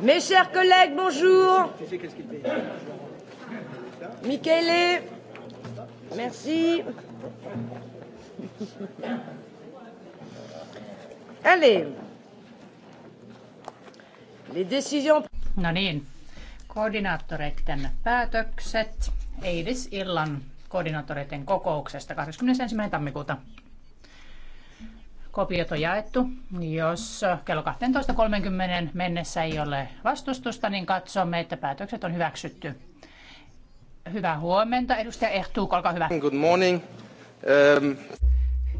Mes chers collègues, bonjour. Michele, merci. Allez. Les décisions... No niin, koordinaattoreiden päätökset Eilisillan illan koordinaattoreiden kokouksesta 21. tammikuuta. Kopiot on jaettu. Jos kello 12.30 mennessä ei ole vastustusta, niin katsomme, että päätökset on hyväksytty. Hyvää huomenta. Edustaja Ehtuuk, olkaa hyvä. Good morning. Um...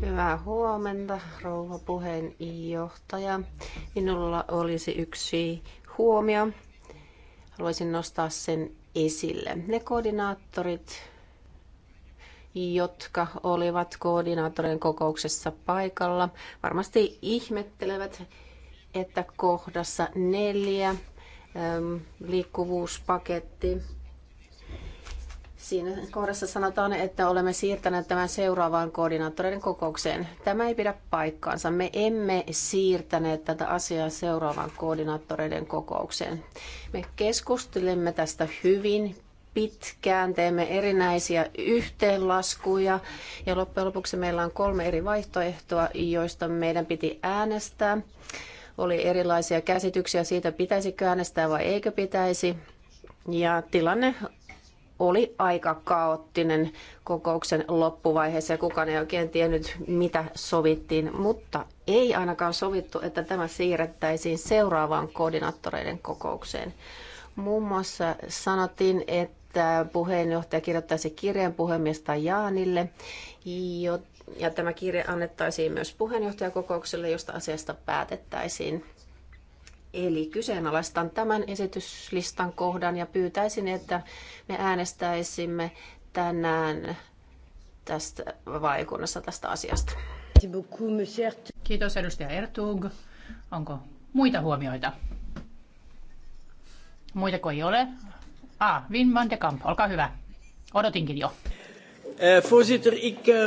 Hyvää huomenta, rouva puheenjohtaja. Minulla olisi yksi huomio. Haluaisin nostaa sen esille. Ne koordinaattorit, jotka olivat koordinaattorien kokouksessa paikalla, varmasti ihmettelevät, että kohdassa neljä liikkuvuuspaketti. Siinä kohdassa sanotaan, että olemme siirtäneet tämän seuraavaan koordinaattoreiden kokoukseen. Tämä ei pidä paikkaansa. Me emme siirtäneet tätä asiaa seuraavaan koordinaattoreiden kokoukseen. Me keskustelimme tästä hyvin pitkään, teemme erinäisiä yhteenlaskuja ja loppujen lopuksi meillä on kolme eri vaihtoehtoa, joista meidän piti äänestää. Oli erilaisia käsityksiä siitä, pitäisikö äänestää vai eikö pitäisi. Ja tilanne oli aika kaoottinen kokouksen loppuvaiheessa ja kukaan ei oikein tiennyt, mitä sovittiin, mutta ei ainakaan sovittu, että tämä siirrettäisiin seuraavaan koordinaattoreiden kokoukseen. Muun muassa sanottiin, että että puheenjohtaja kirjoittaisi kirjeen puhemiestä Jaanille, ja tämä kirje annettaisiin myös puheenjohtajakokoukselle, josta asiasta päätettäisiin. Eli kyseenalaistan tämän esityslistan kohdan ja pyytäisin, että me äänestäisimme tänään tästä vaikunnassa tästä asiasta. Kiitos edustaja Ertug. Onko muita huomioita? Muita kuin ei ole, Ah, Wim van de Kamp, olkaa hyvä. Odotinkin jo. Eh, voorzitter, ik... Eh,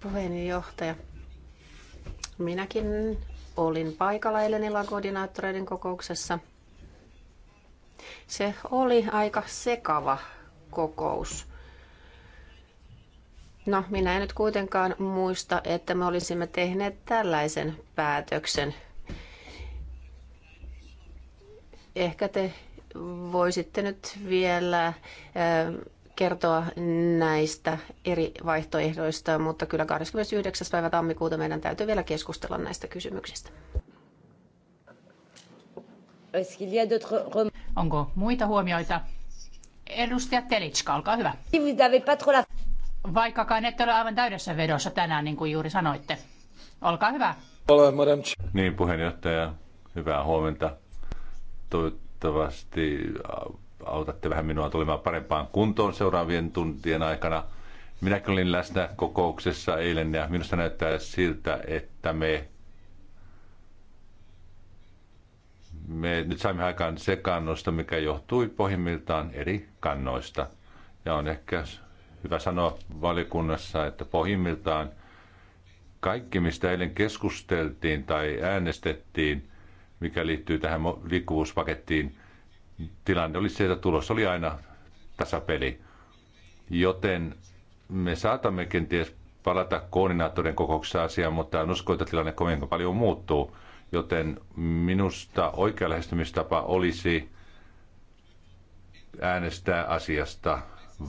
Puheenjohtaja. Minäkin olin paikalla eilen koordinaattoreiden kokouksessa. Se oli aika sekava kokous. No, minä en nyt kuitenkaan muista, että me olisimme tehneet tällaisen päätöksen. Ehkä te voisitte nyt vielä kertoa näistä eri vaihtoehdoista, mutta kyllä 29. päivä tammikuuta meidän täytyy vielä keskustella näistä kysymyksistä. Onko muita huomioita? Edustaja Telitska, olkaa hyvä. Vaikkakaan ette ole aivan täydessä vedossa tänään, niin kuin juuri sanoitte. Olkaa hyvä. Niin, puheenjohtaja. Hyvää huomenta toivottavasti autatte vähän minua tulemaan parempaan kuntoon seuraavien tuntien aikana. Minäkin olin läsnä kokouksessa eilen ja minusta näyttää siltä, että me, me nyt saimme aikaan sekannosta, mikä johtui pohjimmiltaan eri kannoista. Ja on ehkä hyvä sanoa valikunnassa, että pohjimmiltaan kaikki, mistä eilen keskusteltiin tai äänestettiin, mikä liittyy tähän liikkuvuuspakettiin, tilanne oli se, että tulos oli aina tasapeli. Joten me saatamme kenties palata koordinaattorin kokouksessa asiaan, mutta en usko, että tilanne kovin paljon muuttuu. Joten minusta oikea lähestymistapa olisi äänestää asiasta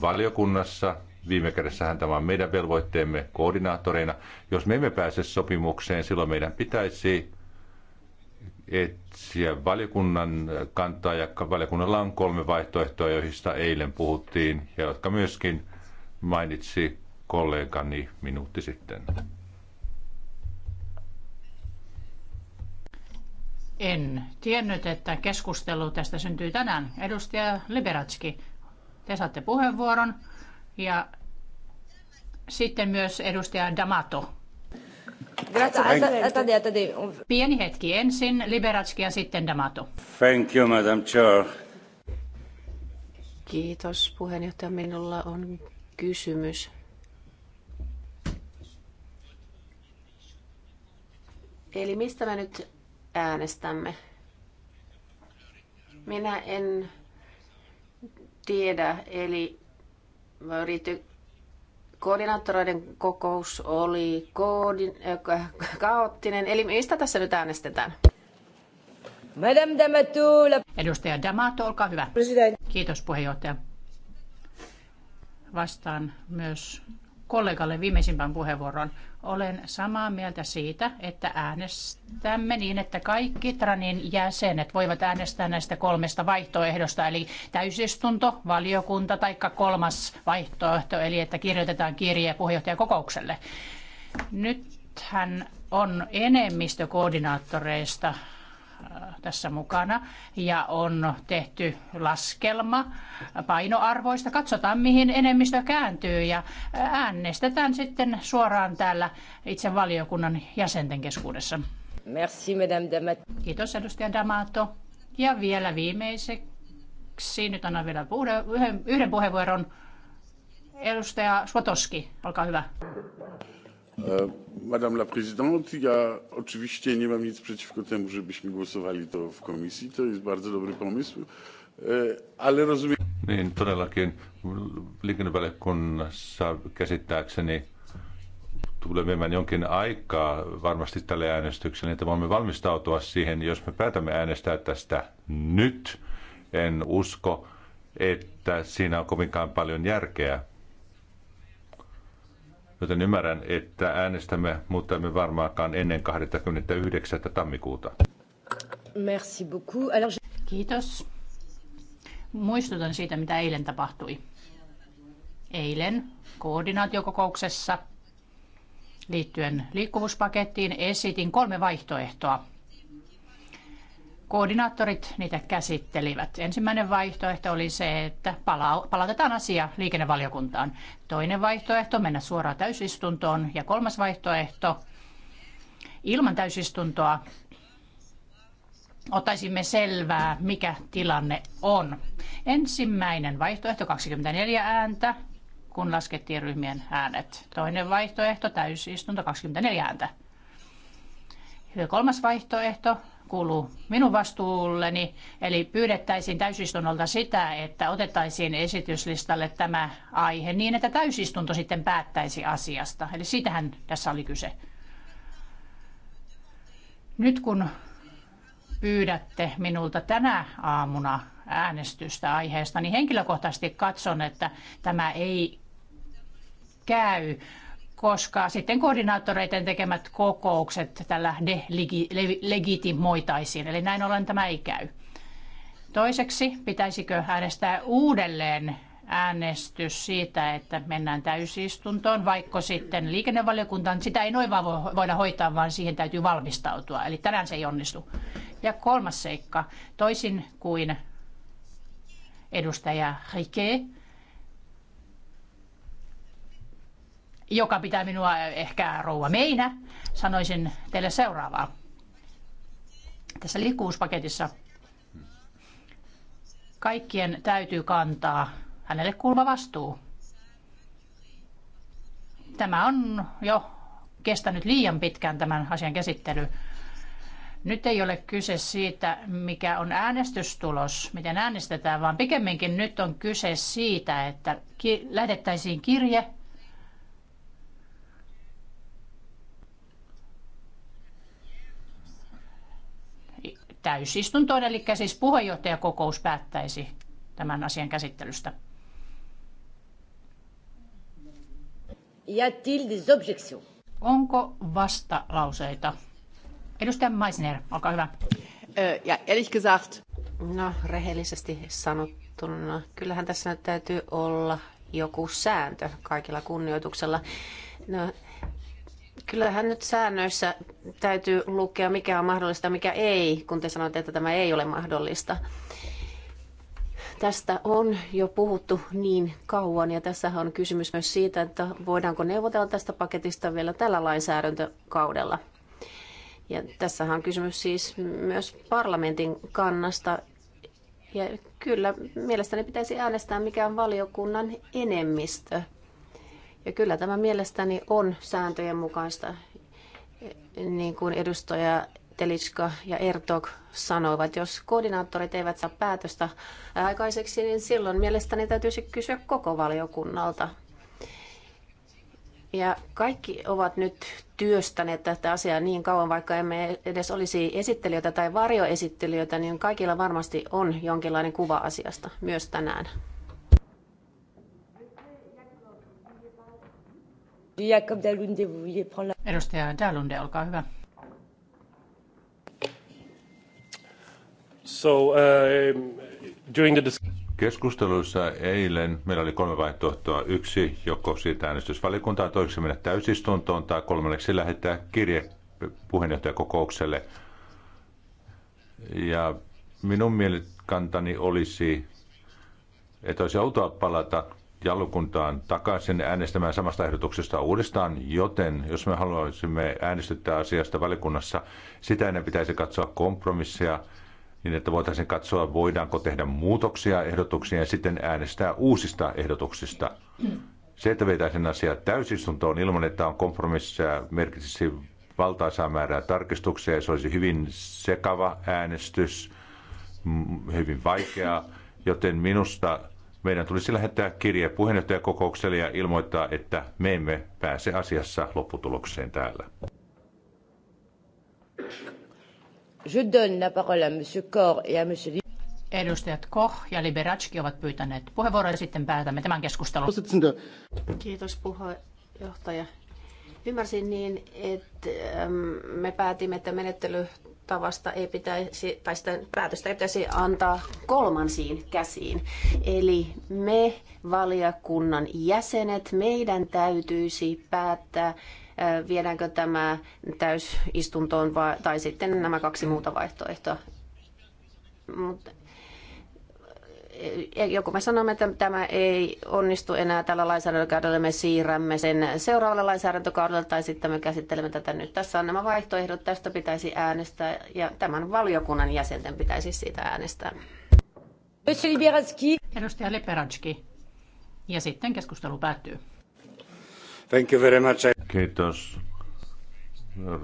valiokunnassa. Viime kädessähän tämä on meidän velvoitteemme koordinaattoreina. Jos me emme pääse sopimukseen, silloin meidän pitäisi etsiä valiokunnan kantaa ja valiokunnalla on kolme vaihtoehtoa, joista eilen puhuttiin ja jotka myöskin mainitsi kollegani minuutti sitten. En tiennyt, että keskustelu tästä syntyy tänään. Edustaja Liberatski, te saatte puheenvuoron ja sitten myös edustaja Damato. Pieni hetki ensin, Liberatski ja sitten Damato. Thank you, Madam Chair. Kiitos puheenjohtaja. Minulla on kysymys. Eli mistä me nyt äänestämme? Minä en tiedä, eli riittyy koordinaattoreiden kokous oli koodi, äh, kaoottinen. Eli mistä tässä nyt äänestetään? Madame Damato. Edustaja Damato, olkaa hyvä. President. Kiitos puheenjohtaja. Vastaan myös kollegalle viimeisimpään puheenvuoron. Olen samaa mieltä siitä, että äänestämme niin, että kaikki Tranin jäsenet voivat äänestää näistä kolmesta vaihtoehdosta, eli täysistunto, valiokunta tai kolmas vaihtoehto, eli että kirjoitetaan kirje puheenjohtajakokoukselle. Nythän on enemmistö koordinaattoreista Äh, tässä mukana ja on tehty laskelma painoarvoista. Katsotaan, mihin enemmistö kääntyy ja äh, äänestetään sitten suoraan täällä itse valiokunnan jäsenten keskuudessa. Merci, Madame Damato. Kiitos, edustaja Damato. Ja vielä viimeiseksi, nyt annan vielä puhe, yhden, yhden puheenvuoron. Edustaja Suotoski, olkaa hyvä. E, Madame la Présidente, ja oczywiście nie mam nic przeciwko temu, żebyśmy głosowali to w komisji. To jest bardzo dobry pomysł, e, ale rozumiem... Niin, todellakin liikennevaliokunnassa käsittääkseni tulee viemään jonkin aikaa varmasti tälle äänestykselle, että voimme valmistautua siihen, jos me päätämme äänestää tästä nyt. En usko, että siinä on kovinkaan paljon järkeä joten ymmärrän, että äänestämme, mutta emme varmaankaan ennen 29. tammikuuta. Merci beaucoup. Alors... Kiitos. Muistutan siitä, mitä eilen tapahtui. Eilen koordinaatiokokouksessa liittyen liikkuvuuspakettiin esitin kolme vaihtoehtoa koordinaattorit niitä käsittelivät. Ensimmäinen vaihtoehto oli se, että palautetaan asia liikennevaliokuntaan. Toinen vaihtoehto mennä suoraan täysistuntoon ja kolmas vaihtoehto ilman täysistuntoa ottaisimme selvää, mikä tilanne on. Ensimmäinen vaihtoehto 24 ääntä, kun laskettiin ryhmien äänet. Toinen vaihtoehto täysistunto 24 ääntä. kolmas vaihtoehto kuuluu minun vastuulleni, eli pyydettäisiin täysistunnolta sitä, että otettaisiin esityslistalle tämä aihe niin, että täysistunto sitten päättäisi asiasta. Eli sitähän tässä oli kyse. Nyt kun pyydätte minulta tänä aamuna äänestystä aiheesta, niin henkilökohtaisesti katson, että tämä ei käy koska sitten koordinaattoreiden tekemät kokoukset tällä delegitimoitaisiin. Eli näin ollen tämä ei käy. Toiseksi, pitäisikö äänestää uudelleen äänestys siitä, että mennään täysistuntoon, vaikka sitten liikennevaliokuntaan. Sitä ei noin vaan voida hoitaa, vaan siihen täytyy valmistautua. Eli tänään se ei onnistu. Ja kolmas seikka, toisin kuin edustaja Riquet, joka pitää minua ehkä rouva meinä, sanoisin teille seuraavaa. Tässä liikkuvuuspaketissa kaikkien täytyy kantaa hänelle kuuluva vastuu. Tämä on jo kestänyt liian pitkään tämän asian käsittely. Nyt ei ole kyse siitä, mikä on äänestystulos, miten äänestetään, vaan pikemminkin nyt on kyse siitä, että lähdettäisiin kirje täysistuntoon, eli siis puheenjohtajakokous päättäisi tämän asian käsittelystä. Onko vastalauseita? Edustaja Meisner, olkaa hyvä. Äh, ja ehrlich gesagt. No, rehellisesti sanottuna, kyllähän tässä täytyy olla joku sääntö kaikilla kunnioituksella. No, Kyllähän nyt säännöissä täytyy lukea, mikä on mahdollista, mikä ei, kun te sanoitte, että tämä ei ole mahdollista. Tästä on jo puhuttu niin kauan ja tässä on kysymys myös siitä, että voidaanko neuvotella tästä paketista vielä tällä lainsäädäntökaudella. Ja tässä on kysymys siis myös parlamentin kannasta. Ja kyllä mielestäni pitäisi äänestää mikä on valiokunnan enemmistö. Ja kyllä tämä mielestäni on sääntöjen mukaista, niin kuin edustaja Telitska ja Ertok sanoivat. Jos koordinaattorit eivät saa päätöstä aikaiseksi, niin silloin mielestäni täytyisi kysyä koko valiokunnalta. Ja kaikki ovat nyt työstäneet tätä asiaa niin kauan, vaikka emme edes olisi esittelijöitä tai varjoesittelijöitä, niin kaikilla varmasti on jonkinlainen kuva asiasta myös tänään. Jacob Dalunde, vous vouliez prendre la... Edustaja Dalunde, olkaa hyvä. So, uh, during the Keskusteluissa eilen meillä oli kolme vaihtoehtoa. Yksi, joko siitä äänestysvalikuntaa, toiseksi mennä täysistuntoon tai kolmanneksi lähettää kirje puheenjohtajakokoukselle. Ja minun mielikantani olisi, että olisi outoa palata jallukuntaan takaisin äänestämään samasta ehdotuksesta uudestaan, joten jos me haluaisimme äänestyttää asiasta valikunnassa, sitä ennen pitäisi katsoa kompromisseja, niin että voitaisiin katsoa, voidaanko tehdä muutoksia ehdotuksia, ja sitten äänestää uusista ehdotuksista. Se, että vetäisiin asiaa täysistuntoon ilman, että on kompromisseja, merkitsisi valtaisaa määrää tarkistuksia ja se olisi hyvin sekava äänestys, hyvin vaikeaa, joten minusta meidän tulisi lähettää kirje puheenjohtajakokoukselle ja ilmoittaa, että me emme pääse asiassa lopputulokseen täällä. Je donne la parole à monsieur et à monsieur Edustajat Koch ja Liberatski ovat pyytäneet puheenvuoroja sitten päätämme tämän keskustelun. Kiitos puheenjohtaja. Ymmärsin niin, että me päätimme, että menettely tavasta ei pitäisi, tai sitä päätöstä ei pitäisi antaa kolmansiin käsiin. Eli me valiokunnan jäsenet, meidän täytyisi päättää, viedäänkö tämä täysistuntoon vai, tai sitten nämä kaksi muuta vaihtoehtoa. Mutta joku me sanomme, että tämä ei onnistu enää tällä lainsäädäntökaudella, me siirrämme sen seuraavalle lainsäädäntökaudelle tai sitten me käsittelemme tätä nyt. Tässä on nämä vaihtoehdot, tästä pitäisi äänestää ja tämän valiokunnan jäsenten pitäisi siitä äänestää. Edustaja Liberanski. Ja sitten keskustelu päättyy. Thank you very much. Kiitos.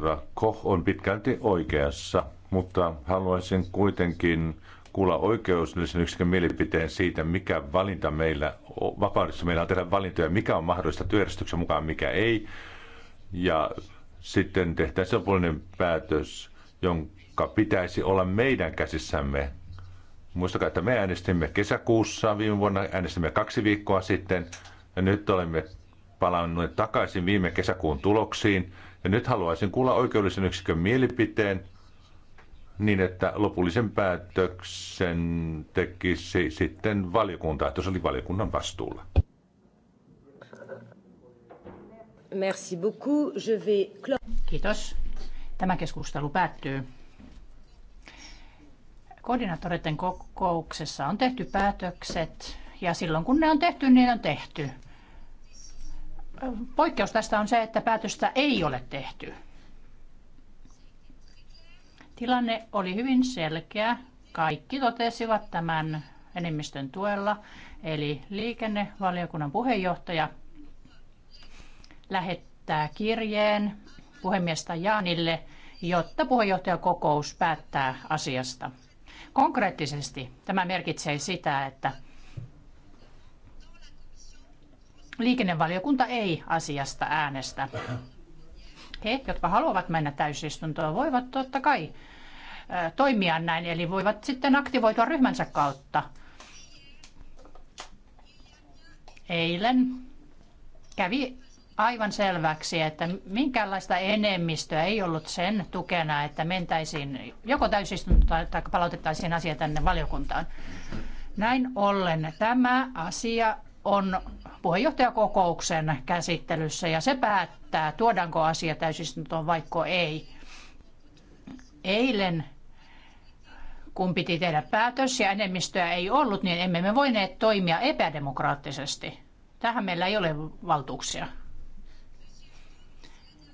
rakko on pitkälti oikeassa, mutta haluaisin kuitenkin kuulla oikeudellisen yksikön mielipiteen siitä, mikä valinta meillä, vapaudessa meillä on tehdä valintoja, mikä on mahdollista työjärjestyksen mukaan, mikä ei. Ja sitten tehtäisiin lopullinen päätös, jonka pitäisi olla meidän käsissämme. Muistakaa, että me äänestimme kesäkuussa viime vuonna, äänestimme kaksi viikkoa sitten, ja nyt olemme palanneet takaisin viime kesäkuun tuloksiin. Ja nyt haluaisin kuulla oikeudellisen yksikön mielipiteen niin, että lopullisen päätöksen tekisi sitten valiokunta, että se oli valiokunnan vastuulla. Merci beaucoup. Je vais... Kiitos. Tämä keskustelu päättyy. Koordinaattoreiden kokouksessa on tehty päätökset ja silloin kun ne on tehty, niin on tehty. Poikkeus tästä on se, että päätöstä ei ole tehty. Tilanne oli hyvin selkeä. Kaikki totesivat tämän enemmistön tuella, eli liikennevaliokunnan puheenjohtaja lähettää kirjeen puhemiestä Jaanille, jotta puheenjohtajakokous päättää asiasta. Konkreettisesti tämä merkitsee sitä, että liikennevaliokunta ei asiasta äänestä. He, jotka haluavat mennä täysistuntoon, voivat totta kai toimia näin, eli voivat sitten aktivoitua ryhmänsä kautta. Eilen kävi aivan selväksi, että minkäänlaista enemmistöä ei ollut sen tukena, että mentäisiin joko täysistunto tai palautettaisiin asia tänne valiokuntaan. Näin ollen tämä asia on puheenjohtajakokouksen käsittelyssä ja se päättää, tuodaanko asia täysistuntoon vaikka ei. Eilen kun piti tehdä päätös ja enemmistöä ei ollut, niin emme me voineet toimia epädemokraattisesti. Tähän meillä ei ole valtuuksia.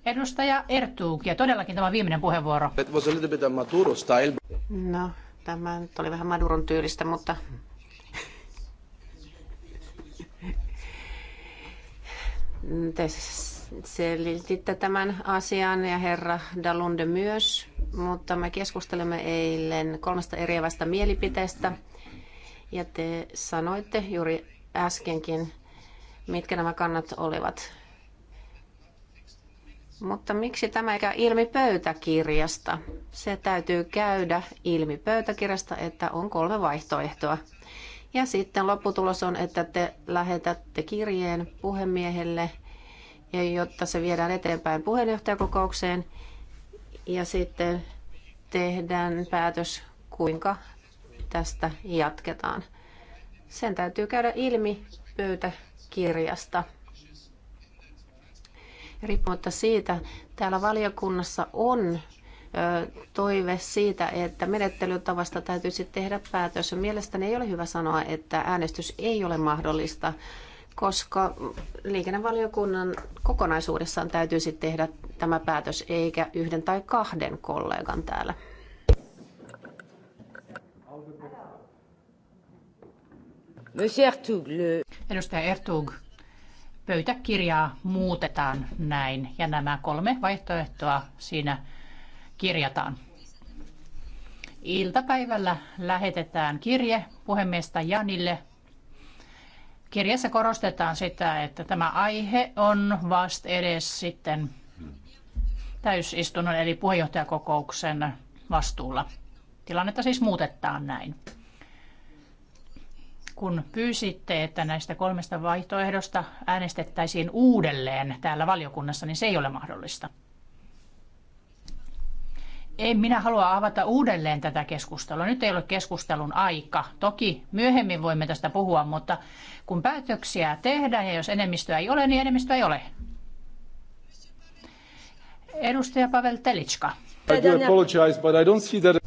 Edustaja Ertuuk, ja todellakin tämä viimeinen puheenvuoro. No, tämä nyt oli vähän Maduron tyylistä, mutta... Te selititte tämän asian ja herra Dalunde myös, mutta me keskustelemme eilen kolmesta eriävästä mielipiteestä. Ja te sanoitte juuri äskenkin, mitkä nämä kannat olivat. Mutta miksi tämä ei käy ilmi pöytäkirjasta? Se täytyy käydä ilmi pöytäkirjasta, että on kolme vaihtoehtoa. Ja sitten lopputulos on, että te lähetätte kirjeen puhemiehelle – ja jotta se viedään eteenpäin puheenjohtajakokoukseen ja sitten tehdään päätös, kuinka tästä jatketaan. Sen täytyy käydä ilmi pöytäkirjasta. Riippumatta siitä, täällä valiokunnassa on toive siitä, että menettelytavasta täytyisi tehdä päätös. Mielestäni ei ole hyvä sanoa, että äänestys ei ole mahdollista, koska liikennevaliokunnan kokonaisuudessaan täytyisi tehdä tämä päätös, eikä yhden tai kahden kollegan täällä. Monsieur Edustaja Ertug, pöytäkirjaa muutetaan näin ja nämä kolme vaihtoehtoa siinä kirjataan. Iltapäivällä lähetetään kirje puhemiestä Janille Kirjassa korostetaan sitä, että tämä aihe on vast edes sitten täysistunnon eli puheenjohtajakokouksen vastuulla. Tilannetta siis muutetaan näin. Kun pyysitte, että näistä kolmesta vaihtoehdosta äänestettäisiin uudelleen täällä valiokunnassa, niin se ei ole mahdollista en minä halua avata uudelleen tätä keskustelua. Nyt ei ole keskustelun aika. Toki myöhemmin voimme tästä puhua, mutta kun päätöksiä tehdään ja jos enemmistöä ei ole, niin enemmistöä ei ole. Edustaja Pavel Telitska.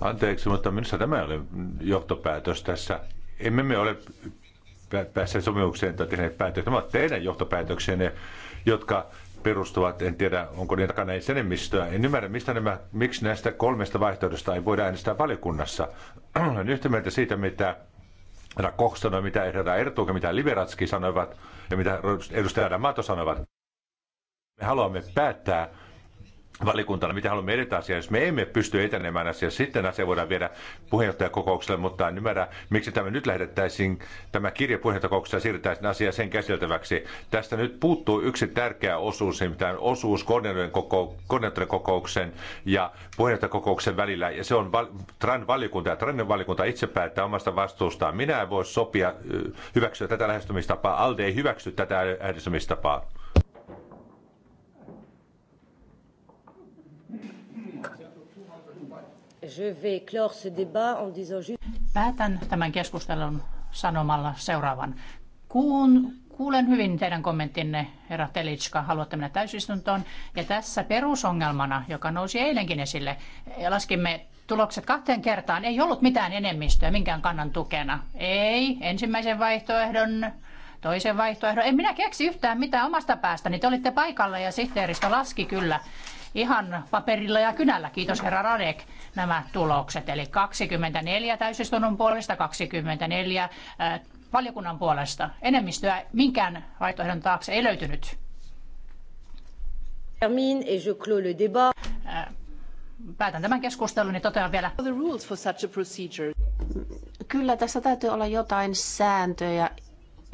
Anteeksi, mutta minusta tämä ei ole johtopäätös tässä. Emme me ole päässeet sopimukseen tai tehneet päätöksiä. Nämä ovat teidän johtopäätöksenne, jotka perustuvat. En tiedä, onko niiden takana ei enemmistöä. En ymmärrä, mistä nämä, miksi näistä kolmesta vaihtoehdosta ei voida äänestää valiokunnassa. Olen yhtä mieltä siitä, mitä herra Koch sanoi, mitä herra Ertug mitä Liberatski sanoivat ja mitä edustaja Mato sanoivat. Me haluamme päättää valikuntana, mitä haluamme edetä asiaa. Jos me emme pysty etenemään asiaa, sitten asia voidaan viedä puheenjohtajakokoukselle, mutta en ymmärrä, miksi tämä nyt lähetettäisiin, tämä kirja puheenjohtajakokouksessa siirretäisiin asia sen käsiteltäväksi. Tästä nyt puuttuu yksi tärkeä osuus, nimittäin osuus koordinaattorin kokouksen, kokouksen ja puheenjohtajakokouksen välillä, ja se on val, TRAN valikunta, ja TRAN valikunta itse päättää omasta vastuustaan. Minä en voi sopia, hyväksyä tätä lähestymistapaa, ALDE ei hyväksy tätä lähestymistapaa. Päätän tämän keskustelun sanomalla seuraavan. Kuun, kuulen hyvin teidän kommenttinne, herra Telitska, haluatte mennä täysistuntoon. Ja tässä perusongelmana, joka nousi eilenkin esille, laskimme tulokset kahteen kertaan. Ei ollut mitään enemmistöä minkään kannan tukena. Ei, ensimmäisen vaihtoehdon toisen vaihtoehdon. En minä keksi yhtään mitään omasta päästäni. Te olitte paikalla ja sihteeristö laski kyllä ihan paperilla ja kynällä. Kiitos herra Radek nämä tulokset. Eli 24 täysistunnon puolesta, 24 äh, valiokunnan puolesta. Enemmistöä minkään vaihtoehdon taakse ei löytynyt. Termine et je clôt le débat. Äh, päätän tämän keskustelun ja totean vielä. Kyllä tässä täytyy olla jotain sääntöjä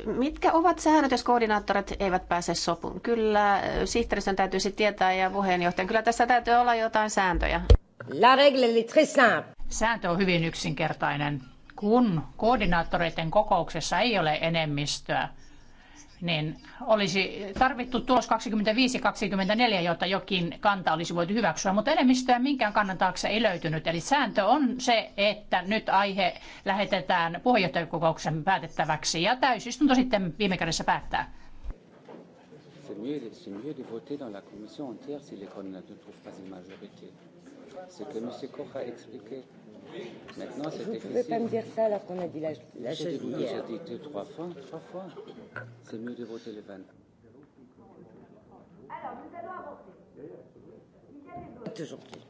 mitkä ovat säännöt, jos koordinaattorit eivät pääse sopuun? Kyllä sihteeristön täytyisi tietää ja puheenjohtajan. Kyllä tässä täytyy olla jotain sääntöjä. La règle est très simple. Sääntö on hyvin yksinkertainen. Kun koordinaattoreiden kokouksessa ei ole enemmistöä, niin olisi tarvittu tulos 25-24, jotta jokin kanta olisi voitu hyväksyä, mutta enemmistöä minkään kannan taakse ei löytynyt. Eli sääntö on se, että nyt aihe lähetetään puheenjohtajakokouksen päätettäväksi ja täysistunto sitten viime kädessä päättää. C'est mieux, c'est mieux de voter dans la commission entière si les candidats ne trouvent pas une majorité. C'est que M. Koch a expliqué. Maintenant, Vous ne pouvez pas me dire ça alors qu'on a dit la, la chose d'hier. J'ai dit deux, trois fois, trois fois. C'est mieux de voter le 20. Alors, nous allons avancer. Toujours plus.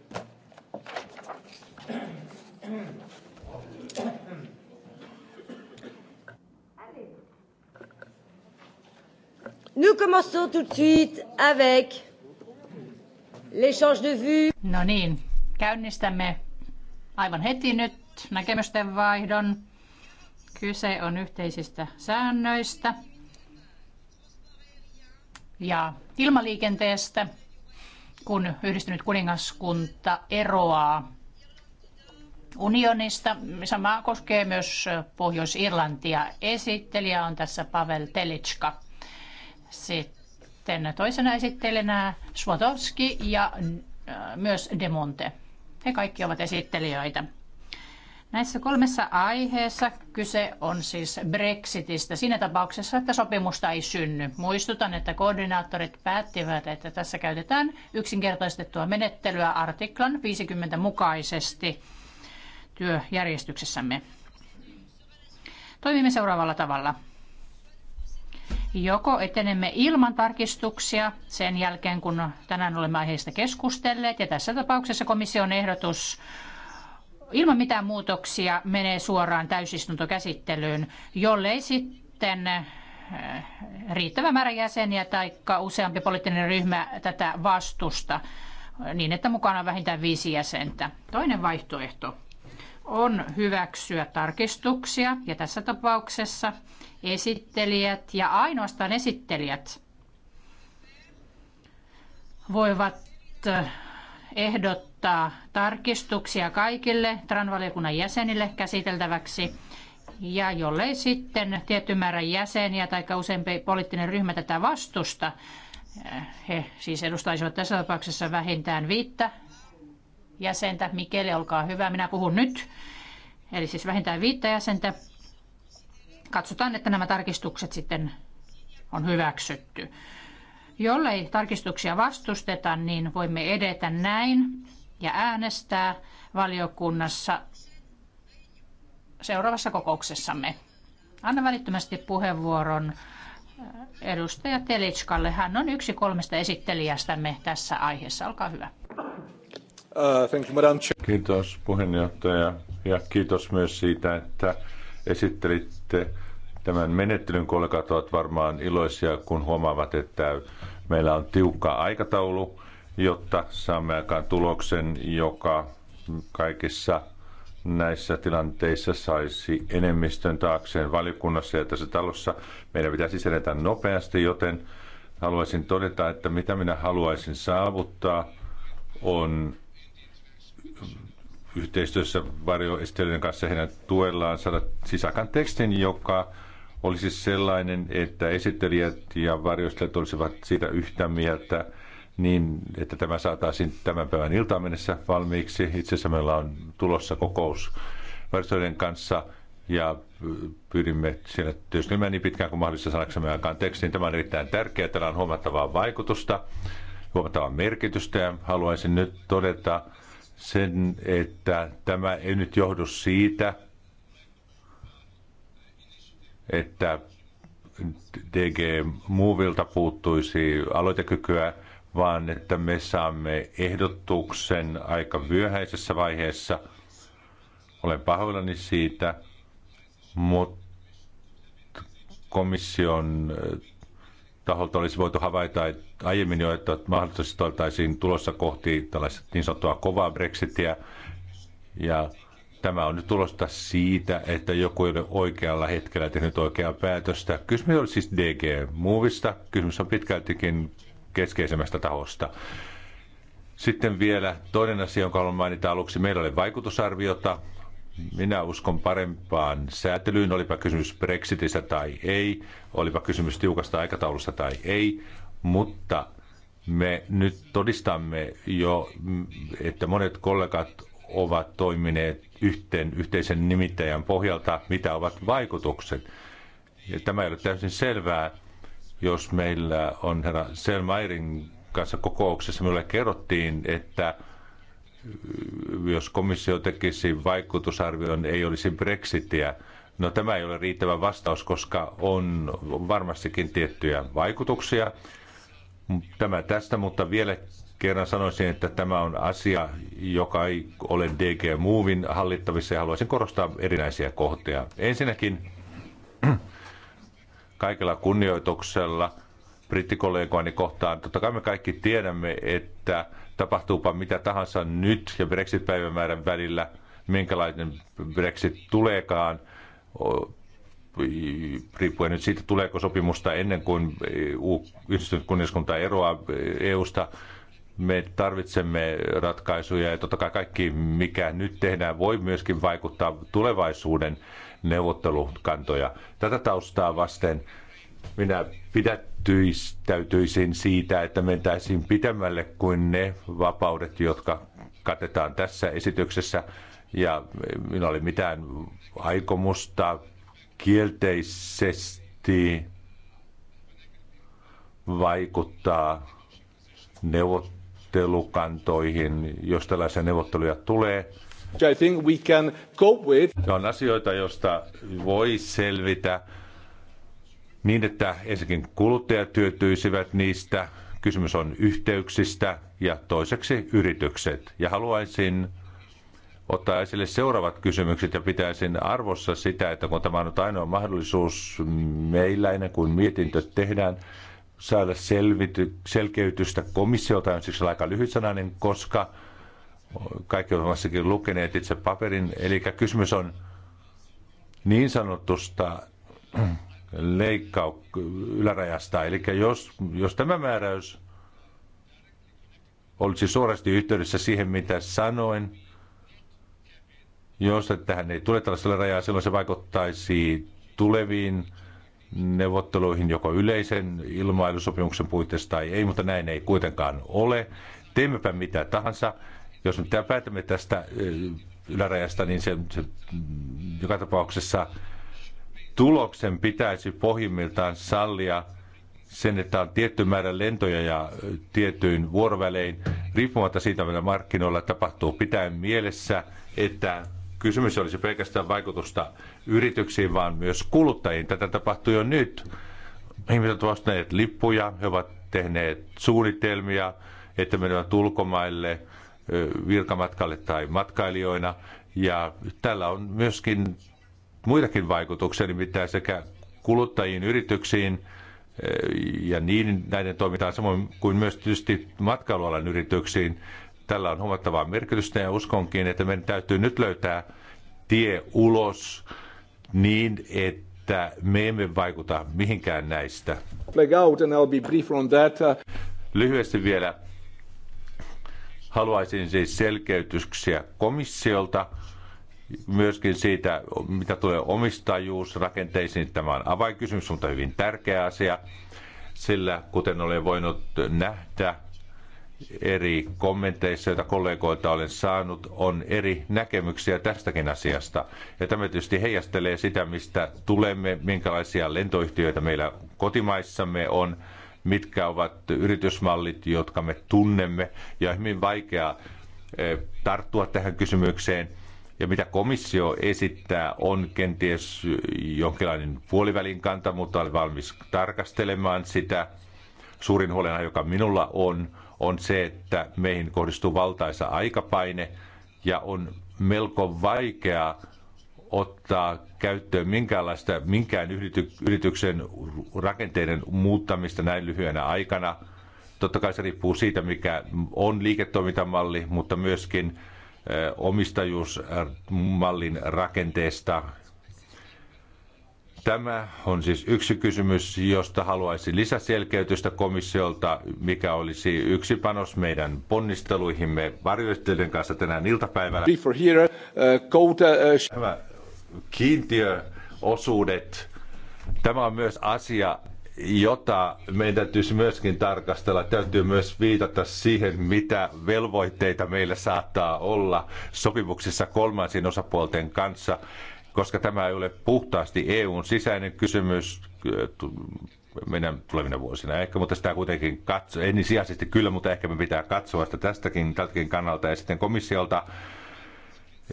a Nous commençons tout de suite avec l'échange de vues. Non, niin, non. käynnistämme aivan heti nyt näkemysten vaihdon. Kyse on yhteisistä säännöistä ja ilmaliikenteestä, kun yhdistynyt kuningaskunta eroaa unionista. Sama koskee myös Pohjois-Irlantia. Esittelijä on tässä Pavel Telitska. Sitten toisena esittelijänä Swatowski ja äh, myös Demonte. He kaikki ovat esittelijöitä. Näissä kolmessa aiheessa kyse on siis Brexitistä siinä tapauksessa, että sopimusta ei synny. Muistutan, että koordinaattorit päättivät, että tässä käytetään yksinkertaistettua menettelyä artiklan 50 mukaisesti työjärjestyksessämme. Toimimme seuraavalla tavalla. Joko etenemme ilman tarkistuksia sen jälkeen, kun tänään olemme aiheesta keskustelleet, ja tässä tapauksessa komission ehdotus ilman mitään muutoksia menee suoraan täysistuntokäsittelyyn, jollei sitten eh, riittävä määrä jäseniä tai useampi poliittinen ryhmä tätä vastusta niin, että mukana on vähintään viisi jäsentä. Toinen vaihtoehto on hyväksyä tarkistuksia ja tässä tapauksessa esittelijät ja ainoastaan esittelijät voivat eh, ehdottaa tarkistuksia kaikille transvaliokunnan jäsenille käsiteltäväksi. Ja jollei sitten tietty määrä jäseniä tai useampi poliittinen ryhmä tätä vastusta, eh, he siis edustaisivat tässä tapauksessa vähintään viittä jäsentä. Mikeli, olkaa hyvä, minä puhun nyt. Eli siis vähintään viittä jäsentä katsotaan, että nämä tarkistukset sitten on hyväksytty. Jollei tarkistuksia vastusteta, niin voimme edetä näin ja äänestää valiokunnassa seuraavassa kokouksessamme. Anna välittömästi puheenvuoron äh, edustaja Telitskalle. Hän on yksi kolmesta esittelijästämme tässä aiheessa. Olkaa hyvä. Uh, kiitos puheenjohtaja ja kiitos myös siitä, että esittelit sitten tämän menettelyn. Kollegat ovat varmaan iloisia, kun huomaavat, että meillä on tiukka aikataulu, jotta saamme aikaan tuloksen, joka kaikissa näissä tilanteissa saisi enemmistön taakseen valiokunnassa ja tässä talossa. Meidän pitäisi edetä nopeasti, joten haluaisin todeta, että mitä minä haluaisin saavuttaa on yhteistyössä varjoestelijöiden kanssa heidän tuellaan saada sisäkan tekstin, joka olisi sellainen, että esittelijät ja varjoistelijat olisivat siitä yhtä mieltä, niin että tämä saataisiin tämän päivän iltaan mennessä valmiiksi. Itse asiassa meillä on tulossa kokous varjoistelijoiden kanssa ja pyrimme siellä työskennellä niin pitkään kuin mahdollista sanaksemme aikaan tekstin. Tämä on erittäin tärkeää, tällä on huomattavaa vaikutusta, huomattavaa merkitystä ja haluaisin nyt todeta, sen, että tämä ei nyt johdu siitä, että DG Movilta puuttuisi aloitekykyä, vaan että me saamme ehdotuksen aika myöhäisessä vaiheessa. Olen pahoillani siitä, mutta komission eh, taholta olisi voitu havaita, että aiemmin jo, että mahdollisesti oltaisiin tulossa kohti tällaista niin sanottua kovaa Brexitiä. Ja tämä on nyt tulosta siitä, että joku ei ole oikealla hetkellä tehnyt oikeaa päätöstä. Kysymys on siis DG Movista, kysymys on pitkältikin keskeisemmästä tahosta. Sitten vielä toinen asia, jonka haluan mainita aluksi. Meillä oli vaikutusarviota. Minä uskon parempaan säätelyyn, olipa kysymys Brexitistä tai ei, olipa kysymys tiukasta aikataulusta tai ei, mutta me nyt todistamme jo, että monet kollegat ovat toimineet yhteen, yhteisen nimittäjän pohjalta, mitä ovat vaikutukset. Ja tämä ei ole täysin selvää, jos meillä on herra Selmairin kanssa kokouksessa, meillä kerrottiin, että jos komissio tekisi vaikutusarvion, ei olisi Brexitiä. No tämä ei ole riittävä vastaus, koska on varmastikin tiettyjä vaikutuksia. Tämä tästä, mutta vielä kerran sanoisin, että tämä on asia, joka ei ole DG Movin hallittavissa ja haluaisin korostaa erinäisiä kohtia. Ensinnäkin kaikella kunnioituksella brittikollegoani kohtaan, totta kai me kaikki tiedämme, että tapahtuupa mitä tahansa nyt ja Brexit-päivämäärän välillä, minkälainen Brexit tuleekaan, riippuen nyt siitä, tuleeko sopimusta ennen kuin yhdistynyt kuningaskunta eroaa EUsta, me tarvitsemme ratkaisuja ja totta kai kaikki, mikä nyt tehdään, voi myöskin vaikuttaa tulevaisuuden neuvottelukantoja. Tätä taustaa vasten minä pidättäytyisin siitä, että mentäisiin pitemmälle kuin ne vapaudet, jotka katetaan tässä esityksessä. Ja minulla oli mitään aikomusta kielteisesti vaikuttaa neuvottelukantoihin, jos tällaisia neuvotteluja tulee. I think we can cope with. On asioita, joista voi selvitä niin, että ensinnäkin kuluttajat työtyisivät niistä. Kysymys on yhteyksistä ja toiseksi yritykset. Ja haluaisin ottaa esille seuraavat kysymykset ja pitäisin arvossa sitä, että kun tämä on nyt ainoa mahdollisuus meillä ennen kuin mietintö tehdään, saada selvity, selkeytystä komissiolta, on siksi aika lyhytsanainen, koska kaikki ovat massakin lukeneet itse paperin. Eli kysymys on niin sanotusta leikkauk ylärajasta. Eli jos, jos tämä määräys olisi suorasti yhteydessä siihen, mitä sanoin, jos tähän ei tule tällaisella rajaa, silloin se vaikuttaisi tuleviin neuvotteluihin joko yleisen ilmailusopimuksen puitteissa tai ei, mutta näin ei kuitenkaan ole. Teemmepä mitä tahansa. Jos me päätämme tästä ylärajasta, niin se, se joka tapauksessa tuloksen pitäisi pohjimmiltaan sallia sen, että on tietty määrä lentoja ja tietyin vuorovälein, riippumatta siitä, mitä markkinoilla tapahtuu, pitää mielessä, että kysymys olisi pelkästään vaikutusta yrityksiin, vaan myös kuluttajiin. Tätä tapahtuu jo nyt. Ihmiset ovat ostaneet lippuja, he ovat tehneet suunnitelmia, että menevät ulkomaille virkamatkalle tai matkailijoina. Ja tällä on myöskin muitakin vaikutuksia, nimittäin sekä kuluttajiin, yrityksiin ja niin näiden toimintaan samoin kuin myös tietysti matkailualan yrityksiin. Tällä on huomattavaa merkitystä ja uskonkin, että meidän täytyy nyt löytää tie ulos niin, että me emme vaikuta mihinkään näistä. Lyhyesti vielä haluaisin siis selkeytyksiä komissiolta myöskin siitä, mitä tulee omistajuusrakenteisiin. Tämä on avainkysymys, mutta hyvin tärkeä asia, sillä kuten olen voinut nähdä, eri kommenteissa, joita kollegoilta olen saanut, on eri näkemyksiä tästäkin asiasta. Ja tämä tietysti heijastelee sitä, mistä tulemme, minkälaisia lentoyhtiöitä meillä kotimaissamme on, mitkä ovat yritysmallit, jotka me tunnemme, ja on hyvin vaikea eh, tarttua tähän kysymykseen. Ja mitä komissio esittää, on kenties jonkinlainen puolivälin kanta, mutta olen valmis tarkastelemaan sitä. Suurin huolena, joka minulla on, on se, että meihin kohdistuu valtaisa aikapaine ja on melko vaikea ottaa käyttöön minkäänlaista, minkään yrityksen rakenteiden muuttamista näin lyhyenä aikana. Totta kai se riippuu siitä, mikä on liiketoimintamalli, mutta myöskin omistajuusmallin rakenteesta Tämä on siis yksi kysymys, josta haluaisin lisäselkeytystä komissiolta, mikä olisi yksi panos meidän ponnisteluihimme varjoistelijoiden kanssa tänään iltapäivällä. Tämä uh, uh, kiintiöosuudet, tämä on myös asia, jota meidän täytyisi myöskin tarkastella. Täytyy myös viitata siihen, mitä velvoitteita meillä saattaa olla sopimuksissa kolmansien osapuolten kanssa koska tämä ei ole puhtaasti EUn sisäinen kysymys mennä tulevina vuosina ehkä, mutta sitä kuitenkin katso, niin sijaisesti kyllä, mutta ehkä me pitää katsoa sitä tästäkin tältäkin kannalta ja sitten komissiolta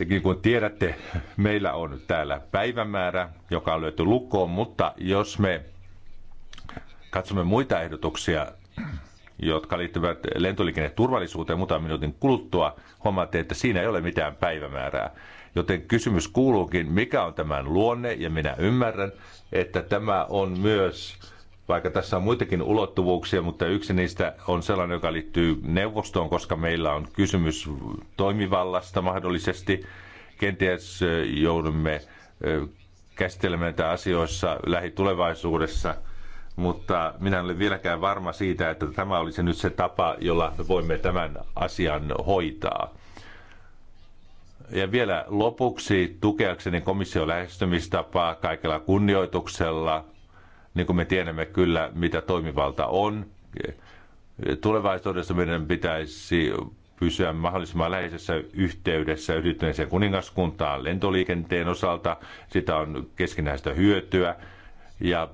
niin kuin tiedätte, meillä on täällä päivämäärä, joka on lyöty lukkoon, mutta jos me katsomme muita ehdotuksia, jotka liittyvät lentoliikenneturvallisuuteen muutaman minuutin kuluttua, huomaatte, että siinä ei ole mitään päivämäärää. Joten kysymys kuuluukin, mikä on tämän luonne, ja minä ymmärrän, että tämä on myös, vaikka tässä on muitakin ulottuvuuksia, mutta yksi niistä on sellainen, joka liittyy neuvostoon, koska meillä on kysymys toimivallasta mahdollisesti. Kenties joudumme käsittelemään tätä asioissa lähitulevaisuudessa – mutta minä en ole vieläkään varma siitä, että tämä olisi nyt se tapa, jolla me voimme tämän asian hoitaa. Ja vielä lopuksi tukeakseni komission lähestymistapaa kaikella kunnioituksella, niin kuin me tiedämme kyllä, mitä toimivalta on. Tulevaisuudessa meidän pitäisi pysyä mahdollisimman läheisessä yhteydessä yhdistyneeseen kuningaskuntaan lentoliikenteen osalta. Sitä on keskinäistä hyötyä. Ja äh,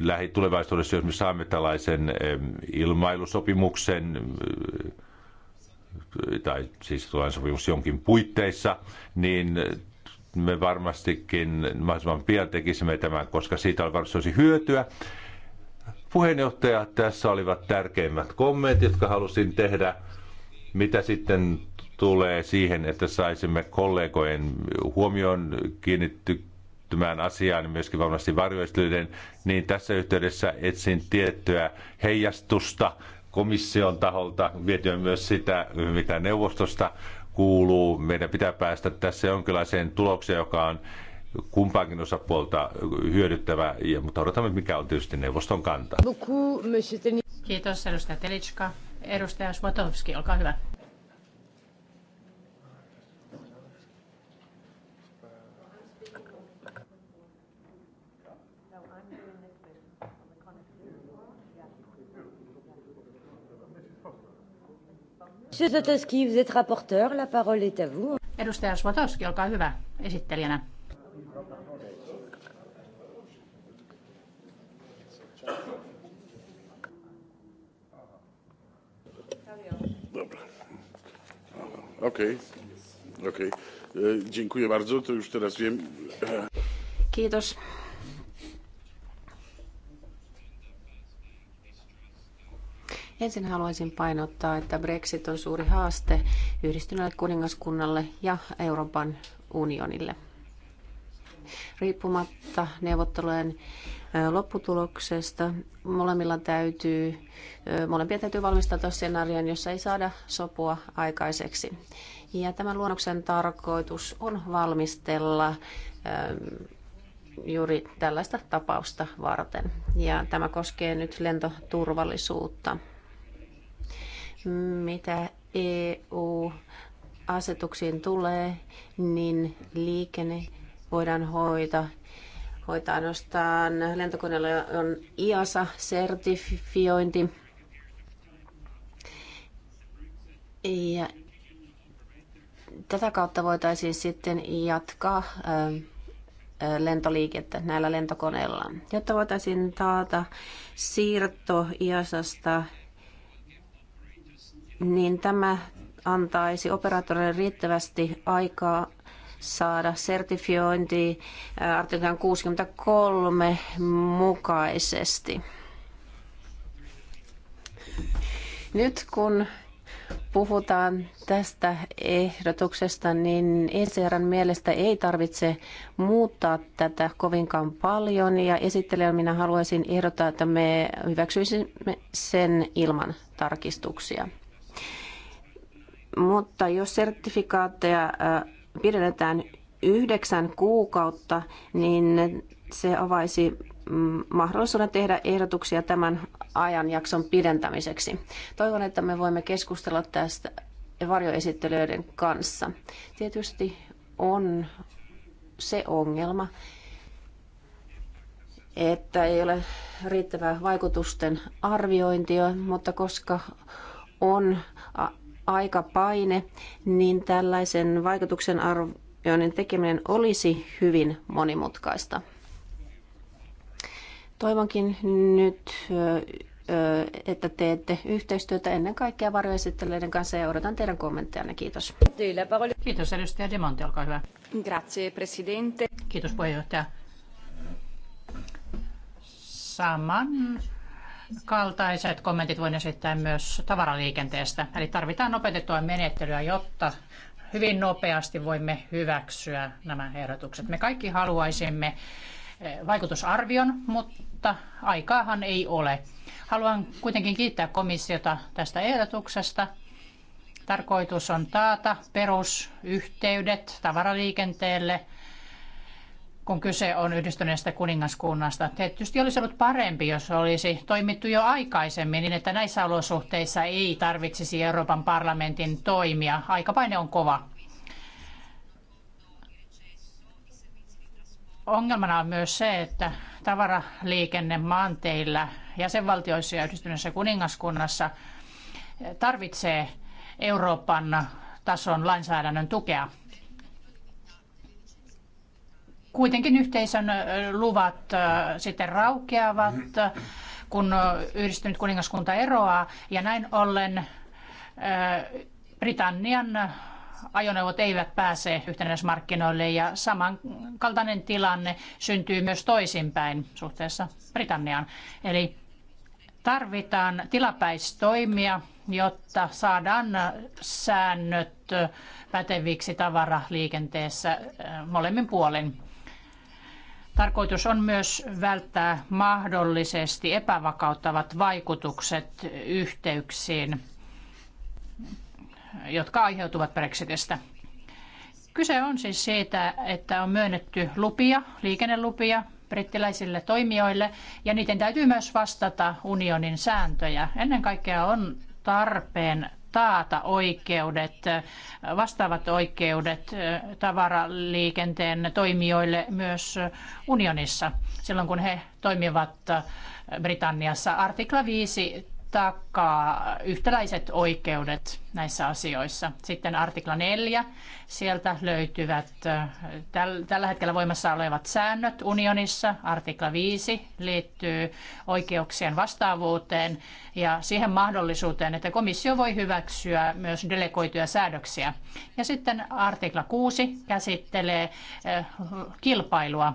lähitulevaisuudessa, jos me saamme tällaisen ilmailusopimuksen, äh, tai siis tulee sopimus jonkin puitteissa, niin me varmastikin mahdollisimman pian tekisimme tämän, koska siitä on varmasti hyötyä. Puheenjohtajat tässä olivat tärkeimmät kommentit, jotka halusin tehdä. Mitä sitten tulee siihen, että saisimme kollegojen huomioon kiinnittymään asiaan, niin myöskin varmasti varjoistelijoiden, niin tässä yhteydessä etsin tiettyä heijastusta komission taholta, viety myös sitä, mitä neuvostosta kuuluu. Meidän pitää päästä tässä jonkinlaiseen tulokseen, joka on kumpaankin osapuolta hyödyttävä, mutta odotamme, mikä on tietysti neuvoston kanta. Kiitos, edustaja Telitska. Edustaja Swatowski, olkaa hyvä. Monsieur Zatoski, vous êtes rapporteur, la parole est à vous. Edustaja Swatowski, olkaa hyvä esittelijänä. Okei, okay. okei. Okay. E, dziękuję bardzo, to już teraz wiem. Kiitos. Ensin haluaisin painottaa, että Brexit on suuri haaste yhdistyneelle kuningaskunnalle ja Euroopan unionille. Riippumatta neuvottelujen lopputuloksesta molemmilla täytyy, molempien täytyy valmistautua skenaarioon, jossa ei saada sopua aikaiseksi. Ja tämän luonnoksen tarkoitus on valmistella juuri tällaista tapausta varten. Ja tämä koskee nyt lentoturvallisuutta. Mitä EU-asetuksiin tulee, niin liikenne voidaan hoitaa hoitaa ainoastaan lentokoneella on IASA-sertifiointi. Ja tätä kautta voitaisiin sitten jatkaa lentoliikettä näillä lentokoneilla, jotta voitaisiin taata siirto IASasta niin tämä antaisi operaattorille riittävästi aikaa saada sertifiointi artiklan 63 mukaisesti. Nyt kun puhutaan tästä ehdotuksesta, niin ECRn mielestä ei tarvitse muuttaa tätä kovinkaan paljon. Ja esittelijän minä haluaisin ehdottaa, että me hyväksyisimme sen ilman tarkistuksia. Mutta jos sertifikaatteja pidetään yhdeksän kuukautta, niin se avaisi mm, mahdollisuuden tehdä ehdotuksia tämän ajanjakson pidentämiseksi. Toivon, että me voimme keskustella tästä varjoesittelijöiden kanssa. Tietysti on se ongelma, että ei ole riittävää vaikutusten arviointia, mutta koska on aikapaine, niin tällaisen vaikutuksen arvioinnin tekeminen olisi hyvin monimutkaista. Toivonkin nyt, että teette yhteistyötä ennen kaikkea varjoesittelijöiden kanssa ja odotan teidän kommenttejanne. Kiitos. Kiitos edustaja Demonti, olkaa hyvä. Grazie, presidente. Kiitos puheenjohtaja. Saman kaltaiset kommentit voin esittää myös tavaraliikenteestä. Eli tarvitaan nopeutettua menettelyä, jotta hyvin nopeasti voimme hyväksyä nämä ehdotukset. Me kaikki haluaisimme eh, vaikutusarvion, mutta aikaahan ei ole. Haluan kuitenkin kiittää komissiota tästä ehdotuksesta. Tarkoitus on taata perusyhteydet tavaraliikenteelle – kun kyse on yhdistyneestä kuningaskunnasta. Tietysti olisi ollut parempi, jos olisi toimittu jo aikaisemmin, niin että näissä olosuhteissa ei tarvitsisi Euroopan parlamentin toimia. Aikapaine on kova. Ongelmana on myös se, että tavaraliikenne maanteillä jäsenvaltioissa ja yhdistyneessä kuningaskunnassa tarvitsee Euroopan tason lainsäädännön tukea kuitenkin yhteisön luvat sitten raukeavat, mm-hmm. kun yhdistynyt kuningaskunta eroaa, ja näin ollen Britannian ajoneuvot eivät pääse yhtenäismarkkinoille ja samankaltainen tilanne syntyy myös toisinpäin suhteessa Britanniaan. Eli tarvitaan tilapäistoimia, jotta saadaan säännöt päteviksi tavaraliikenteessä molemmin puolin. Tarkoitus on myös välttää mahdollisesti epävakauttavat vaikutukset yhteyksiin, jotka aiheutuvat Brexitistä. Kyse on siis siitä, että on myönnetty lupia, liikennelupia brittiläisille toimijoille ja niiden täytyy myös vastata unionin sääntöjä. Ennen kaikkea on tarpeen taata oikeudet, vastaavat oikeudet tavaraliikenteen toimijoille myös unionissa silloin, kun he toimivat Britanniassa. Artikla 5 takaa yhtäläiset oikeudet näissä asioissa. Sitten artikla 4, sieltä löytyvät tällä hetkellä voimassa olevat säännöt unionissa. Artikla 5 liittyy oikeuksien vastaavuuteen ja siihen mahdollisuuteen, että komissio voi hyväksyä myös delegoituja säädöksiä. Ja sitten artikla 6 käsittelee kilpailua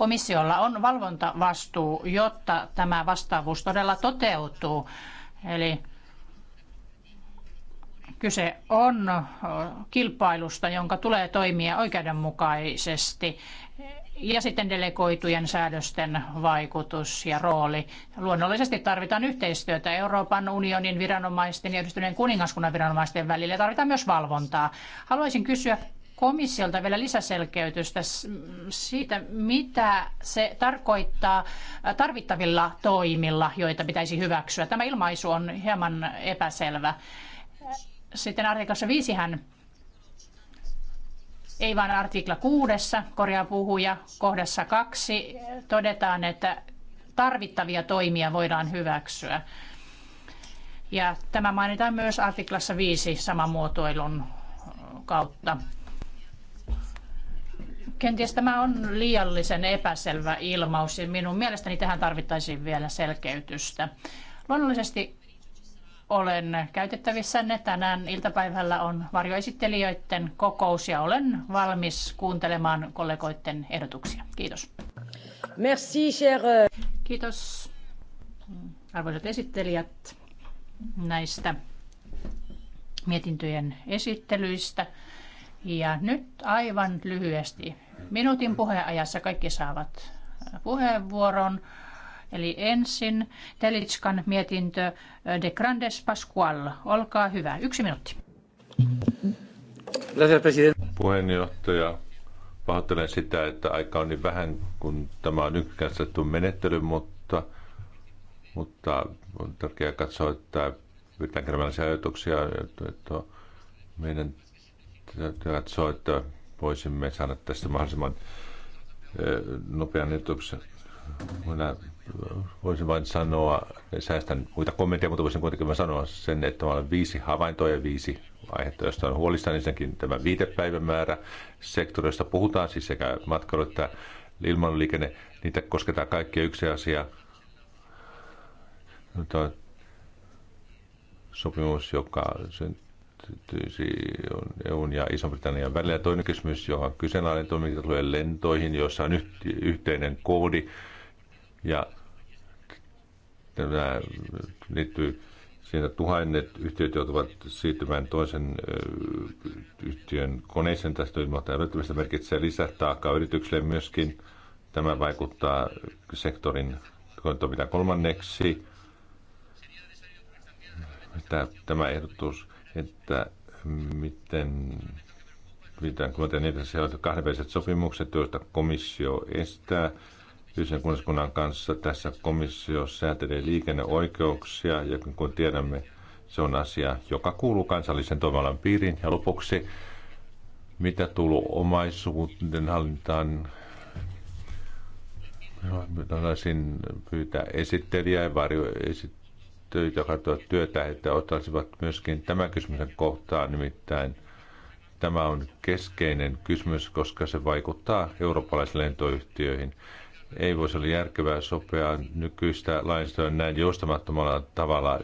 komissiolla on valvontavastuu, jotta tämä vastaavuus todella toteutuu. Eli kyse on kilpailusta, jonka tulee toimia oikeudenmukaisesti. Ja sitten delegoitujen säädösten vaikutus ja rooli. Luonnollisesti tarvitaan yhteistyötä Euroopan unionin viranomaisten ja yhdistyneen kuningaskunnan viranomaisten välillä. Tarvitaan myös valvontaa. Haluaisin kysyä komissiolta vielä lisäselkeytystä siitä, mitä se tarkoittaa tarvittavilla toimilla, joita pitäisi hyväksyä. Tämä ilmaisu on hieman epäselvä. Sitten artiklassa 5 hän ei vaan artikla kuudessa korjaa puhuja, kohdassa kaksi todetaan, että tarvittavia toimia voidaan hyväksyä. Ja tämä mainitaan myös artiklassa 5 saman muotoilun kautta. Kenties tämä on liiallisen epäselvä ilmaus ja minun mielestäni tähän tarvittaisiin vielä selkeytystä. Luonnollisesti olen käytettävissänne. Tänään iltapäivällä on varjoesittelijöiden kokous ja olen valmis kuuntelemaan kollegoiden ehdotuksia. Kiitos. Merci, cher. Euh, Kiitos arvoisat esittelijät näistä mietintöjen esittelyistä. Ja nyt aivan lyhyesti. Minuutin puheajassa kaikki saavat äh, puheenvuoron. Eli ensin Telitskan mietintö äh, De Grandes Pascual. Olkaa hyvä. Yksi minuutti. Puheenjohtaja, pahoittelen sitä, että aika on niin vähän, kun tämä on yksinkertaistettu menettely, mutta, mutta on tärkeää katsoa, että pyritään keräämään ajatuksia, että meidän täytyvät että Voisimme saada tästä mahdollisimman eh, nopean etuksen. Minä voisin vain sanoa, säästän muita kommentteja, mutta voisin kuitenkin sanoa sen, että olen viisi havaintoa ja viisi aihetta, josta on huolissaan ensinnäkin tämä viitepäivämäärä sektorista puhutaan, siis sekä matkailu että ilmanliikenne, niitä kosketaan kaikkia yksi asia. sopimus, joka EUn ja Iso-Britannian välillä. Toinen kysymys, johon on kyseenalainen toiminta tulee lentoihin, joissa on yhteinen koodi. Ja tämä liittyy siinä tuhannet yhtiöt joutuvat siirtymään toisen yhtiön koneeseen tästä ilmoittaa. Välttämättä merkitsee lisätaakkaa yritykselle myöskin. Tämä vaikuttaa sektorin toimintaan kolmanneksi. Tämä ehdotus että miten mitään kuntien niitä sellaiset kahdenväliset sopimukset, joista komissio estää fyysisen kuningaskunnan kanssa. Tässä komissio säätelee liikenneoikeuksia ja kun tiedämme, se on asia, joka kuuluu kansallisen toimialan piiriin. Ja lopuksi, mitä tuluu omaisuuden hallintaan, Haluaisin pyytää esittelijää ja varjoesittelijää töitä, katsoa työtä, että ottaisivat myöskin tämän kysymyksen kohtaan, nimittäin tämä on keskeinen kysymys, koska se vaikuttaa eurooppalaisiin lentoyhtiöihin. Ei voisi olla järkevää sopea nykyistä lainsäädäntöä näin joustamattomalla tavalla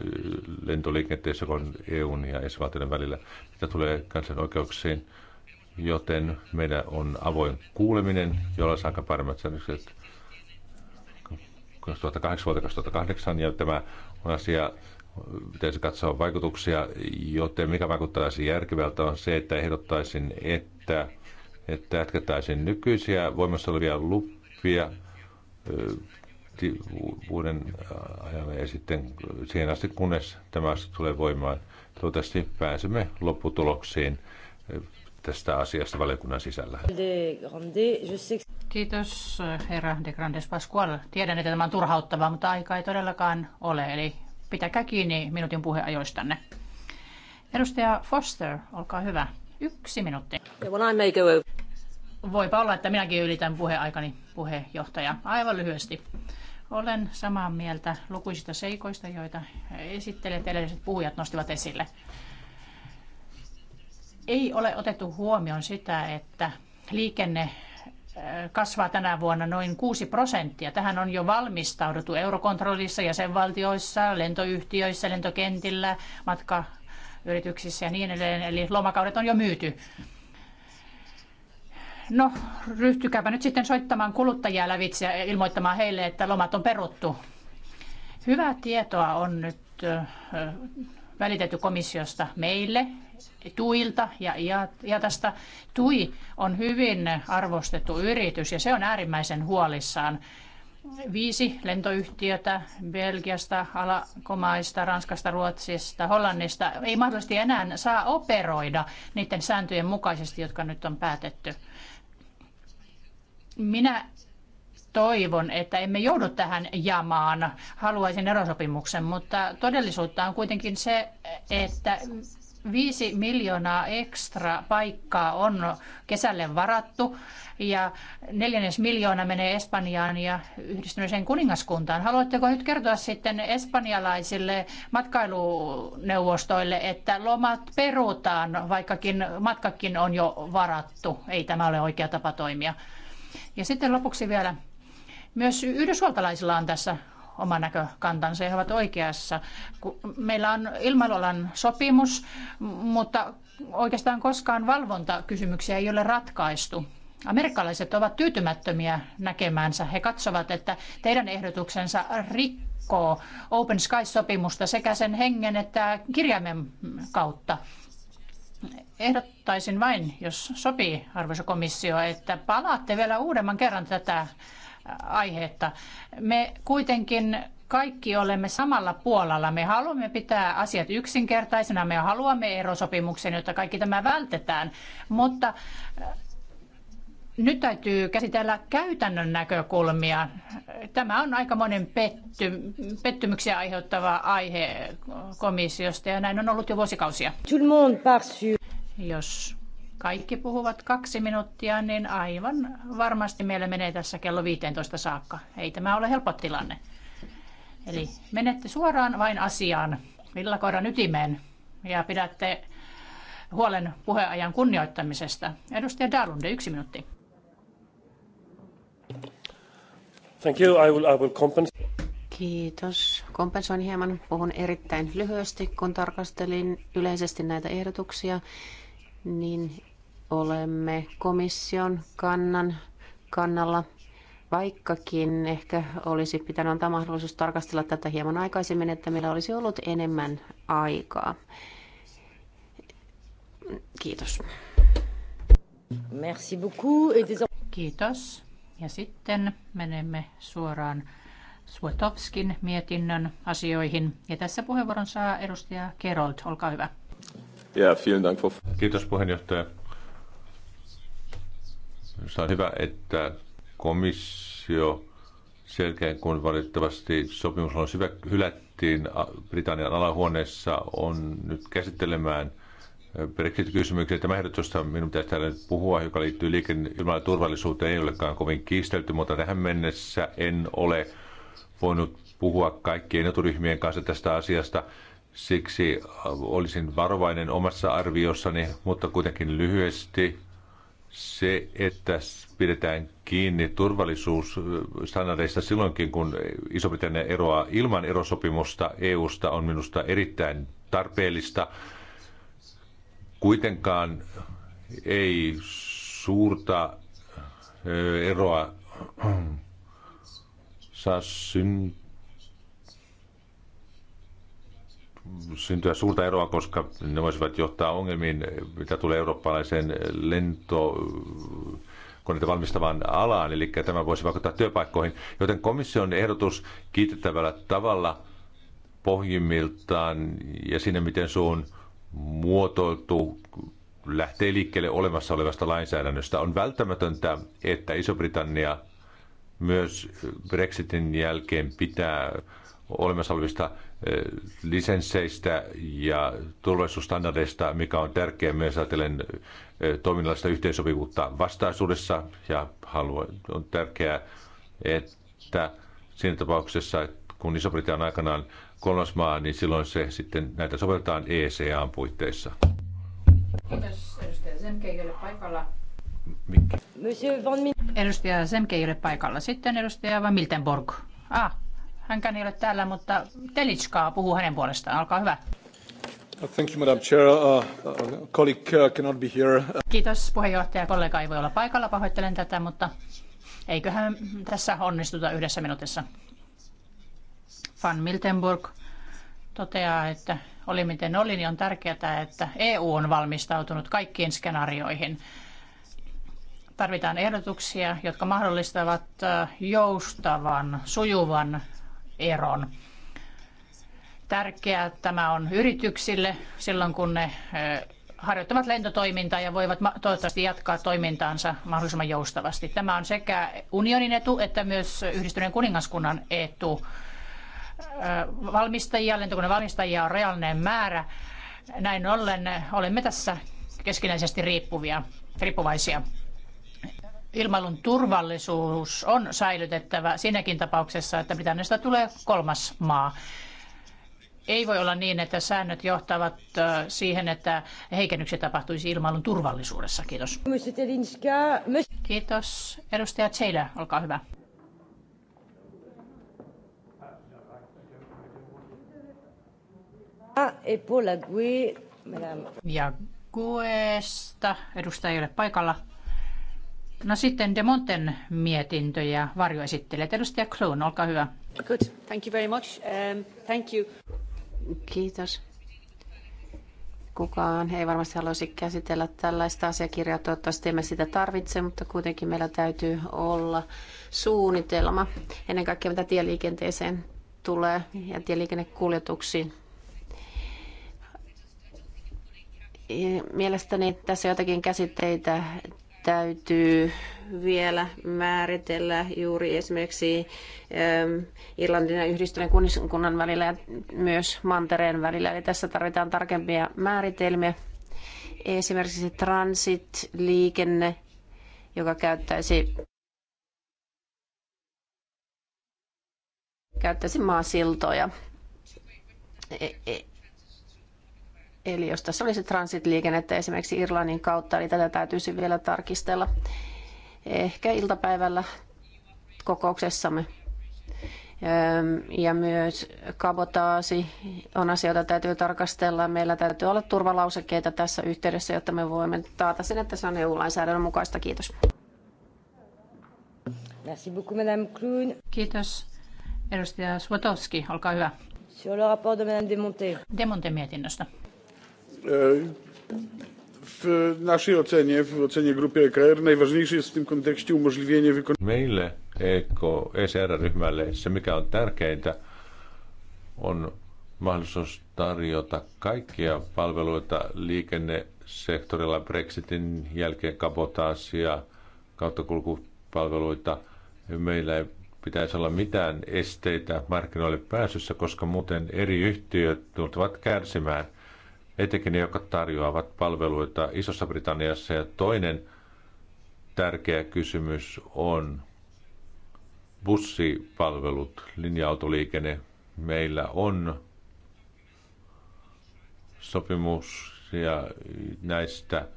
lentoliikenteessä kuin EUn ja Esivaltioiden välillä, mitä tulee kansan oikeuksiin, joten meidän on avoin kuuleminen, jolla saa paremmat säännökset 2008 2008 ja tämä asia pitäisi katsoa vaikutuksia, joten mikä vaikuttaisi järkevältä on se, että ehdottaisin, että, että jatkettaisiin nykyisiä voimassa olevia lupia vuoden ajan ja sitten siihen asti, kunnes tämä tulee voimaan. Toivottavasti pääsemme lopputuloksiin tästä asiasta valiokunnan sisällä. Kiitos herra de Grandes Pascual. Tiedän, että tämä on turhauttavaa, mutta aika ei todellakaan ole, eli pitäkää kiinni minuutin puheajoistanne. Edustaja Foster, olkaa hyvä. Yksi minuutti. Voipa olla, että minäkin ylitän puheaikani puheenjohtaja. Aivan lyhyesti. Olen samaa mieltä lukuisista seikoista, joita esittelijät edelliset puhujat nostivat esille ei ole otettu huomioon sitä, että liikenne kasvaa tänä vuonna noin 6 prosenttia. Tähän on jo valmistauduttu eurokontrollissa, jäsenvaltioissa, lentoyhtiöissä, lentokentillä, matkayrityksissä ja niin edelleen. Eli lomakaudet on jo myyty. No, ryhtykääpä nyt sitten soittamaan kuluttajia lävitse ja ilmoittamaan heille, että lomat on peruttu. Hyvää tietoa on nyt välitetty komissiosta meille tuilta ja tästä TUI on hyvin arvostettu yritys ja se on äärimmäisen huolissaan. Viisi lentoyhtiötä Belgiasta, Alakomaista, Ranskasta, Ruotsista, Hollannista ei mahdollisesti enää saa operoida niiden sääntöjen mukaisesti, jotka nyt on päätetty. Minä toivon, että emme joudu tähän jamaan. Haluaisin erosopimuksen, mutta todellisuutta on kuitenkin se, että Viisi miljoonaa ekstra paikkaa on kesälle varattu ja neljännes miljoona menee Espanjaan ja yhdistyneeseen kuningaskuntaan. Haluatteko nyt kertoa sitten espanjalaisille matkailuneuvostoille, että lomat perutaan, vaikkakin matkakin on jo varattu. Ei tämä ole oikea tapa toimia. Ja sitten lopuksi vielä, myös yhdysvaltalaisilla on tässä oma näkökantansa ja he ovat oikeassa. Meillä on ilmailualan sopimus, mutta oikeastaan koskaan valvontakysymyksiä ei ole ratkaistu. Amerikkalaiset ovat tyytymättömiä näkemäänsä. He katsovat, että teidän ehdotuksensa rikkoo Open Skies-sopimusta sekä sen hengen että kirjaimen kautta. Ehdottaisin vain, jos sopii, arvoisa komissio, että palaatte vielä uudemman kerran tätä aihetta. Me kuitenkin kaikki olemme samalla puolella. Me haluamme pitää asiat yksinkertaisena, me haluamme erosopimuksen, jotta kaikki tämä vältetään, mutta äh, nyt täytyy käsitellä käytännön näkökulmia. Tämä on aika monen petty, pettymyksiä aiheuttava aihe komissiosta ja näin on ollut jo vuosikausia. Jos kaikki puhuvat kaksi minuuttia, niin aivan varmasti meillä menee tässä kello 15 saakka. Ei tämä ole helppo tilanne. Eli menette suoraan vain asiaan, villakoiran ytimeen ja pidätte huolen puheajan kunnioittamisesta. Edustaja Darlunde, yksi minuutti. Thank you. I will, I will compensate. Kiitos. Kompensoin hieman. Puhun erittäin lyhyesti, kun tarkastelin yleisesti näitä ehdotuksia, niin olemme komission kannan kannalla, vaikkakin ehkä olisi pitänyt antaa mahdollisuus tarkastella tätä hieman aikaisemmin, että meillä olisi ollut enemmän aikaa. Kiitos. Merci beaucoup. Kiitos. Ja sitten menemme suoraan Suotovskin mietinnön asioihin. Ja tässä puheenvuoron saa edustaja Kerold. Olkaa hyvä. Yeah, vielen Dank. Kiitos puheenjohtaja. Minusta on hyvä, että komissio sen jälkeen, kun valitettavasti sopimus on syvä, hylättiin Britannian alahuoneessa, on nyt käsittelemään Brexit-kysymyksiä. Tämä ehdotus, minun pitäisi täällä nyt puhua, joka liittyy liikenneilmailu turvallisuuteen, ei olekaan kovin kiistelty, mutta tähän mennessä en ole voinut puhua kaikkien eturyhmien kanssa tästä asiasta. Siksi olisin varovainen omassa arviossani, mutta kuitenkin lyhyesti se, että pidetään kiinni turvallisuusstandardeista silloinkin, kun Iso-Britannia eroaa ilman erosopimusta EUsta, on minusta erittäin tarpeellista. Kuitenkaan ei suurta eroa saa syntyä syntyä suurta eroa, koska ne voisivat johtaa ongelmiin, mitä tulee eurooppalaiseen lentokoneita valmistavaan alaan, eli tämä voisi vaikuttaa työpaikkoihin. Joten komission ehdotus kiitettävällä tavalla pohjimmiltaan ja sinne miten se on muotoiltu, lähtee liikkeelle olemassa olevasta lainsäädännöstä. On välttämätöntä, että Iso-Britannia myös Brexitin jälkeen pitää olemassa olevista lisensseistä ja turvallisuusstandardeista, mikä on tärkeää myös ajatellen toiminnallista yhteensopivuutta vastaisuudessa. Ja haluan, on tärkeää, että siinä tapauksessa, kun iso on aikanaan kolmas maa, niin silloin se sitten näitä sovelletaan ECAn puitteissa. Kiitos edustaja Zemke, ei ole paikalla. Mikki? Edustaja Zemke ei ole paikalla. Sitten edustaja Van Miltenborg. Ah, Hänkään ei ole täällä, mutta Telitska puhuu hänen puolestaan. Olkaa hyvä. Thank you, Madam Chair. Uh, uh colleague uh, cannot be here. Kiitos puheenjohtaja. Kollega ei voi olla paikalla. Pahoittelen tätä, mutta eiköhän tässä onnistuta yhdessä minuutissa. Van Miltenburg toteaa, että oli miten oli, niin on tärkeää, että EU on valmistautunut kaikkiin skenaarioihin. Tarvitaan ehdotuksia, jotka mahdollistavat uh, joustavan, sujuvan Eron. Tärkeää tämä on yrityksille silloin, kun ne harjoittavat lentotoimintaa ja voivat toivottavasti jatkaa toimintaansa mahdollisimman joustavasti. Tämä on sekä unionin etu että myös yhdistyneen kuningaskunnan etu. Valmistajia, lentokonevalmistajia on rajallinen määrä. Näin ollen olemme tässä keskinäisesti riippuvia, riippuvaisia ilmailun turvallisuus on säilytettävä siinäkin tapauksessa, että Britanniasta tulee kolmas maa. Ei voi olla niin, että säännöt johtavat siihen, että heikennykset tapahtuisi ilmailun turvallisuudessa. Kiitos. Kiitos. Edustaja Taylor, olkaa hyvä. Ah, e, ja GUEsta edustaja ei ole paikalla. No sitten Monten mietintö ja varjoesittelijät. Edustaja Kloon, olkaa hyvä. Good. Thank you very much. Um, thank you. Kiitos. Kukaan ei varmasti haluaisi käsitellä tällaista asiakirjaa. Toivottavasti emme sitä tarvitse, mutta kuitenkin meillä täytyy olla suunnitelma. Ennen kaikkea mitä tieliikenteeseen tulee ja tieliikennekuljetuksiin. Mielestäni tässä jotakin käsitteitä täytyy vielä määritellä juuri esimerkiksi ähm, Irlannin ja yhdistyneen kuningaskunnan välillä ja myös mantereen välillä. Eli tässä tarvitaan tarkempia määritelmiä. Esimerkiksi transit-liikenne, joka käyttäisi, käyttäisi maasiltoja e, e, Eli jos tässä olisi transitliikennettä esimerkiksi Irlannin kautta, niin tätä täytyisi vielä tarkistella ehkä iltapäivällä kokouksessamme. Ja myös kabotaasi on jota täytyy tarkastella. Meillä täytyy olla turvalausekkeita tässä yhteydessä, jotta me voimme taata sen, että se on EU-lainsäädännön mukaista. Kiitos. Merci beaucoup, Madame Kiitos. Edustaja Swatowski, olkaa hyvä. Sur le rapport de Madame Demonte. Demonte mietinnöstä. W naszej ocenie, w ocenie grupy EKR, najważniejsze jest w tym kontekście umożliwienie wykonania... Meille ECR-ryhmälle se, mikä on tärkeintä, on mahdollisuus tarjota kaikkia palveluita liikennesektorilla Brexitin jälkeen kabotaasia, kauttakulkupalveluita. Meillä ei pitäisi olla mitään esteitä markkinoille pääsyssä, koska muuten eri yhtiöt tulevat kärsimään etenkin ne, jotka tarjoavat palveluita Isossa Britanniassa. Ja toinen tärkeä kysymys on bussipalvelut, linja-autoliikenne. Meillä on sopimus ja näistä,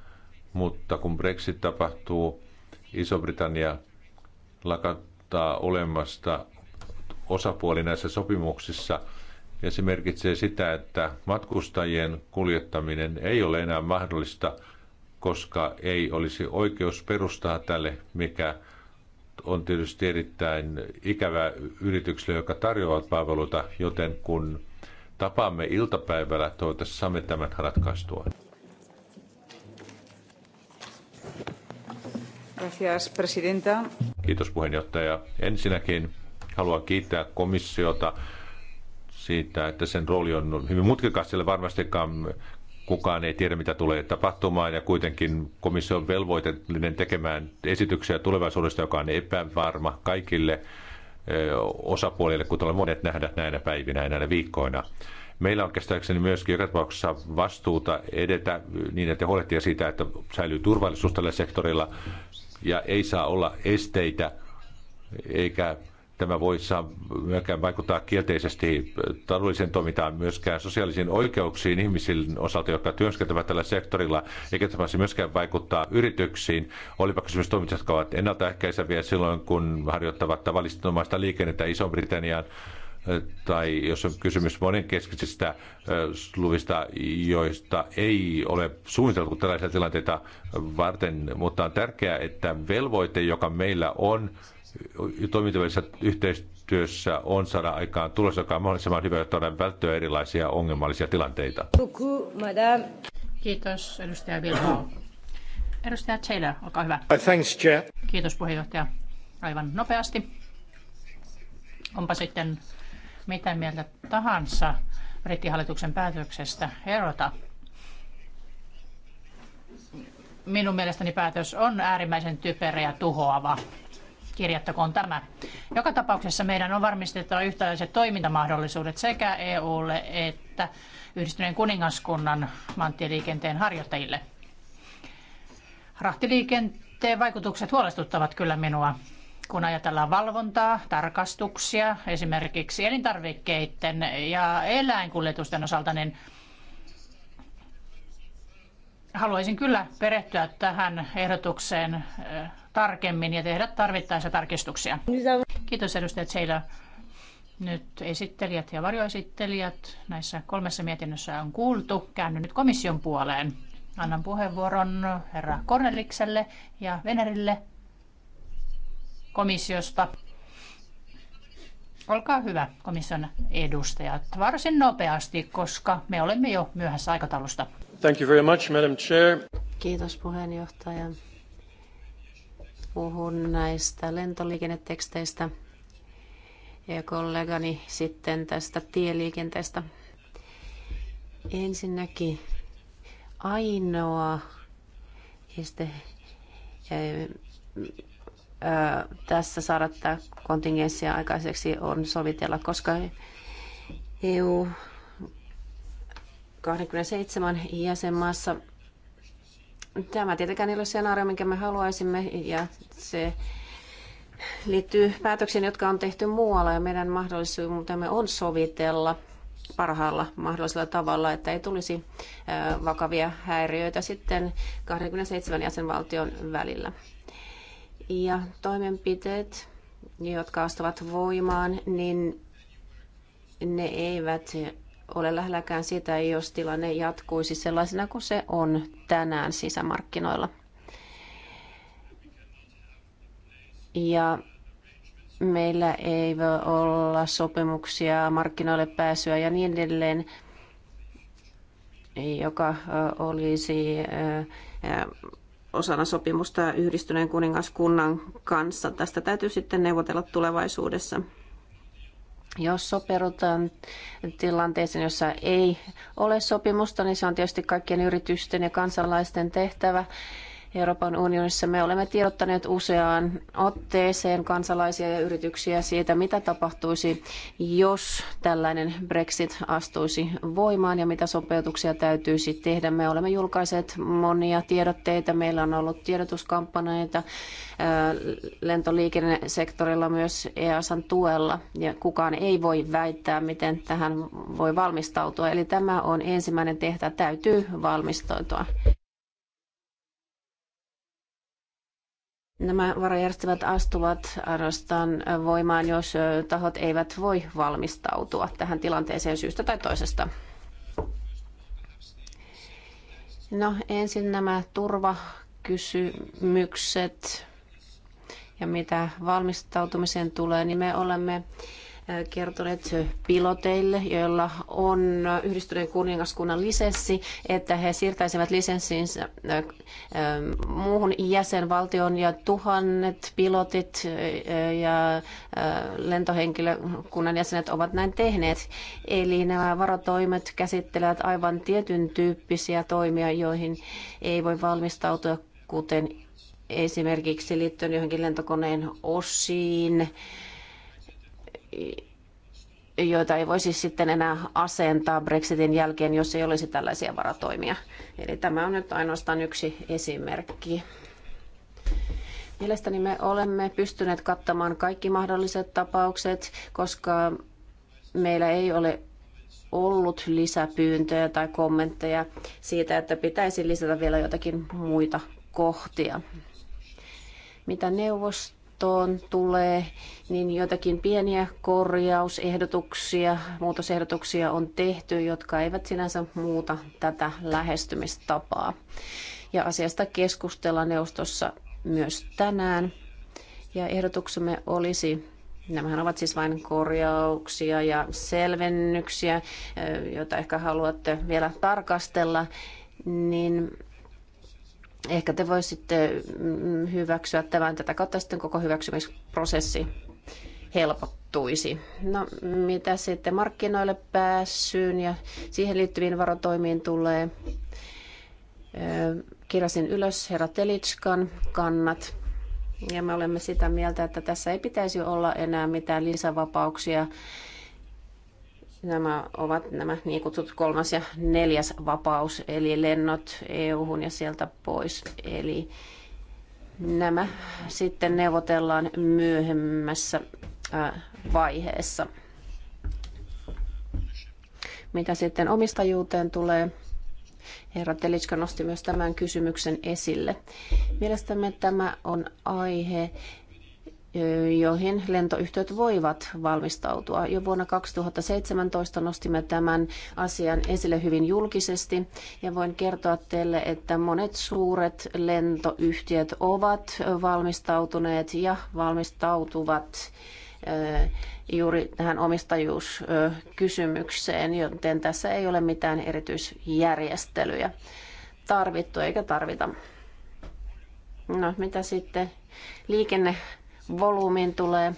mutta kun Brexit tapahtuu, Iso-Britannia lakattaa olemasta osapuoli näissä sopimuksissa – ja se merkitsee sitä, että matkustajien kuljettaminen ei ole enää mahdollista, koska ei olisi oikeus perustaa tälle, mikä on tietysti erittäin ikävä yrityksille, jotka tarjoavat palveluita, joten kun tapaamme iltapäivällä, toivottavasti saamme tämän ratkaistua. presidenta. Kiitos puheenjohtaja. Ensinnäkin haluan kiittää komissiota siitä, että sen rooli on hyvin mutkikas, sillä varmastikaan kukaan ei tiedä, mitä tulee tapahtumaan, ja kuitenkin komissio on velvoitellinen tekemään esityksiä tulevaisuudesta, joka on epävarma kaikille eh, osapuolille, kun tulee monet nähdä näinä päivinä ja näinä viikkoina. Meillä on käsittääkseni myöskin joka tapauksessa vastuuta edetä niin, että huolehtia siitä, että säilyy turvallisuus tällä sektorilla ja ei saa olla esteitä eikä tämä voi saa myöskään vaikuttaa kielteisesti taloudelliseen toimintaan, myöskään sosiaalisiin oikeuksiin ihmisille osalta, jotka työskentelevät tällä sektorilla, eikä tämä myöskään vaikuttaa yrityksiin. Olipa kysymys toimintaa, jotka ovat ennaltaehkäiseviä silloin, kun harjoittavat tavallista liikennettä Iso-Britanniaan, tai jos on kysymys monenkeskisistä luvista, joista ei ole suunniteltu tällaisia tilanteita varten, mutta on tärkeää, että velvoite, joka meillä on, toimintavälisessä yhteistyössä on saada aikaan tulos, joka on mahdollisimman hyvä, jotta voidaan välttyä erilaisia ongelmallisia tilanteita. Kiitos, edustaja Vilho. Edustaja Taylor, olkaa hyvä. Uh, thanks, Chair. Kiitos puheenjohtaja. Aivan nopeasti. Onpa sitten mitä mieltä tahansa brittihallituksen päätöksestä erota. Minun mielestäni päätös on äärimmäisen typerä ja tuhoava. Kirjattakoon tämä. Joka tapauksessa meidän on varmistettava yhtäläiset toimintamahdollisuudet sekä EUlle että Yhdistyneen kuningaskunnan maantieliikenteen harjoittajille. Rahtiliikenteen vaikutukset huolestuttavat kyllä minua kun ajatellaan valvontaa, tarkastuksia, esimerkiksi elintarvikkeiden ja eläinkuljetusten osalta, niin haluaisin kyllä perehtyä tähän ehdotukseen tarkemmin ja tehdä tarvittaessa tarkistuksia. Kiitos edustaja Seilä. Nyt esittelijät ja varjoesittelijät näissä kolmessa mietinnössä on kuultu. Käännyn nyt komission puoleen. Annan puheenvuoron herra Kornelikselle ja Venerille komissiosta. Olkaa hyvä, komission edustajat, varsin nopeasti, koska me olemme jo myöhässä aikataulusta. Thank you very much, Madam Chair. Kiitos puheenjohtaja puhun näistä lentoliikenneteksteistä ja kollegani sitten tästä tieliikenteestä. Ensinnäkin ainoa este ää, tässä saada tämä kontingenssia aikaiseksi on sovitella, koska EU 27 jäsenmaassa Tämä tietenkään ei ole skenaario, minkä me haluaisimme, ja se liittyy päätöksiin, jotka on tehty muualla, ja meidän mahdollisuutemme on sovitella parhaalla mahdollisella tavalla, että ei tulisi vakavia häiriöitä sitten 27 jäsenvaltion välillä. Ja toimenpiteet, jotka astuvat voimaan, niin ne eivät ole lähelläkään sitä, jos tilanne jatkuisi sellaisena kuin se on tänään sisämarkkinoilla. Ja meillä ei voi olla sopimuksia, markkinoille pääsyä ja niin edelleen, joka olisi osana sopimusta yhdistyneen kuningaskunnan kanssa. Tästä täytyy sitten neuvotella tulevaisuudessa. Jos sopeudutaan tilanteeseen, jossa ei ole sopimusta, niin se on tietysti kaikkien yritysten ja kansalaisten tehtävä Euroopan unionissa. Me olemme tiedottaneet useaan otteeseen kansalaisia ja yrityksiä siitä, mitä tapahtuisi, jos tällainen Brexit astuisi voimaan ja mitä sopeutuksia täytyisi tehdä. Me olemme julkaiseet monia tiedotteita, meillä on ollut tiedotuskampanjoita äh, lentoliikennesektorilla myös EASan tuella ja kukaan ei voi väittää, miten tähän voi valmistautua. Eli tämä on ensimmäinen tehtävä, täytyy valmistautua. Nämä varajärjestelmät astuvat ainoastaan voimaan, jos tahot eivät voi valmistautua tähän tilanteeseen syystä tai toisesta. No ensin nämä turvakysymykset ja mitä valmistautumiseen tulee, niin me olemme kertoneet piloteille, joilla on yhdistyneen kuningaskunnan lisenssi, että he siirtäisivät lisenssinsä muuhun jäsenvaltioon ja tuhannet pilotit ja lentohenkilökunnan jäsenet ovat näin tehneet. Eli nämä varotoimet käsittelevät aivan tietyn tyyppisiä toimia, joihin ei voi valmistautua, kuten esimerkiksi liittyen johonkin lentokoneen osiin, joita ei voisi sitten enää asentaa Brexitin jälkeen, jos ei olisi tällaisia varatoimia. Eli tämä on nyt ainoastaan yksi esimerkki. Mielestäni me olemme pystyneet kattamaan kaikki mahdolliset tapaukset, koska meillä ei ole ollut lisäpyyntöjä tai kommentteja siitä, että pitäisi lisätä vielä jotakin muita kohtia. Mitä neuvosto hallintoon tulee, niin joitakin pieniä korjausehdotuksia, muutosehdotuksia on tehty, jotka eivät sinänsä muuta tätä lähestymistapaa. Ja asiasta keskustellaan neuvostossa myös tänään. Ja ehdotuksemme olisi, nämähän ovat siis vain korjauksia ja selvennyksiä, joita ehkä haluatte vielä tarkastella, niin Ehkä te voisitte mm, hyväksyä tämän tätä kautta sitten koko hyväksymisprosessi helpottuisi. No, mitä sitten markkinoille pääsyyn ja siihen liittyviin varotoimiin tulee? Kirjasin ylös herra Telitskan kannat. Ja me olemme sitä mieltä, että tässä ei pitäisi olla enää mitään lisävapauksia Nämä ovat nämä niin kutsut kolmas ja neljäs vapaus, eli lennot eu ja sieltä pois. Eli nämä sitten neuvotellaan myöhemmässä äh, vaiheessa. Mitä sitten omistajuuteen tulee, herra Telitska nosti myös tämän kysymyksen esille. Mielestämme tämä on aihe, joihin lentoyhtiöt voivat valmistautua. Jo vuonna 2017 nostimme tämän asian esille hyvin julkisesti ja voin kertoa teille, että monet suuret lentoyhtiöt ovat valmistautuneet ja valmistautuvat juuri tähän omistajuuskysymykseen, joten tässä ei ole mitään erityisjärjestelyjä tarvittu eikä tarvita. No mitä sitten liikenne volyymiin tulee,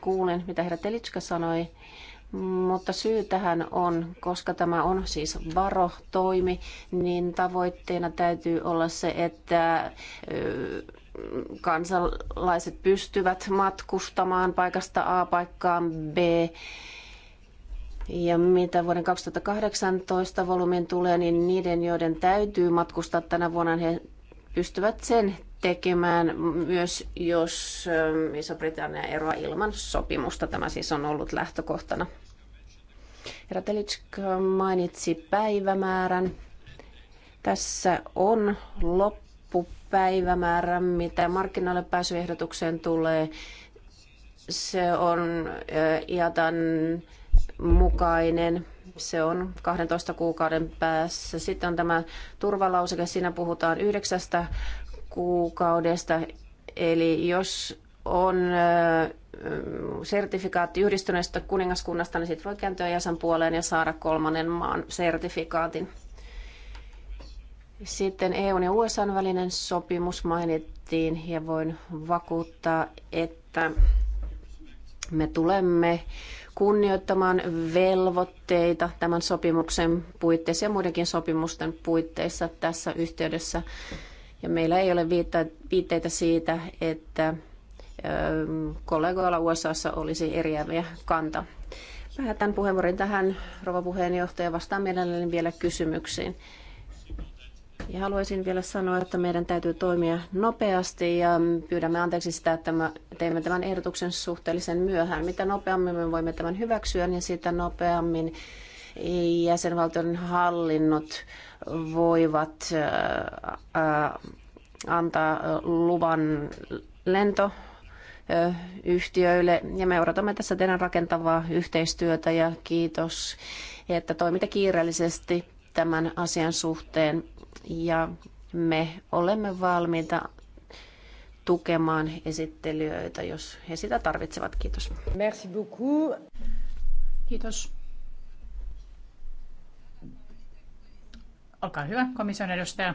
kuulin mitä herra Telitska sanoi, mutta syy tähän on, koska tämä on siis varotoimi, niin tavoitteena täytyy olla se, että kansalaiset pystyvät matkustamaan paikasta A paikkaan B. Ja mitä vuoden 2018 volyymiin tulee, niin niiden, joiden täytyy matkustaa tänä vuonna, he pystyvät sen tekemään myös, jos ähm, Iso-Britannia eroa ilman sopimusta. Tämä siis on ollut lähtökohtana. Ratelitsk mainitsi päivämäärän. Tässä on loppupäivämäärä, mitä markkinoille pääsyehdotukseen tulee. Se on äh, IATAN mukainen. Se on 12 kuukauden päässä. Sitten on tämä turvalauseke, siinä puhutaan yhdeksästä kuukaudesta. Eli jos on sertifikaatti yhdistyneestä kuningaskunnasta, niin sitten voi kääntyä puoleen ja saada kolmannen maan sertifikaatin. Sitten EUn ja USAn välinen sopimus mainittiin ja voin vakuuttaa, että me tulemme kunnioittamaan velvoitteita tämän sopimuksen puitteissa ja muidenkin sopimusten puitteissa tässä yhteydessä ja meillä ei ole viitteitä siitä, että ähm, kollegoilla USAssa olisi eriäviä kanta. Päätän puheenvuoron tähän, rouva puheenjohtaja, vastaan mielelläni vielä kysymyksiin. Ja haluaisin vielä sanoa, että meidän täytyy toimia nopeasti ja pyydämme anteeksi sitä, että teemme tämän ehdotuksen suhteellisen myöhään. Mitä nopeammin me voimme tämän hyväksyä, niin sitä nopeammin jäsenvaltion hallinnot voivat antaa luvan lento yhtiöille ja me odotamme tässä teidän rakentavaa yhteistyötä ja kiitos, että toimitte kiireellisesti tämän asian suhteen ja me olemme valmiita tukemaan esittelijöitä, jos he sitä tarvitsevat. Kiitos. Merci beaucoup. Kiitos. Olkaa hyvä, komission edustaja.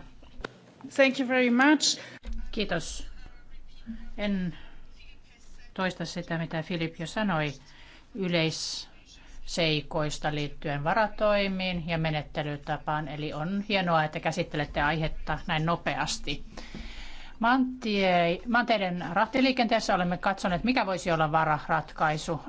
Thank you very much. Kiitos. En toista sitä, mitä Filip jo sanoi yleisseikoista liittyen varatoimiin ja menettelytapaan. Eli on hienoa, että käsittelette aihetta näin nopeasti. Mantie, Manteiden rahtiliikenteessä olemme katsoneet, mikä voisi olla vararatkaisu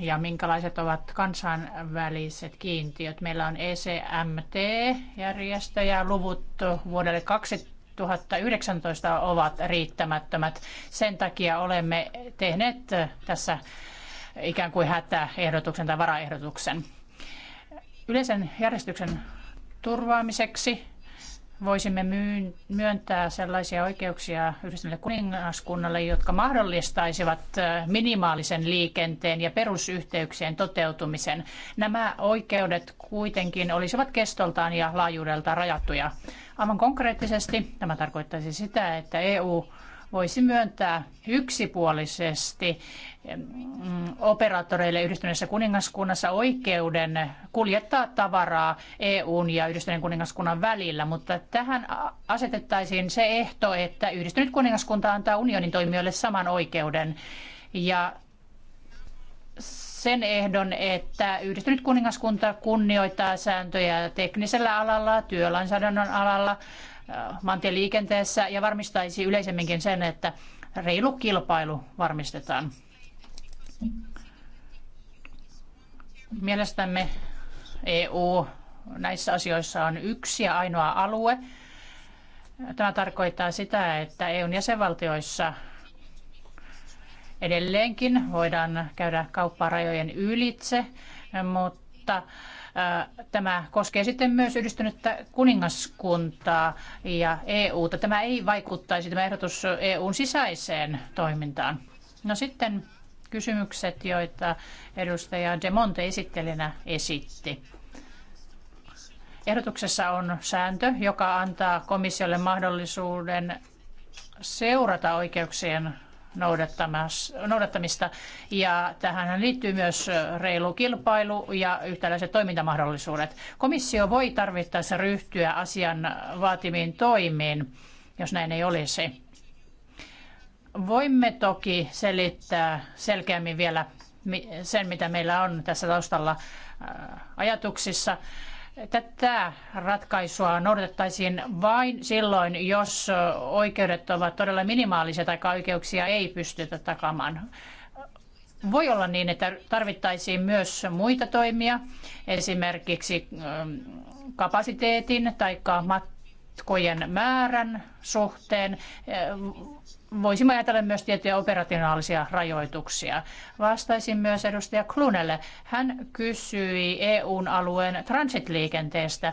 ja minkälaiset ovat kansainväliset kiintiöt. Meillä on ECMT-järjestö ja luvut vuodelle 2019 ovat riittämättömät. Sen takia olemme tehneet tässä ikään kuin hätäehdotuksen tai varaehdotuksen. Yleisen järjestyksen turvaamiseksi voisimme myöntää sellaisia oikeuksia yhdistyneelle kuningaskunnalle, jotka mahdollistaisivat minimaalisen liikenteen ja perusyhteyksien toteutumisen. Nämä oikeudet kuitenkin olisivat kestoltaan ja laajuudeltaan rajattuja. Aivan konkreettisesti tämä tarkoittaisi sitä, että EU voisi myöntää yksipuolisesti Mm, operaattoreille yhdistyneessä kuningaskunnassa oikeuden kuljettaa tavaraa EUn ja yhdistyneen kuningaskunnan välillä, mutta tähän asetettaisiin se ehto, että yhdistynyt kuningaskunta antaa unionin toimijoille saman oikeuden ja sen ehdon, että yhdistynyt kuningaskunta kunnioittaa sääntöjä teknisellä alalla, työlainsäädännön alalla, äh, maantieliikenteessä ja varmistaisi yleisemminkin sen, että reilu kilpailu varmistetaan. Mielestämme EU näissä asioissa on yksi ja ainoa alue. Tämä tarkoittaa sitä, että EUn jäsenvaltioissa edelleenkin voidaan käydä kauppaa rajojen ylitse, mutta äh, tämä koskee sitten myös yhdistynyttä kuningaskuntaa ja EUta. Tämä ei vaikuttaisi tämä ehdotus EUn sisäiseen toimintaan. No sitten kysymykset, joita edustaja De Monte esitti. Ehdotuksessa on sääntö, joka antaa komissiolle mahdollisuuden seurata oikeuksien noudattamista. Ja tähän liittyy myös reilu kilpailu ja yhtäläiset toimintamahdollisuudet. Komissio voi tarvittaessa ryhtyä asian vaatimiin toimiin, jos näin ei olisi. Voimme toki selittää selkeämmin vielä sen, mitä meillä on tässä taustalla äh, ajatuksissa. Tätä ratkaisua noudatettaisiin vain silloin, jos oikeudet ovat todella minimaaliset tai oikeuksia ei pystytä takaamaan. Voi olla niin, että tarvittaisiin myös muita toimia, esimerkiksi ähm, kapasiteetin tai matkojen määrän suhteen. Äh, voisimme ajatella myös tiettyjä operationaalisia rajoituksia. Vastaisin myös edustaja Klunelle. Hän kysyi EUn alueen transitliikenteestä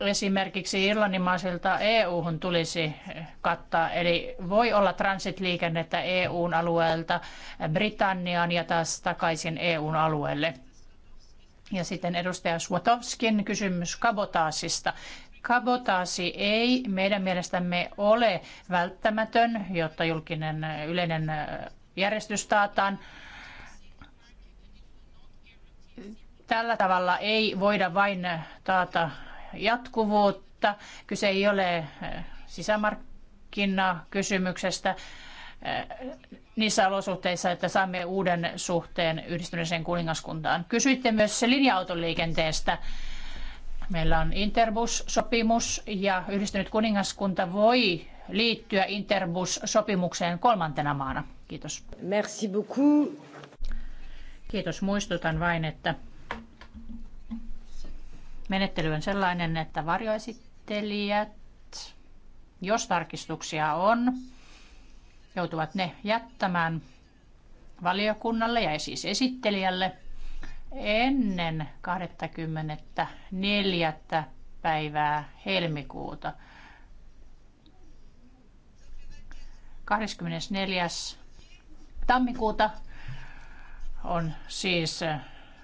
esimerkiksi Irlannimaisilta EU-hun tulisi kattaa. Eli voi olla transitliikennettä EUn alueelta Britanniaan ja taas takaisin EUn alueelle. Ja sitten edustaja Swatowskin kysymys kabotaasista. Kabotaasi ei meidän mielestämme ole välttämätön, jotta julkinen yleinen järjestys taataan. Tällä tavalla ei voida vain taata jatkuvuutta. Kyse ei ole sisämarkkinakysymyksestä niissä olosuhteissa, että saamme uuden suhteen yhdistyneeseen kuningaskuntaan. Kysyitte myös linja-autoliikenteestä. liikenteestä Meillä on Interbus-sopimus ja yhdistynyt kuningaskunta voi liittyä Interbus-sopimukseen kolmantena maana. Kiitos. Merci beaucoup. Kiitos. Muistutan vain, että menettely on sellainen, että varjoesittelijät, jos tarkistuksia on, joutuvat ne jättämään valiokunnalle ja siis esittelijälle – ennen 24. päivää helmikuuta. 24. tammikuuta on siis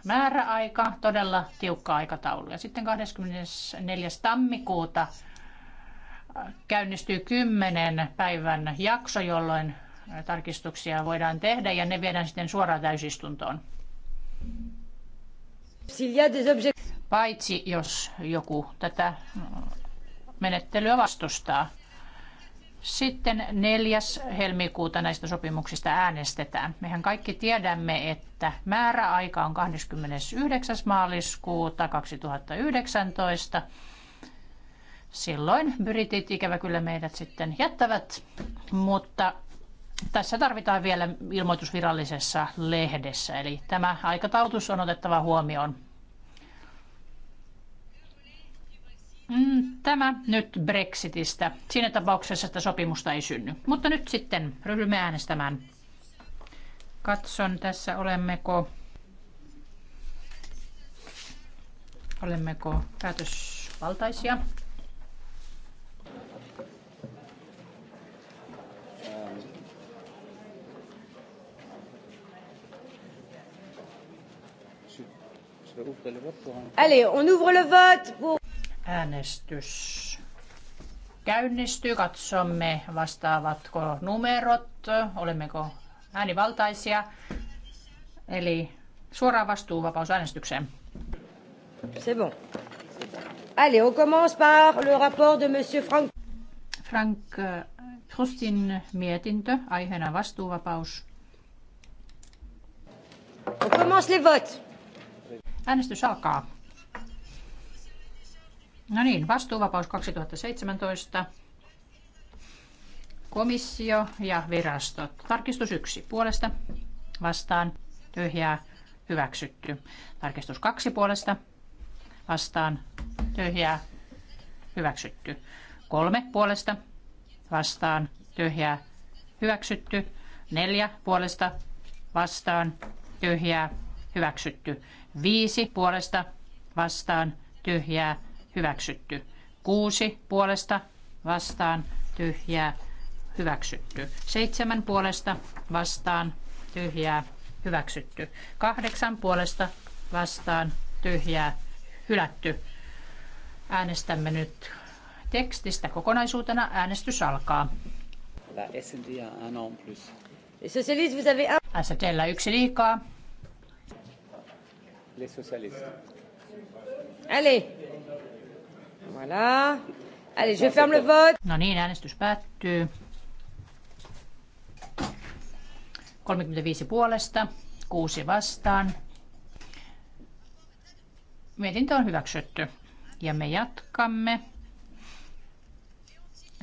määräaika, todella tiukka aikataulu. Ja sitten 24. tammikuuta käynnistyy 10 päivän jakso, jolloin tarkistuksia voidaan tehdä ja ne viedään sitten suoraan täysistuntoon. Paitsi jos joku tätä menettelyä vastustaa. Sitten 4. helmikuuta näistä sopimuksista äänestetään. Mehän kaikki tiedämme, että määräaika on 29. maaliskuuta 2019. Silloin britit ikävä kyllä meidät sitten jättävät, mutta tässä tarvitaan vielä ilmoitus virallisessa lehdessä, eli tämä aikataulutus on otettava huomioon. Mm, tämä nyt Brexitistä. Siinä tapauksessa sitä sopimusta ei synny. Mutta nyt sitten ryhdymme äänestämään. Katson tässä olemmeko, olemmeko päätösvaltaisia. Allez, on ouvre le vote pour... Äänestys käynnistyy. Katsomme, vastaavatko numerot, olemmeko äänivaltaisia. Eli suoraan vastuu vapaus äänestykseen. C'est bon. Allez, on commence par le rapport de Monsieur Frank. Frank eh, Krustin mietintö, aiheena vastuuvapaus. On commence les votes. Äänestys alkaa. No niin, vastuuvapaus 2017. Komissio ja virastot. Tarkistus 1 puolesta. Vastaan. Tyhjää. Hyväksytty. Tarkistus 2 puolesta. Vastaan. Tyhjää. Hyväksytty. 3 puolesta. Vastaan. Tyhjää. Hyväksytty. 4 puolesta. Vastaan. Tyhjää hyväksytty. Viisi puolesta vastaan tyhjää hyväksytty. Kuusi puolesta vastaan tyhjää hyväksytty. Seitsemän puolesta vastaan tyhjää hyväksytty. Kahdeksan puolesta vastaan tyhjää hylätty. Äänestämme nyt tekstistä kokonaisuutena. Äänestys alkaa. STllä yksi liikaa les socialistes. Allez. Voilà. Allez, je ferme le vote. No niin, äänestys päättyy. 35 puolesta, 6 vastaan. Mietintö on hyväksytty. Ja me jatkamme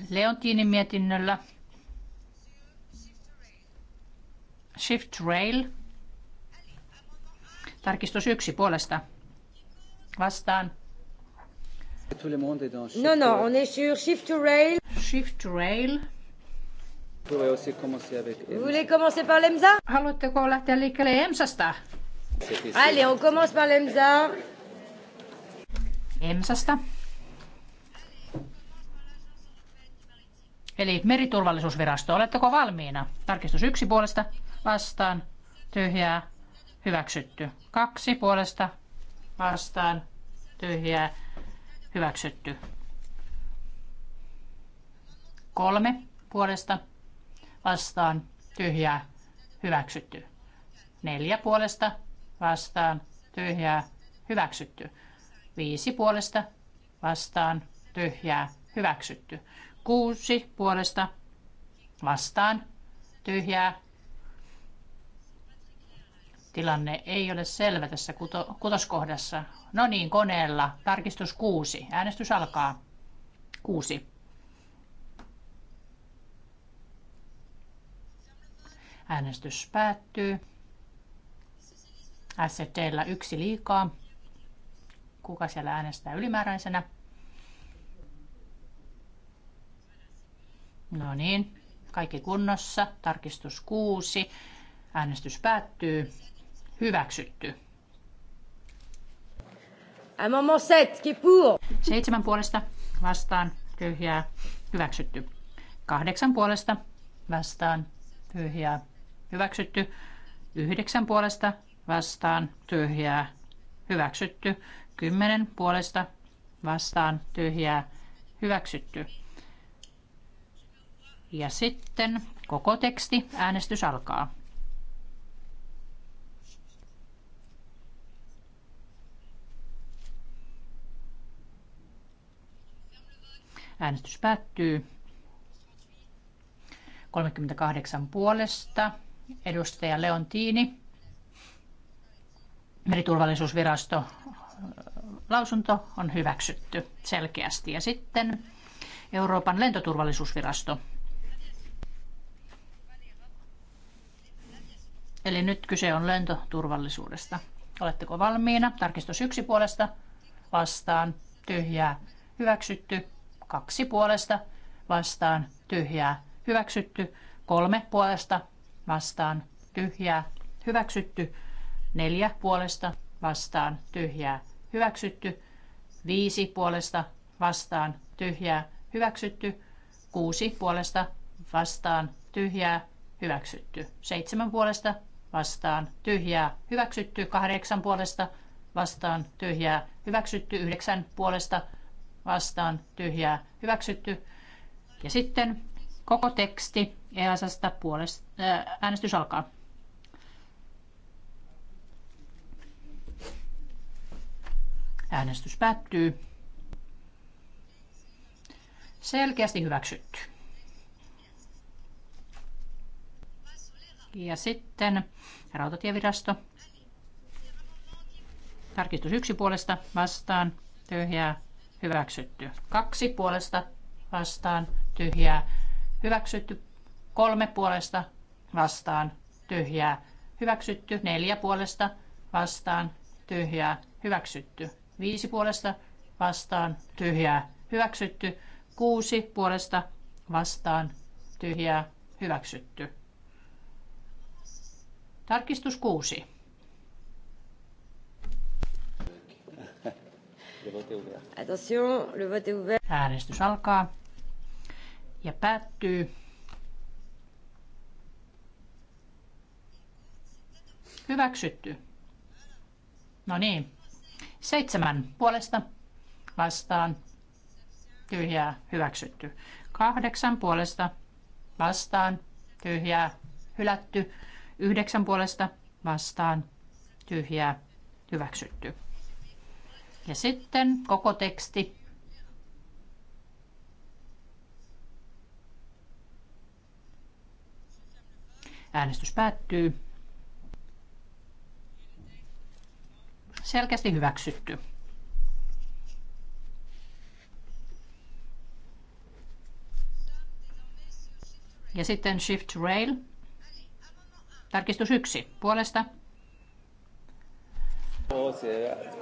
Leontiinin mietinnöllä. Shift Rail Tarkistus yksi puolesta. Vastaan. No, no, on est sur Shift to Rail. Shift to Rail. Haluatteko lähteä liikkeelle EMSasta? Allez, on commence par l'EMSA. EMSasta. Eli meriturvallisuusvirasto, oletteko valmiina? Tarkistus yksi puolesta vastaan. Tyhjää hyväksytty. Kaksi puolesta vastaan tyhjää hyväksytty. Kolme puolesta vastaan tyhjää hyväksytty. Neljä puolesta vastaan tyhjää hyväksytty. Viisi puolesta vastaan tyhjää hyväksytty. Kuusi puolesta vastaan tyhjää tilanne ei ole selvä tässä kuto, kutoskohdassa. No niin, koneella. Tarkistus kuusi. Äänestys alkaa. Kuusi. Äänestys päättyy. STllä yksi liikaa. Kuka siellä äänestää ylimääräisenä? No niin, kaikki kunnossa. Tarkistus kuusi Äänestys päättyy. Hyväksytty. Seitsemän puolesta vastaan tyhjää. Hyväksytty. Kahdeksan puolesta vastaan tyhjää. Hyväksytty. Yhdeksän puolesta vastaan tyhjää. Hyväksytty. Kymmenen puolesta vastaan tyhjää. Hyväksytty. Ja sitten koko teksti. Äänestys alkaa. Äänestys päättyy. 38 puolesta. Edustaja Leontiini. Meriturvallisuusvirasto lausunto on hyväksytty selkeästi. Ja sitten Euroopan lentoturvallisuusvirasto. Eli nyt kyse on lentoturvallisuudesta. Oletteko valmiina? Tarkistus yksi puolesta vastaan. Tyhjää hyväksytty. Kaksi puolesta vastaan tyhjää hyväksytty. Kolme puolesta vastaan tyhjää hyväksytty. Neljä puolesta vastaan tyhjää hyväksytty. Viisi puolesta vastaan tyhjää hyväksytty. Kuusi puolesta vastaan tyhjää hyväksytty. Seitsemän puolesta vastaan tyhjää hyväksytty. Kahdeksan puolesta vastaan tyhjää hyväksytty. Yhdeksän puolesta vastaan tyhjää hyväksytty. Ja sitten koko teksti EASasta puolesta. Äh, äänestys alkaa. Äänestys päättyy. Selkeästi hyväksytty. Ja sitten rautatievirasto. Tarkistus yksi puolesta vastaan. Tyhjää hyväksytty. Kaksi puolesta vastaan tyhjää hyväksytty. Kolme puolesta vastaan tyhjää hyväksytty. Neljä puolesta vastaan tyhjää hyväksytty. Viisi puolesta vastaan tyhjää hyväksytty. Kuusi puolesta vastaan tyhjää hyväksytty. Tarkistus kuusi Attention, le vote est ouvert. Äänestys alkaa ja päättyy. Hyväksytty. No niin. Seitsemän puolesta vastaan. Tyhjää hyväksytty. Kahdeksan puolesta vastaan. Tyhjää hylätty. Yhdeksän puolesta vastaan. Tyhjää hyväksytty. Ja sitten koko teksti. Äänestys päättyy. Selkeästi hyväksytty. Ja sitten Shift Rail. Tarkistus 1. Puolesta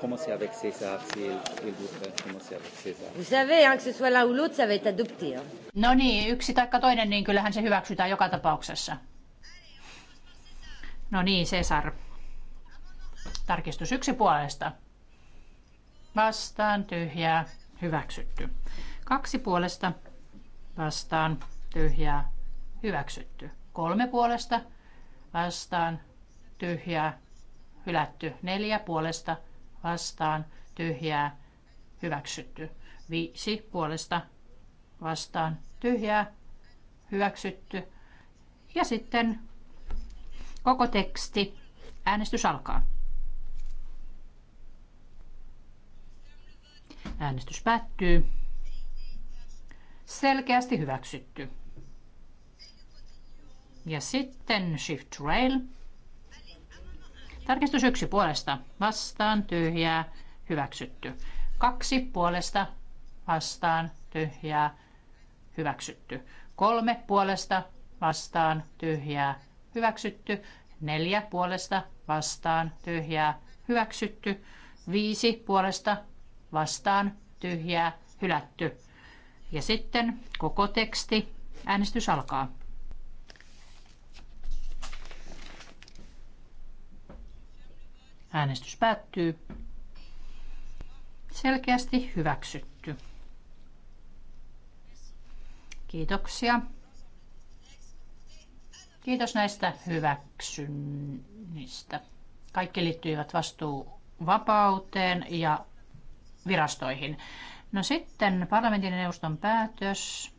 commencer avec César, si il, il vous commencer avec César. Vous savez, hein, que ce soit l'un ou l'autre, ça va être adopté. Hein. No niin, yksi tai toinen, niin kyllähän se hyväksytään joka tapauksessa. No niin, Cesar. Tarkistus yksi puolesta. Vastaan, tyhjää, hyväksytty. Kaksi puolesta, vastaan, tyhjää, hyväksytty. Kolme puolesta, vastaan, tyhjää, hylätty. Neljä puolesta vastaan tyhjää hyväksytty. Viisi puolesta vastaan tyhjää hyväksytty. Ja sitten koko teksti. Äänestys alkaa. Äänestys päättyy. Selkeästi hyväksytty. Ja sitten Shift Rail. Tarkistus yksi puolesta vastaan tyhjää hyväksytty. Kaksi puolesta vastaan tyhjää hyväksytty. Kolme puolesta vastaan tyhjää hyväksytty. Neljä puolesta vastaan tyhjää hyväksytty. Viisi puolesta vastaan tyhjää hylätty. Ja sitten koko teksti. Äänestys alkaa. Äänestys päättyy. Selkeästi hyväksytty. Kiitoksia. Kiitos näistä hyväksynnistä. Kaikki liittyivät vastuuvapauteen ja virastoihin. No sitten parlamentin neuvoston päätös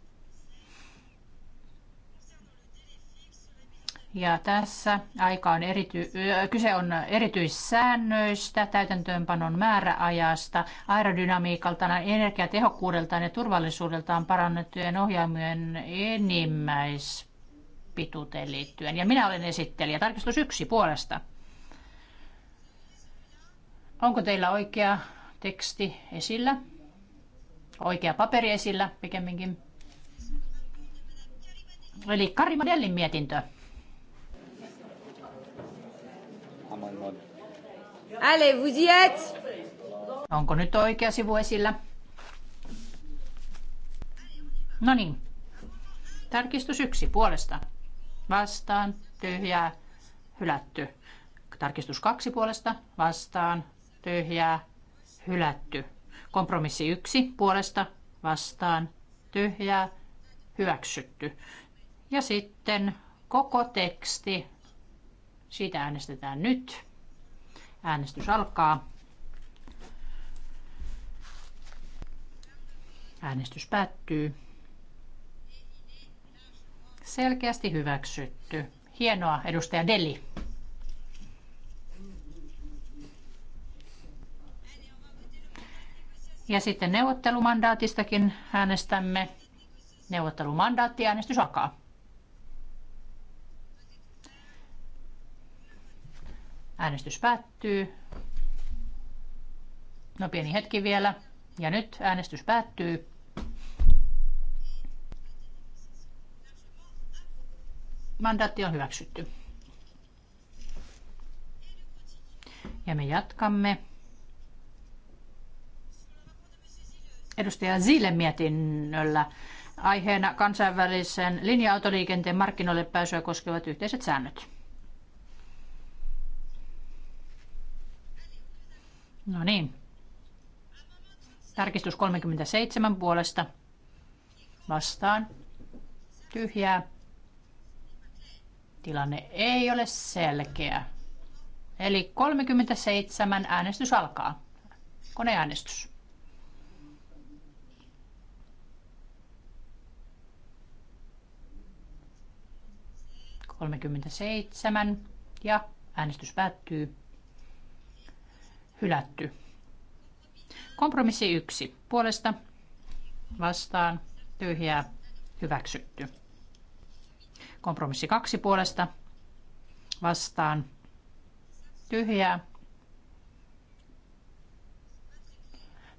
Ja tässä aika on erity, kyse on erityissäännöistä, täytäntöönpanon määräajasta, aerodynamiikaltaan, energiatehokkuudeltaan ja turvallisuudeltaan parannettujen ohjaimien enimmäispituuteen liittyen. Ja minä olen esittelijä. Tarkistus yksi puolesta. Onko teillä oikea teksti esillä? Oikea paperi esillä pikemminkin? Eli Kari Madellin mietintö. Allez, vous y êtes. Onko nyt oikea sivu esillä? No niin. Tarkistus yksi puolesta. Vastaan, tyhjää, hylätty. Tarkistus kaksi puolesta. Vastaan, tyhjää, hylätty. Kompromissi yksi puolesta. Vastaan, tyhjää, hyväksytty. Ja sitten koko teksti. Siitä äänestetään nyt. Äänestys alkaa. Äänestys päättyy. Selkeästi hyväksytty. Hienoa, edustaja Deli. Ja sitten neuvottelumandaatistakin äänestämme. Neuvottelumandaatti äänestys alkaa. Äänestys päättyy. No pieni hetki vielä. Ja nyt äänestys päättyy. Mandaatti on hyväksytty. Ja me jatkamme. Edustaja Zilen mietinnöllä aiheena kansainvälisen linja-autoliikenteen markkinoille pääsyä koskevat yhteiset säännöt. No niin. Tarkistus 37 puolesta. Vastaan. Tyhjää. Tilanne ei ole selkeä. Eli 37 äänestys alkaa. Koneäänestys. seitsemän ja äänestys päättyy. Hylätty. Kompromissi yksi. Puolesta vastaan tyhjää hyväksytty. Kompromissi kaksi puolesta vastaan tyhjää.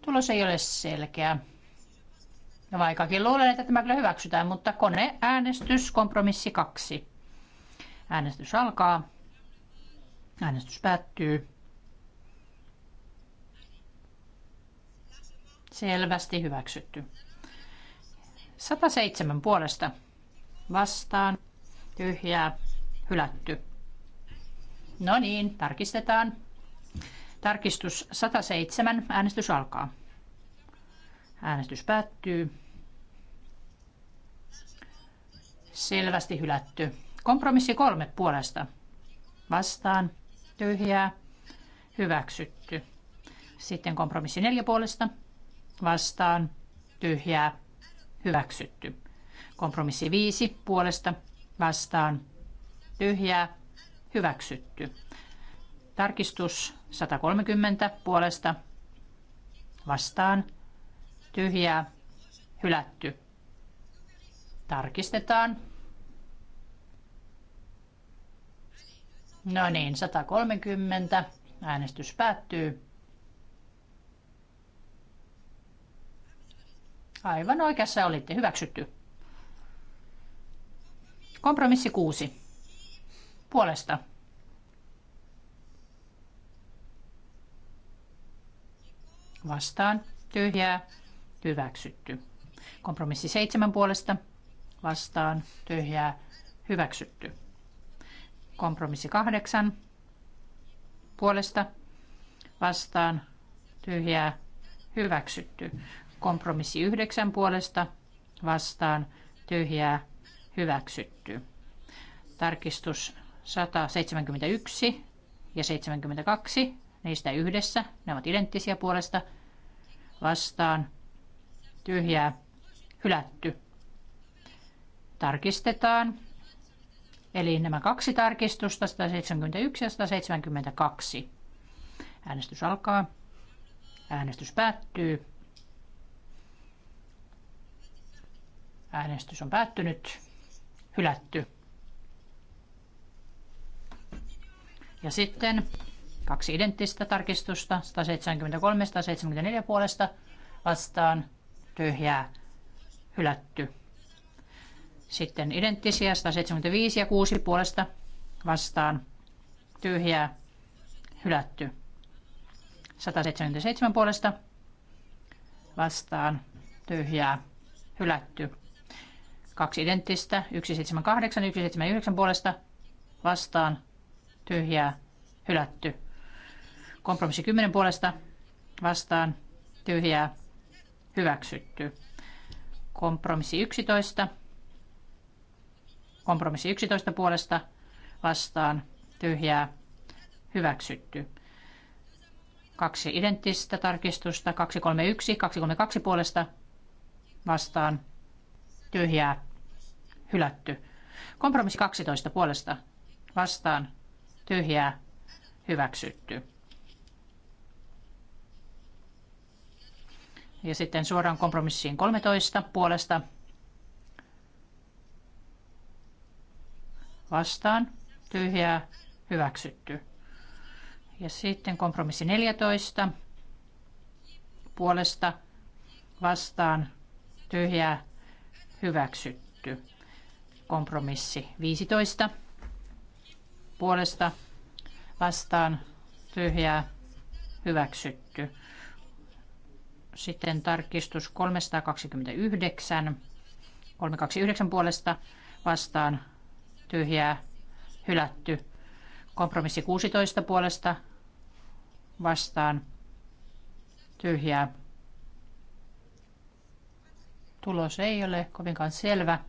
Tulos ei ole selkeä. Ja no vaikkakin luulen, että tämä kyllä hyväksytään, mutta koneäänestys, kompromissi kaksi. Äänestys alkaa. Äänestys päättyy. Selvästi hyväksytty. 107 puolesta vastaan. Tyhjää. Hylätty. No niin, tarkistetaan. Tarkistus 107. Äänestys alkaa. Äänestys päättyy. Selvästi hylätty. Kompromissi kolme puolesta. Vastaan. Tyhjää. Hyväksytty. Sitten kompromissi neljä puolesta vastaan tyhjää hyväksytty. Kompromissi 5 puolesta vastaan tyhjää hyväksytty. Tarkistus 130 puolesta vastaan tyhjää hylätty. Tarkistetaan. No niin, 130. Äänestys päättyy. Aivan oikeassa olitte. Hyväksytty. Kompromissi kuusi. Puolesta. Vastaan. Tyhjää. Hyväksytty. Kompromissi seitsemän puolesta. Vastaan. Tyhjää. Hyväksytty. Kompromissi kahdeksan. Puolesta. Vastaan. Tyhjää. Hyväksytty. Kompromissi yhdeksän puolesta vastaan tyhjää hyväksytty. Tarkistus 171 ja 72, niistä yhdessä, ne ovat identtisiä puolesta vastaan tyhjää hylätty. Tarkistetaan. Eli nämä kaksi tarkistusta, 171 ja 172. Äänestys alkaa. Äänestys päättyy. Äänestys on päättynyt. Hylätty. Ja sitten kaksi identtistä tarkistusta, 173 174 puolesta vastaan tyhjää hylätty. Sitten identtisiä 175 ja 6 puolesta vastaan tyhjää hylätty. 177 puolesta vastaan tyhjää hylätty. Kaksi identtistä, 178, 179 puolesta vastaan, tyhjää, hylätty. Kompromissi 10 puolesta vastaan, tyhjää, hyväksytty. Kompromissi 11, kompromissi 11 puolesta vastaan, tyhjää, hyväksytty. Kaksi identtistä tarkistusta, 231, 232 puolesta vastaan, tyhjää, hylätty. Kompromissi 12 puolesta vastaan tyhjää hyväksytty. Ja sitten suoraan kompromissiin 13 puolesta vastaan tyhjää hyväksytty. Ja sitten kompromissi 14 puolesta vastaan tyhjää hyväksytty. Kompromissi 15. Puolesta vastaan tyhjää hyväksytty. Sitten tarkistus 329. 329 puolesta vastaan tyhjää hylätty. Kompromissi 16 puolesta vastaan tyhjää. Tulos ei ole kovinkaan selvä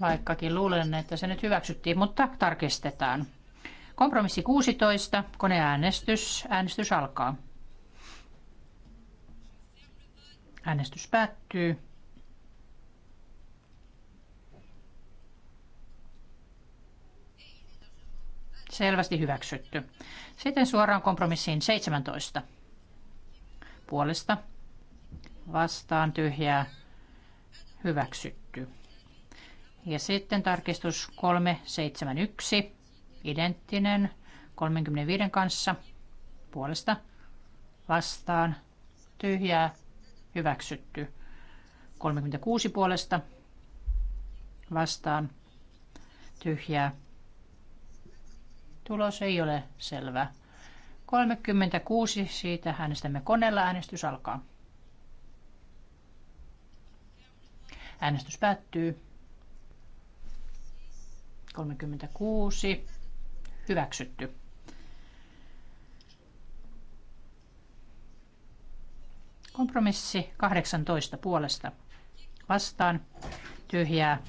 vaikkakin luulen, että se nyt hyväksyttiin, mutta tarkistetaan. Kompromissi 16, koneäänestys, äänestys alkaa. Äänestys päättyy. Selvästi hyväksytty. Sitten suoraan kompromissiin 17. Puolesta vastaan tyhjää hyväksytty. Ja sitten tarkistus 371, identtinen 35 kanssa, puolesta vastaan, tyhjää, hyväksytty. 36 puolesta vastaan, tyhjää. Tulos ei ole selvä. 36, siitä äänestämme koneella, äänestys alkaa. Äänestys päättyy. 36. Hyväksytty. Kompromissi 18 puolesta. Vastaan. Tyhjää.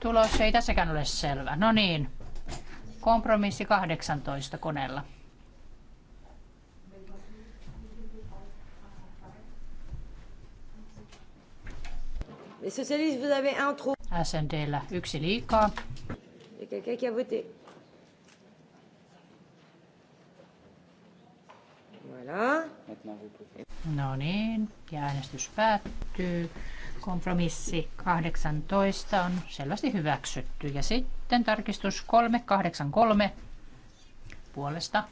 Tulos ei tässäkään ole selvä. No niin. Kompromissi 18 koneella. Les socialistes, vous avez un trou. SNDllä yksi liikaa. No niin, ja äänestys päättyy. Kompromissi 18 on selvästi hyväksytty. Ja sitten tarkistus 383 puolesta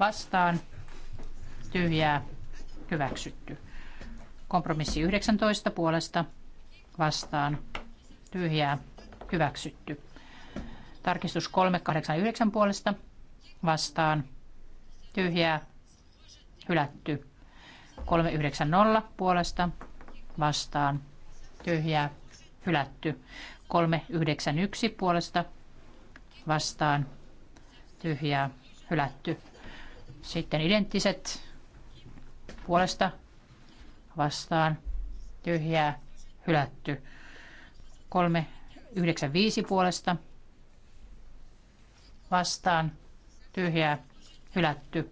vastaan tyhjää hyväksytty. Kompromissi 19 puolesta vastaan tyhjää hyväksytty. Tarkistus 389 puolesta vastaan tyhjää hylätty. 390 puolesta vastaan tyhjää hylätty. 391 puolesta vastaan tyhjää hylätty. Sitten identtiset puolesta vastaan tyhjää hylätty. 395 puolesta vastaan tyhjää hylätty.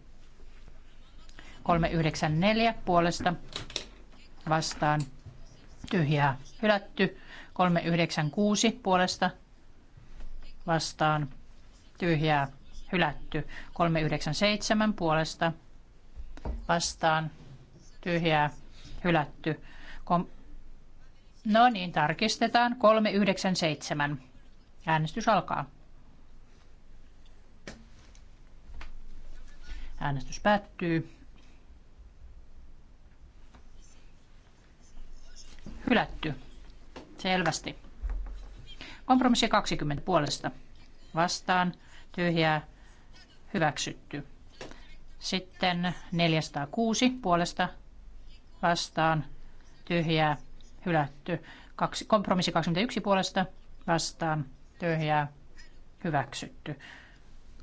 394 puolesta vastaan tyhjää hylätty. 396 puolesta vastaan tyhjää hylätty. 397 puolesta vastaan tyhjää hylätty. No niin, tarkistetaan. 397. Äänestys alkaa. Äänestys päättyy. Hylätty. Selvästi. Kompromissi 20 puolesta. Vastaan. Tyhjää. Hyväksytty. Sitten 406 puolesta. Vastaan. Tyhjää hylätty. Kaksi, kompromissi 21 puolesta vastaan tyhjää hyväksytty.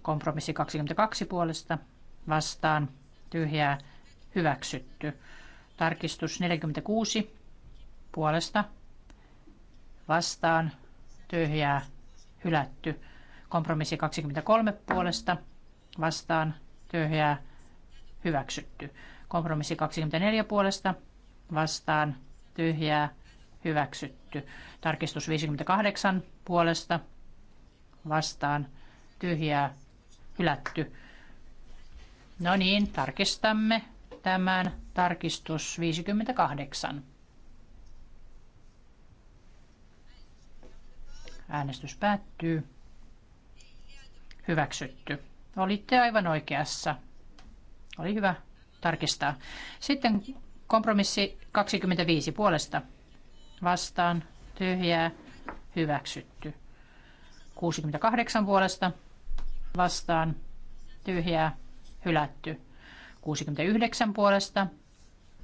Kompromissi 22 puolesta vastaan tyhjää hyväksytty. Tarkistus 46 puolesta vastaan tyhjää hylätty. Kompromissi 23 puolesta vastaan tyhjää hyväksytty. Kompromissi 24 puolesta vastaan tyhjää, hyväksytty. Tarkistus 58 puolesta vastaan, tyhjää, hylätty. No niin, tarkistamme tämän tarkistus 58. Äänestys päättyy. Hyväksytty. Olitte aivan oikeassa. Oli hyvä tarkistaa. Sitten Kompromissi 25 puolesta vastaan tyhjää hyväksytty. 68 puolesta vastaan tyhjää hylätty. 69 puolesta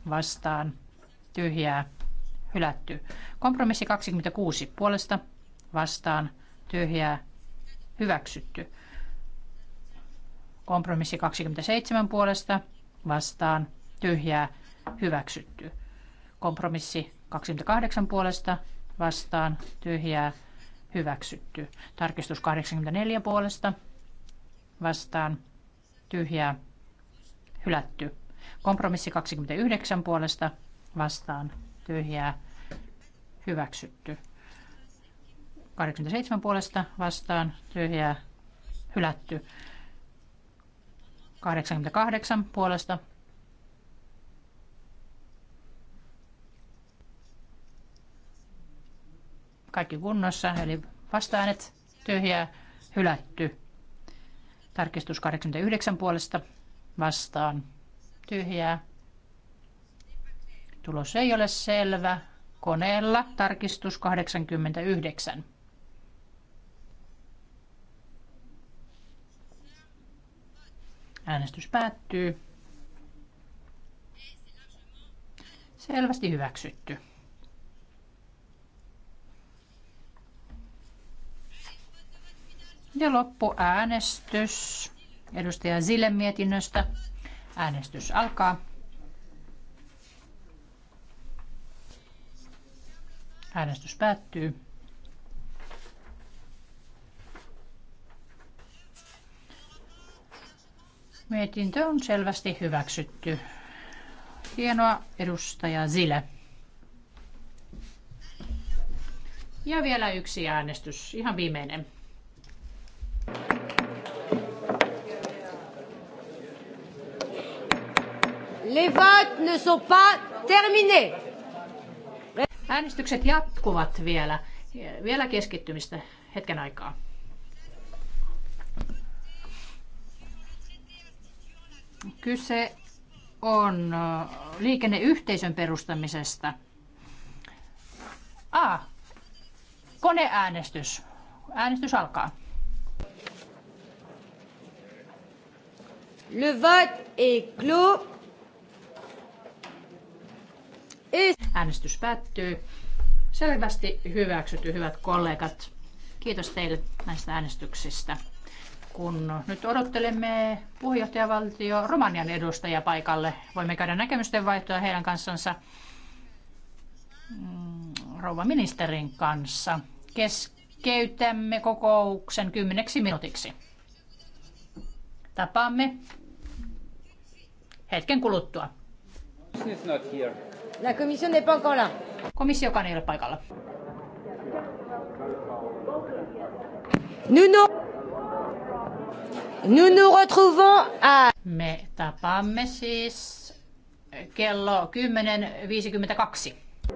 vastaan tyhjää hylätty. Kompromissi 26 puolesta vastaan tyhjää hyväksytty. Kompromissi 27 puolesta vastaan tyhjää hyväksytty. Kompromissi 28 puolesta vastaan tyhjää hyväksytty. Tarkistus 84 puolesta vastaan tyhjää hylätty. Kompromissi 29 puolesta vastaan tyhjää hyväksytty. 87 puolesta vastaan tyhjää hylätty. 88 puolesta Kaikki kunnossa, eli vastaanet tyhjää, hylätty. Tarkistus 89 puolesta vastaan tyhjää. Tulos ei ole selvä. Koneella tarkistus 89. Äänestys päättyy. Selvästi hyväksytty. Ja loppuäänestys edustaja Zille mietinnöstä. Äänestys alkaa. Äänestys päättyy. Mietintö on selvästi hyväksytty. Hienoa edustaja Zile. Ja vielä yksi äänestys, ihan viimeinen. Les votes ne sont pas terminés. Äänestykset jatkuvat vielä. Vielä keskittymistä hetken aikaa. Kyse on liikenneyhteisön perustamisesta. A. Koneäänestys. Äänestys alkaa. Le vote est clos. Et... Äänestys päättyy. Selvästi hyväksytty, hyvät kollegat. Kiitos teille näistä äänestyksistä. Kun nyt odottelemme puheenjohtajavaltio Romanian edustajia paikalle, voimme käydä näkemysten vaihtoa heidän kanssansa mm, rouva ministerin kanssa. Keskeytämme kokouksen kymmeneksi minuutiksi. Tapaamme hetken kuluttua. La commission n'est pas encore là. ei ole paikalla. Nous nous, nous, nous retrouvons à... Me tapaamme siis kello 10.52.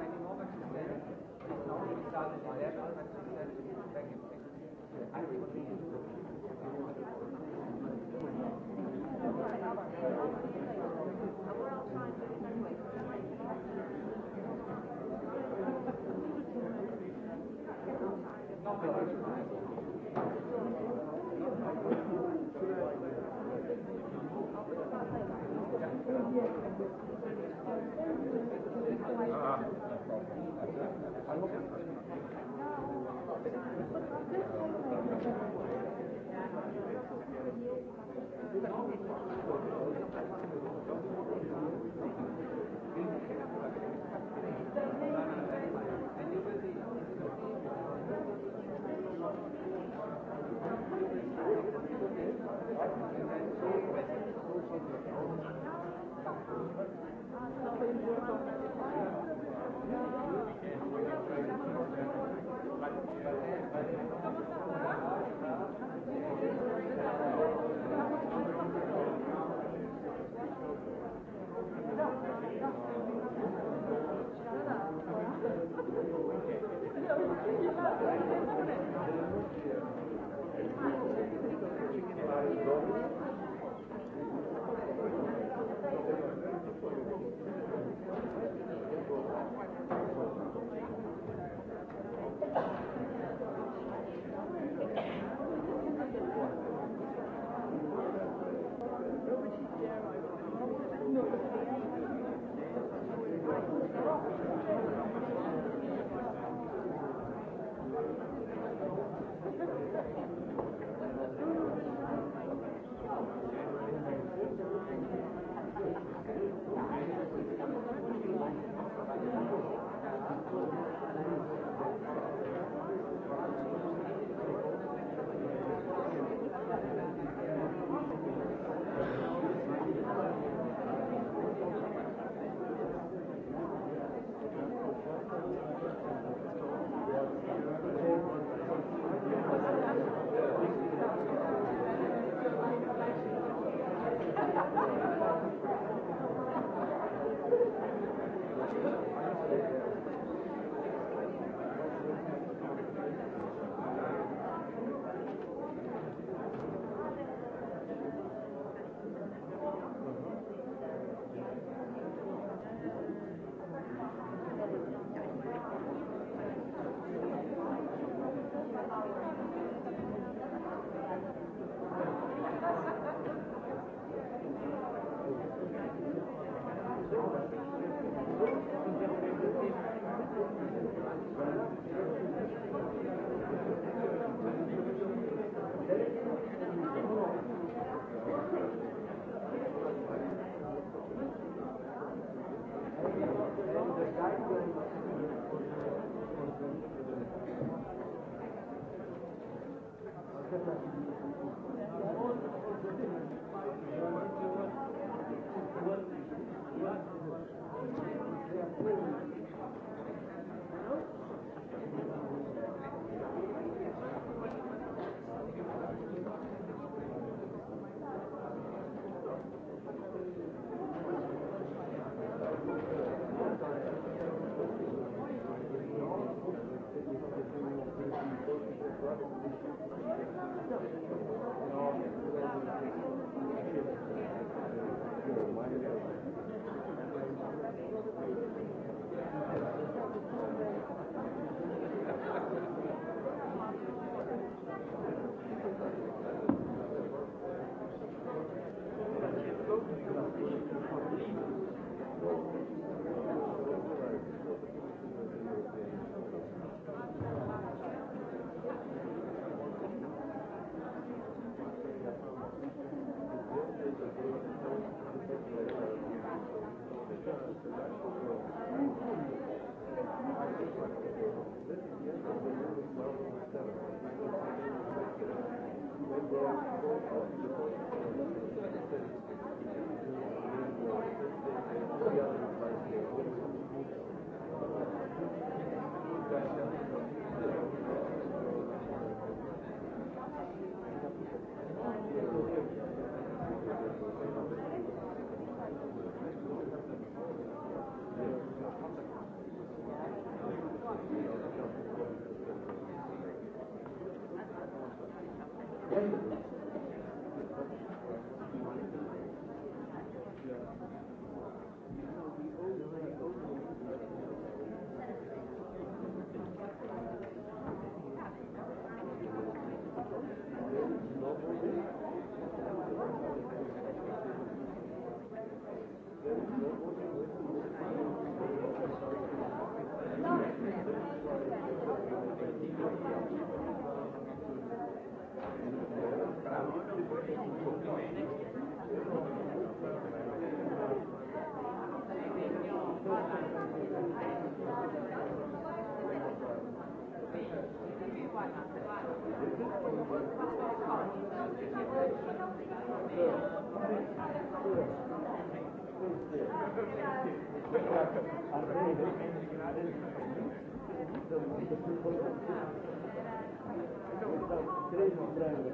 him contrario.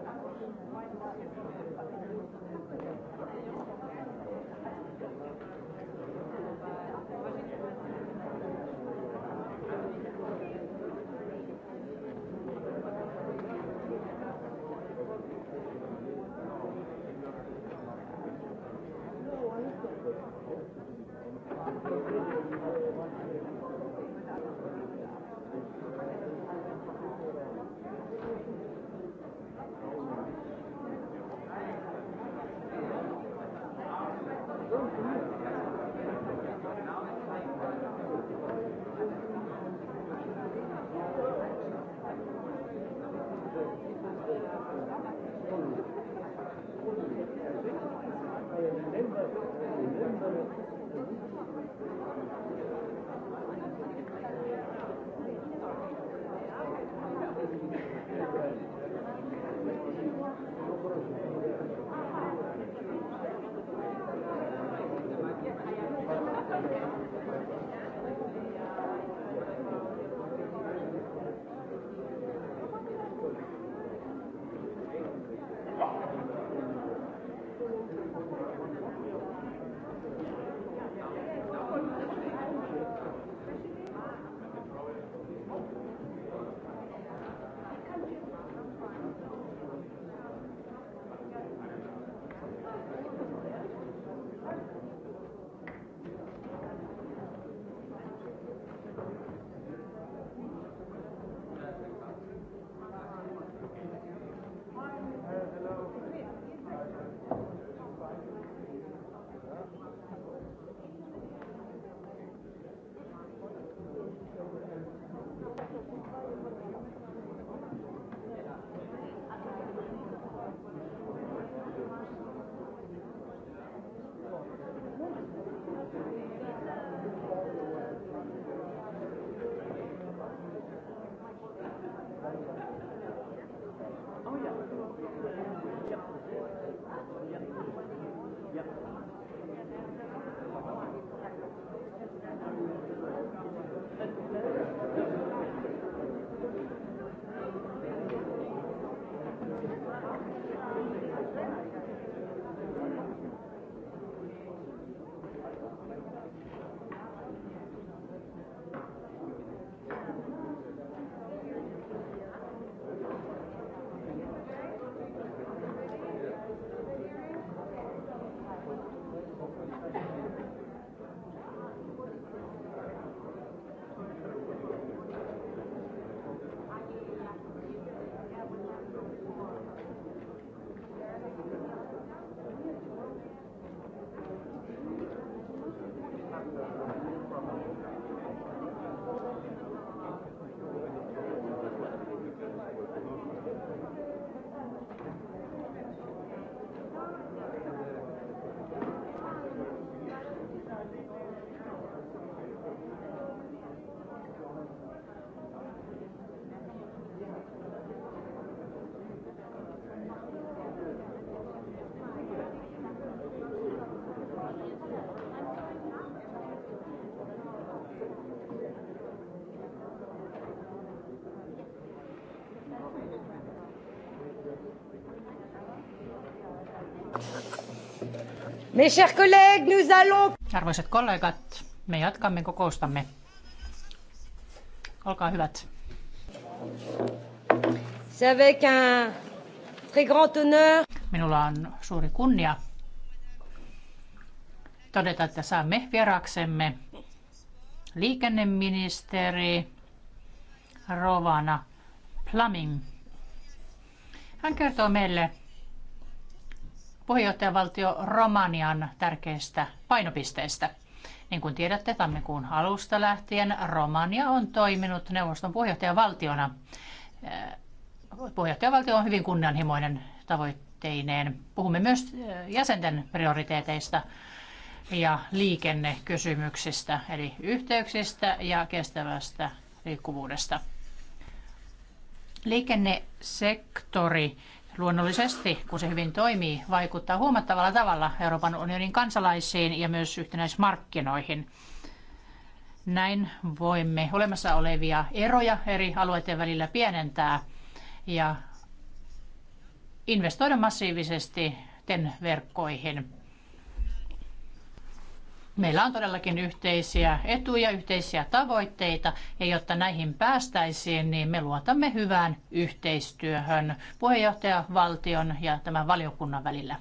Mes chers collègues, nous allons... Arvoisat kollegat, me jatkamme kokoustamme. Olkaa hyvät. C'est avec un très grand honneur. Minulla on suuri kunnia todeta, että saamme vieraksemme liikenneministeri Rovana Plamin. Hän kertoo meille puheenjohtajavaltio Romanian tärkeistä painopisteistä. Niin kuin tiedätte, tammikuun alusta lähtien Romania on toiminut neuvoston puheenjohtajavaltiona. Äh, puheenjohtajavaltio on hyvin kunnianhimoinen tavoitteineen. Puhumme myös äh, jäsenten prioriteeteista ja liikennekysymyksistä, eli yhteyksistä ja kestävästä liikkuvuudesta. Liikennesektori luonnollisesti, kun se hyvin toimii, vaikuttaa huomattavalla tavalla Euroopan unionin kansalaisiin ja myös yhtenäismarkkinoihin. Näin voimme olemassa olevia eroja eri alueiden välillä pienentää ja investoida massiivisesti TEN-verkkoihin Meillä on todellakin yhteisiä etuja, yhteisiä tavoitteita ja jotta näihin päästäisiin, niin me luotamme hyvään yhteistyöhön puheenjohtajavaltion ja tämän valiokunnan välillä.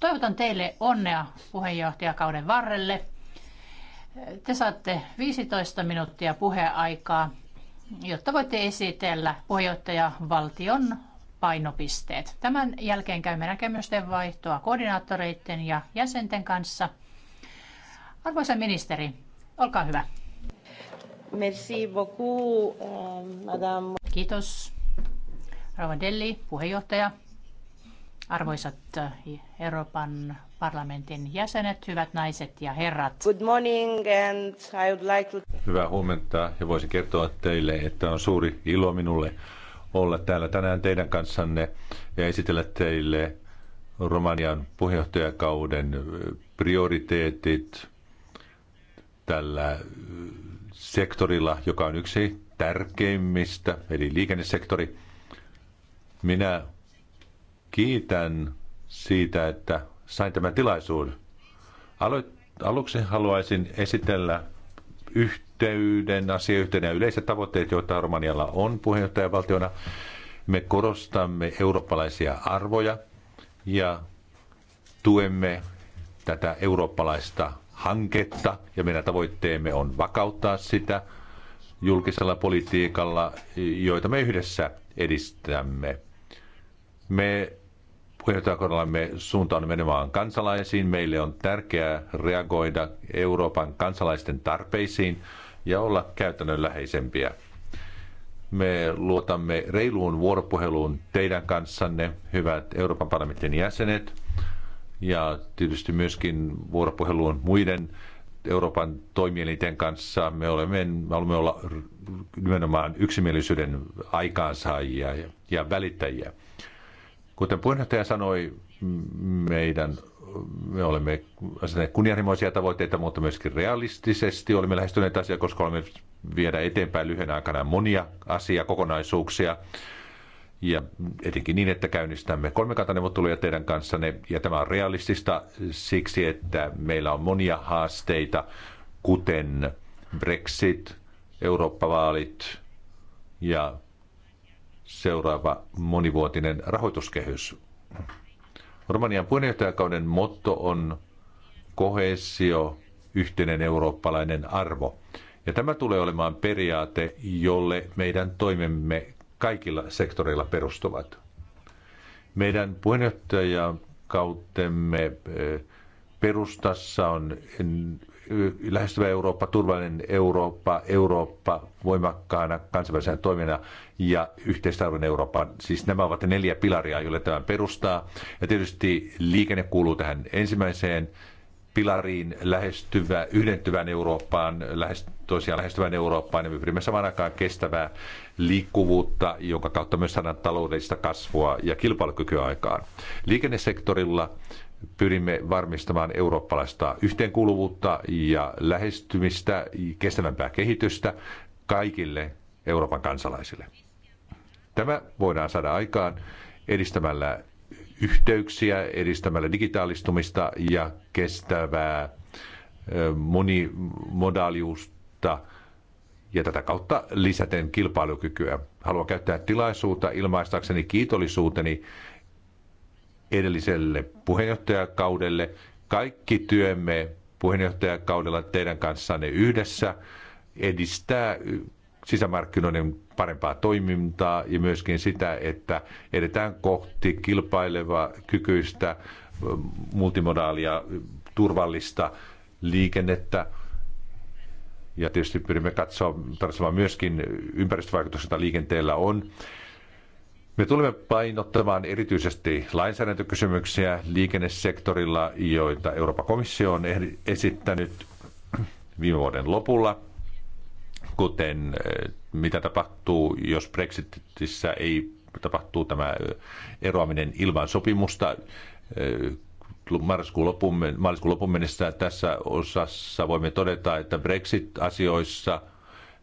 Toivotan teille onnea puheenjohtajakauden varrelle. Te saatte 15 minuuttia puheaikaa, jotta voitte esitellä puheenjohtajavaltion painopisteet. Tämän jälkeen käymme näkemysten vaihtoa koordinaattoreiden ja jäsenten kanssa – Arvoisa ministeri, olkaa hyvä. Merci beaucoup, euh, madame. Kiitos. Rauha Delli, puheenjohtaja. Arvoisat äh, Euroopan parlamentin jäsenet, hyvät naiset ja herrat. Good morning and I would like to... Hyvää huomenta ja voisin kertoa teille, että on suuri ilo minulle olla täällä tänään teidän kanssanne ja esitellä teille Romanian puheenjohtajakauden äh, prioriteetit, tällä sektorilla, joka on yksi tärkeimmistä, eli liikennesektori. Minä kiitän siitä, että sain tämän tilaisuuden. Aluksi haluaisin esitellä yhteyden, asiayhteyden ja yleiset tavoitteet, joita Romanialla on puheenjohtajavaltiona. Me korostamme eurooppalaisia arvoja ja tuemme tätä eurooppalaista hanketta ja meidän tavoitteemme on vakauttaa sitä julkisella politiikalla, joita me yhdessä edistämme. Me me suuntaan menemään kansalaisiin. Meille on tärkeää reagoida Euroopan kansalaisten tarpeisiin ja olla käytännönläheisempiä. Me luotamme reiluun vuoropuheluun teidän kanssanne, hyvät Euroopan parlamentin jäsenet – ja tietysti myöskin vuoropuheluun muiden Euroopan toimielinten kanssa. Me olemme, me olemme olla nimenomaan yksimielisyyden aikaansaajia ja, ja välittäjiä. Kuten puheenjohtaja sanoi, meidän me olemme asettaneet kunnianhimoisia tavoitteita, mutta myöskin realistisesti olemme lähestyneet asiaa, koska olemme viedä eteenpäin lyhyen aikana monia asiakokonaisuuksia. kokonaisuuksia ja etenkin niin, että käynnistämme kolmikantaneuvotteluja teidän kanssanne. Ja tämä on realistista siksi, että meillä on monia haasteita, kuten Brexit, Eurooppa-vaalit ja seuraava monivuotinen rahoituskehys. Romanian puheenjohtajakauden motto on kohesio, yhteinen eurooppalainen arvo. Ja tämä tulee olemaan periaate, jolle meidän toimemme kaikilla sektoreilla perustuvat. Meidän puheenjohtajakautemme eh, perustassa on lähestyvä Eurooppa, turvallinen Eurooppa, Eurooppa voimakkaana kansainvälisenä toimijana ja yhteistarvon Eurooppa. Siis nämä ovat neljä pilaria, joille tämä perustaa. Ja tietysti liikenne kuuluu tähän ensimmäiseen pilariin lähestyvä, yhdentyvään Eurooppaan, lähest, toisiaan lähestyvään Eurooppaan, ja me pyrimme samaan aikaan kestävää liikkuvuutta, jonka kautta myös saadaan taloudellista kasvua ja kilpailukykyä aikaan. Liikennesektorilla pyrimme varmistamaan eurooppalaista yhteenkuuluvuutta ja lähestymistä, kestävämpää kehitystä kaikille Euroopan kansalaisille. Tämä voidaan saada aikaan edistämällä yhteyksiä, edistämällä digitaalistumista ja kestävää monimodaaliusta ja tätä kautta lisäten kilpailukykyä. Haluan käyttää tilaisuutta ilmaistakseni kiitollisuuteni edelliselle puheenjohtajakaudelle. Kaikki työmme puheenjohtajakaudella teidän kanssanne yhdessä edistää sisämarkkinoiden parempaa toimintaa ja myöskin sitä, että edetään kohti kilpailevaa kykyistä multimodaalia turvallista liikennettä – ja tietysti pyrimme katsoa, tarkastamaan myöskin ympäristövaikutuksia, liikenteellä on. Me tulemme painottamaan erityisesti lainsäädäntökysymyksiä liikennesektorilla, joita Euroopan komissio on esittänyt viime vuoden lopulla, kuten eh, mitä tapahtuu, jos Brexitissä ei tapahtuu tämä eh, eroaminen ilman sopimusta, eh, marraskuun lopun, maaliskuun lopun mennessä tässä osassa voimme todeta, että Brexit-asioissa,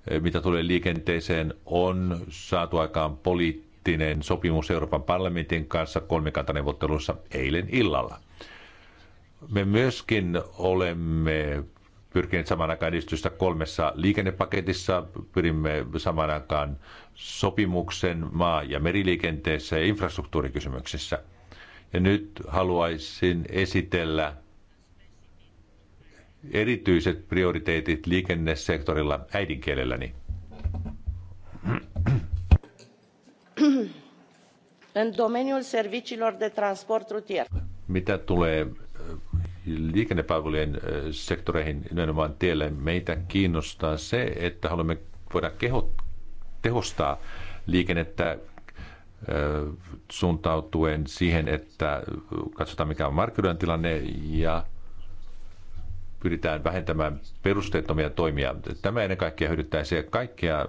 eh, mitä tulee liikenteeseen, on saatu aikaan poliittinen sopimus Euroopan parlamentin kanssa kolmikantaneuvottelussa eilen illalla. Me myöskin olemme pyrkineet saman aikaan edistystä kolmessa liikennepaketissa. Pyrimme saman aikaan sopimuksen maa- ja meriliikenteessä ja infrastruktuurikysymyksissä – ja nyt haluaisin esitellä erityiset prioriteetit liikennesektorilla äidinkielelläni. În domeniul serviciilor de transport rutier. Mitä tulee eh, liikennepalvelujen eh, sektoreihin nimenomaan tielle, meitä kiinnostaa se, että haluamme voida kehot, tehostaa liikennettä suuntautuen siihen, että katsotaan mikä on markkinoiden tilanne ja pyritään vähentämään perusteettomia toimia. Tämä ennen kaikkea hyödyttäisi kaikkia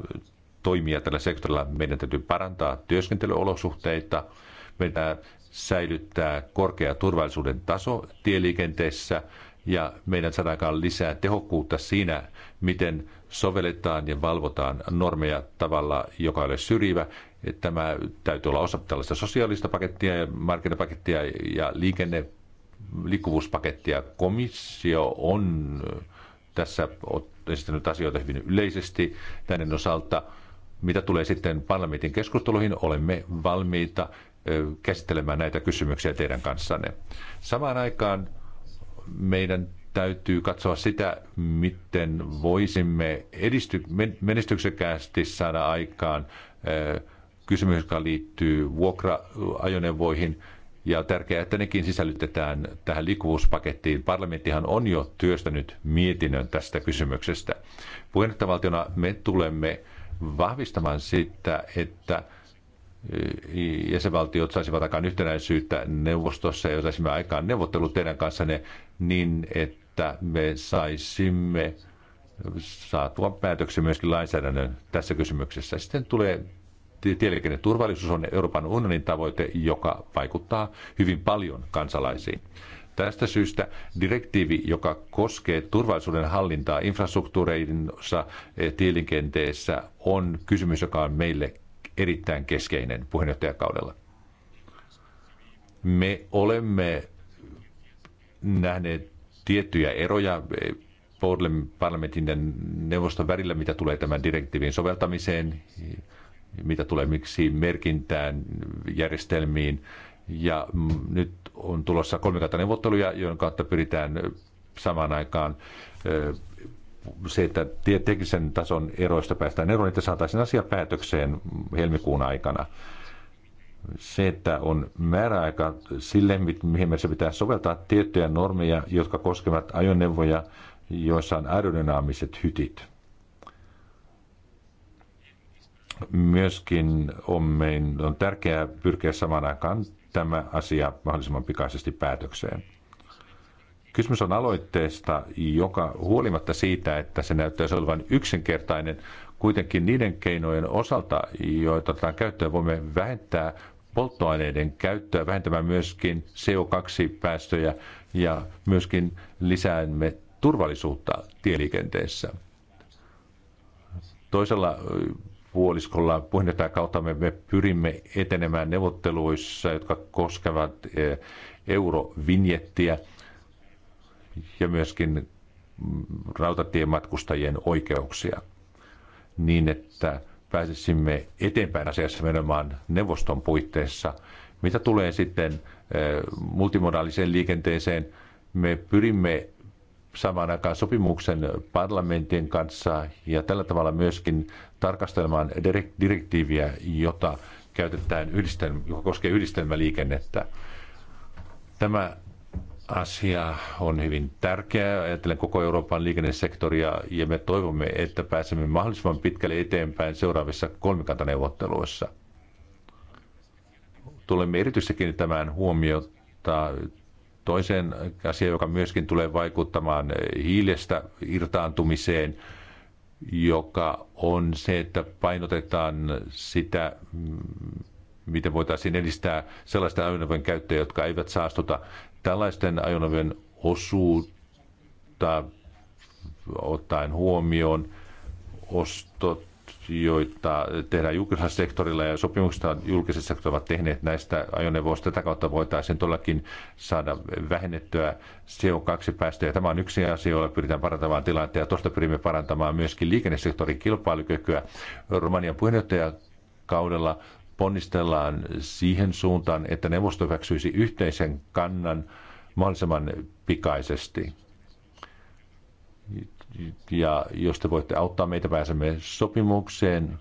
toimia tällä sektorilla. Meidän täytyy parantaa työskentelyolosuhteita, meidän säilyttää korkea turvallisuuden taso tieliikenteessä ja meidän saadaan lisää tehokkuutta siinä, miten sovelletaan ja valvotaan normeja tavalla, joka ei ole syrjivä. Tämä täytyy olla osa tällaista sosiaalista pakettia ja markkinapakettia ja liikenne liikkuvuuspakettia. Komissio on tässä esittänyt asioita hyvin yleisesti tämän osalta. Mitä tulee sitten parlamentin keskusteluihin, olemme valmiita käsittelemään näitä kysymyksiä teidän kanssanne. Samaan aikaan meidän täytyy katsoa sitä, miten voisimme edisty, menestyksekkäästi saada aikaan kysymys, joka liittyy vuokra-ajoneuvoihin. Ja on tärkeää, että nekin sisällytetään tähän liikkuvuuspakettiin. Parlamenttihan on jo työstänyt mietinnön tästä kysymyksestä. Puheenjohtajavaltiona me tulemme vahvistamaan sitä, että jäsenvaltiot saisivat aikaan yhtenäisyyttä neuvostossa ja saisimme aikaan neuvottelut teidän kanssanne niin, että me saisimme saatua päätöksen myöskin lainsäädännön tässä kysymyksessä. Sitten tulee turvallisuus on Euroopan unionin tavoite, joka vaikuttaa hyvin paljon kansalaisiin. Tästä syystä direktiivi, joka koskee turvallisuuden hallintaa infrastruktuureissa eh, tieliikenteessä, on kysymys, joka on meille erittäin keskeinen puheenjohtajakaudella. Me olemme nähneet tiettyjä eroja eh, parlamentin ja neuvoston välillä, mitä tulee tämän direktiivin soveltamiseen, mitä tulee miksi merkintään, järjestelmiin. Ja nyt on tulossa kolmikantaneuvotteluja, joiden kautta pyritään samaan aikaan eh, se, että teknisen tason eroista päästään eroon, että saataisiin asia päätökseen helmikuun aikana se, että on määräaika sille, mihin se pitää soveltaa tiettyjä normeja, jotka koskevat ajoneuvoja, joissa on aerodynaamiset hytit. Myöskin on, mein, on tärkeää pyrkiä samaan aikaan tämä asia mahdollisimman pikaisesti päätökseen. Kysymys on aloitteesta, joka huolimatta siitä, että se näyttäisi olevan yksinkertainen, kuitenkin niiden keinojen osalta, joita otetaan käyttöön, voimme vähentää polttoaineiden käyttöä, vähentämään myöskin CO2-päästöjä ja myöskin lisäämme turvallisuutta tieliikenteessä. Toisella puoliskolla puheenjohtajan kautta me, me pyrimme etenemään neuvotteluissa, jotka koskevat eurovinjettiä ja myöskin mm, rautatiematkustajien oikeuksia niin, että pääsisimme eteenpäin asiassa menemään neuvoston puitteissa. Mitä tulee sitten eh, multimodaaliseen liikenteeseen, me pyrimme samaan aikaan sopimuksen parlamentin kanssa ja tällä tavalla myöskin tarkastelemaan direktiiviä, jota käytetään yhdistelmä, joka koskee yhdistelmäliikennettä. Tämä asia on hyvin tärkeä. Ajattelen koko Euroopan liikennesektoria ja me toivomme, että pääsemme mahdollisimman pitkälle eteenpäin seuraavissa kolmikantaneuvotteluissa. Tulemme erityisesti kiinnittämään huomiota toiseen asiaan, joka myöskin tulee vaikuttamaan hiilestä irtaantumiseen, joka on se, että painotetaan sitä, miten voitaisiin edistää sellaisten ajoneuvojen käyttöä, jotka eivät saastuta Tällaisten ajoneuvojen osuutta ottaen huomioon ostot, joita tehdään julkisella sektorilla ja sopimuksista julkiset sektorit ovat tehneet näistä ajoneuvoista. Tätä kautta voitaisiin todellakin saada vähennettyä CO2-päästöjä. Tämä on yksi asia, jolla pyritään parantamaan tilanteen ja tuosta pyrimme parantamaan myöskin liikennesektorin kilpailukykyä. Romanian puheenjohtajakaudella ponnistellaan siihen suuntaan, että neuvosto hyväksyisi yhteisen kannan mahdollisimman pikaisesti. Ja jos te voitte auttaa meitä, pääsemme sopimukseen,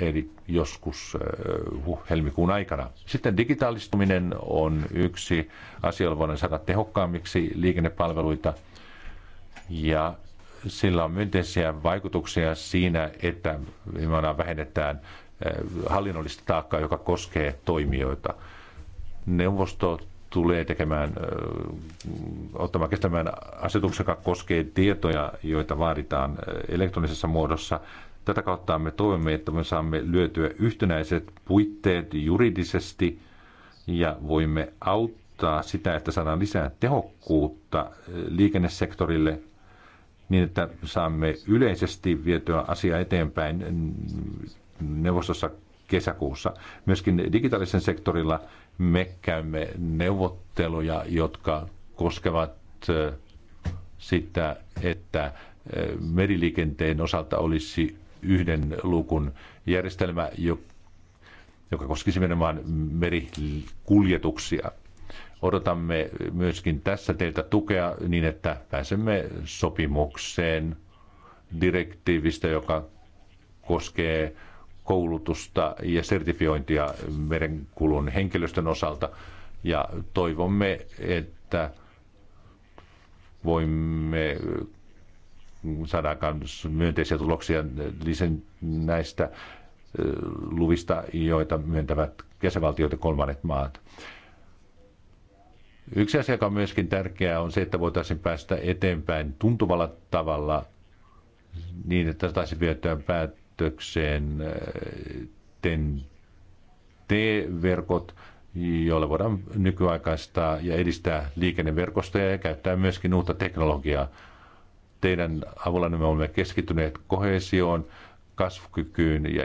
eli joskus eh, huh, helmikuun aikana. Sitten digitaalistuminen on yksi asia, jolla voidaan saada tehokkaammiksi liikennepalveluita. Ja sillä on myönteisiä vaikutuksia siinä, että vähennetään Eh, hallinnollista taakkaa, joka koskee toimijoita. Neuvosto tulee tekemään, eh, ottamaan kestämään asetuksen, joka koskee tietoja, joita vaaditaan eh, elektronisessa muodossa. Tätä kautta me toivomme, että me saamme lyötyä yhtenäiset puitteet juridisesti ja voimme auttaa sitä, että saadaan lisää tehokkuutta liikennesektorille niin, että saamme yleisesti vietyä asiaa eteenpäin neuvostossa kesäkuussa. Myöskin digitaalisen sektorilla me käymme neuvotteluja, jotka koskevat sitä, että meriliikenteen osalta olisi yhden lukun järjestelmä, joka koskisi nimenomaan merikuljetuksia. Odotamme myöskin tässä teiltä tukea niin, että pääsemme sopimukseen direktiivistä, joka koskee koulutusta ja sertifiointia merenkulun henkilöstön osalta. Ja toivomme, että voimme saada myönteisiä tuloksia näistä luvista, joita myöntävät jäsenvaltiot ja kolmannet maat. Yksi asia, joka on myöskin tärkeää, on se, että voitaisiin päästä eteenpäin tuntuvalla tavalla niin, että saataisiin vietyä päät käyttökseen äh, TEN-T-verkot, joilla voidaan nykyaikaistaa ja edistää liikenneverkostoja ja käyttää myöskin uutta teknologiaa. Teidän avulla me olemme keskittyneet kohesioon, kasvukykyyn ja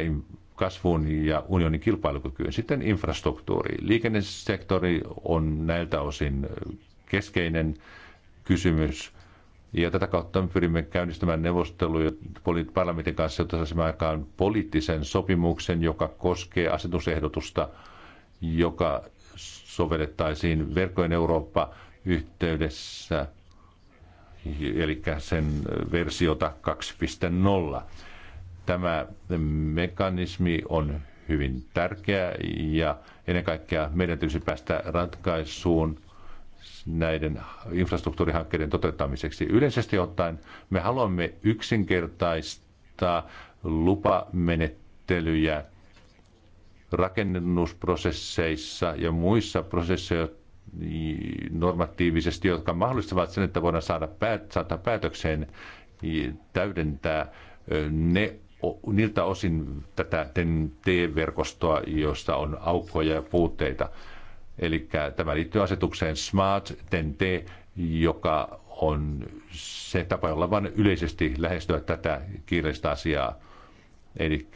kasvuun ja unionin kilpailukykyyn. Sitten infrastruktuuri. Liikennesektori on näiltä osin keskeinen kysymys – ja tätä kautta me pyrimme käynnistämään neuvosteluja parlamentin kanssa, jotta saisimme aikaan poliittisen sopimuksen, joka koskee asetusehdotusta, joka sovellettaisiin verkkojen Eurooppa-yhteydessä, eli sen versiota 2.0. Tämä mekanismi on hyvin tärkeä ja ennen kaikkea meidän tulisi päästä ratkaisuun näiden infrastruktuurihankkeiden toteuttamiseksi. Yleisesti ottaen me haluamme yksinkertaistaa lupamenettelyjä rakennusprosesseissa ja muissa prosesseissa normatiivisesti, jotka mahdollistavat sen, että voidaan saada päät- saattaa päätökseen täydentää ne niiltä osin tätä TEN-verkostoa, josta on aukkoja ja puutteita. Eli tämä liittyy asetukseen Smart TNT, joka on se tapa, jolla vain yleisesti lähestyä tätä kiireistä asiaa. Eli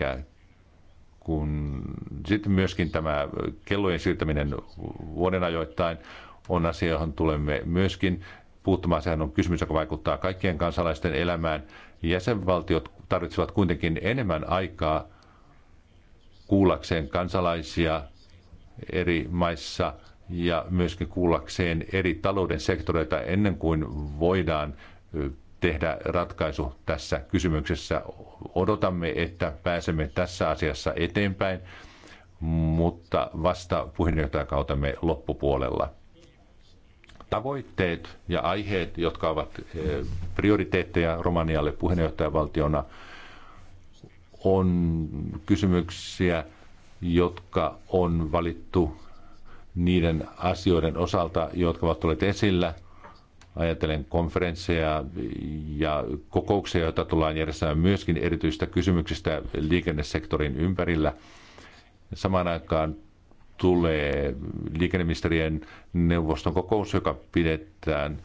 kun sitten myöskin tämä kellojen siirtäminen vuoden ajoittain on asia, johon tulemme myöskin puuttumaan. Sehän on kysymys, joka vaikuttaa kaikkien kansalaisten elämään. Jäsenvaltiot tarvitsevat kuitenkin enemmän aikaa kuullakseen kansalaisia eri maissa ja myöskin kuullakseen eri talouden sektoreita ennen kuin voidaan tehdä ratkaisu tässä kysymyksessä. Odotamme, että pääsemme tässä asiassa eteenpäin, mutta vasta puheenjohtajakautemme loppupuolella. Tavoitteet ja aiheet, jotka ovat prioriteetteja Romanialle puheenjohtajavaltiona, on kysymyksiä, jotka on valittu niiden asioiden osalta, jotka ovat tulleet esillä. Ajattelen konferensseja ja kokouksia, joita tullaan järjestämään myöskin erityistä kysymyksistä liikennesektorin ympärillä. Samaan aikaan tulee liikenneministerien neuvoston kokous, joka pidetään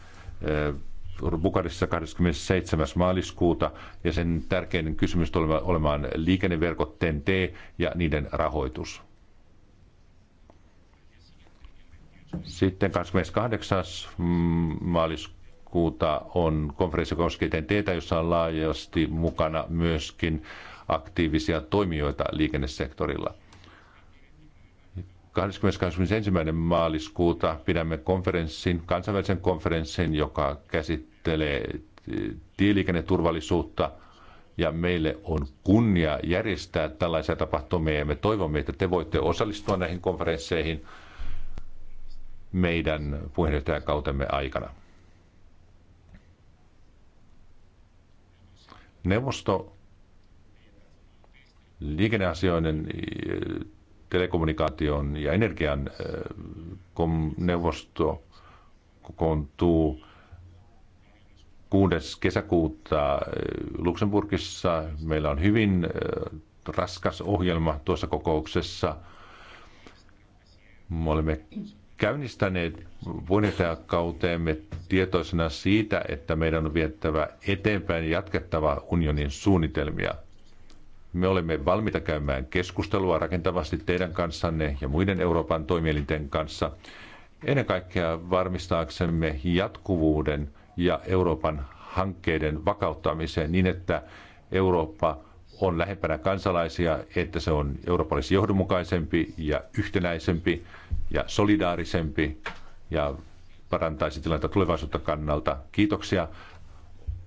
Bukarissa 27. maaliskuuta ja sen tärkein kysymys tulee olemaan liikenneverkot TNT ja niiden rahoitus. Sitten 28. maaliskuuta on konferenssi koskee TNT, jossa on laajasti mukana myöskin aktiivisia toimijoita liikennesektorilla. 21. maaliskuuta pidämme konferenssin, kansainvälisen konferenssin, joka käsittää käsittelee eh, tieliikenneturvallisuutta ja meille on kunnia järjestää tällaisia tapahtumia ja me toivomme, että te voitte osallistua näihin konferensseihin meidän puheenjohtajakautemme aikana. Neuvosto liikenneasioiden, eh, telekommunikaation ja energian eh, neuvosto kokoontuu 6. kesäkuuta äh, Luxemburgissa. Meillä on hyvin äh, raskas ohjelma tuossa kokouksessa. Me olemme käynnistäneet puheenjohtajakauteemme tietoisena siitä, että meidän on viettävä eteenpäin jatkettava unionin suunnitelmia. Me olemme valmiita käymään keskustelua rakentavasti teidän kanssanne ja muiden Euroopan toimielinten kanssa, ennen kaikkea varmistaaksemme jatkuvuuden ja Euroopan hankkeiden vakauttamiseen niin, että Eurooppa on lähempänä kansalaisia, että se on eurooppalaisesti johdonmukaisempi ja yhtenäisempi ja solidaarisempi ja parantaisi tilannetta tulevaisuutta kannalta. Kiitoksia.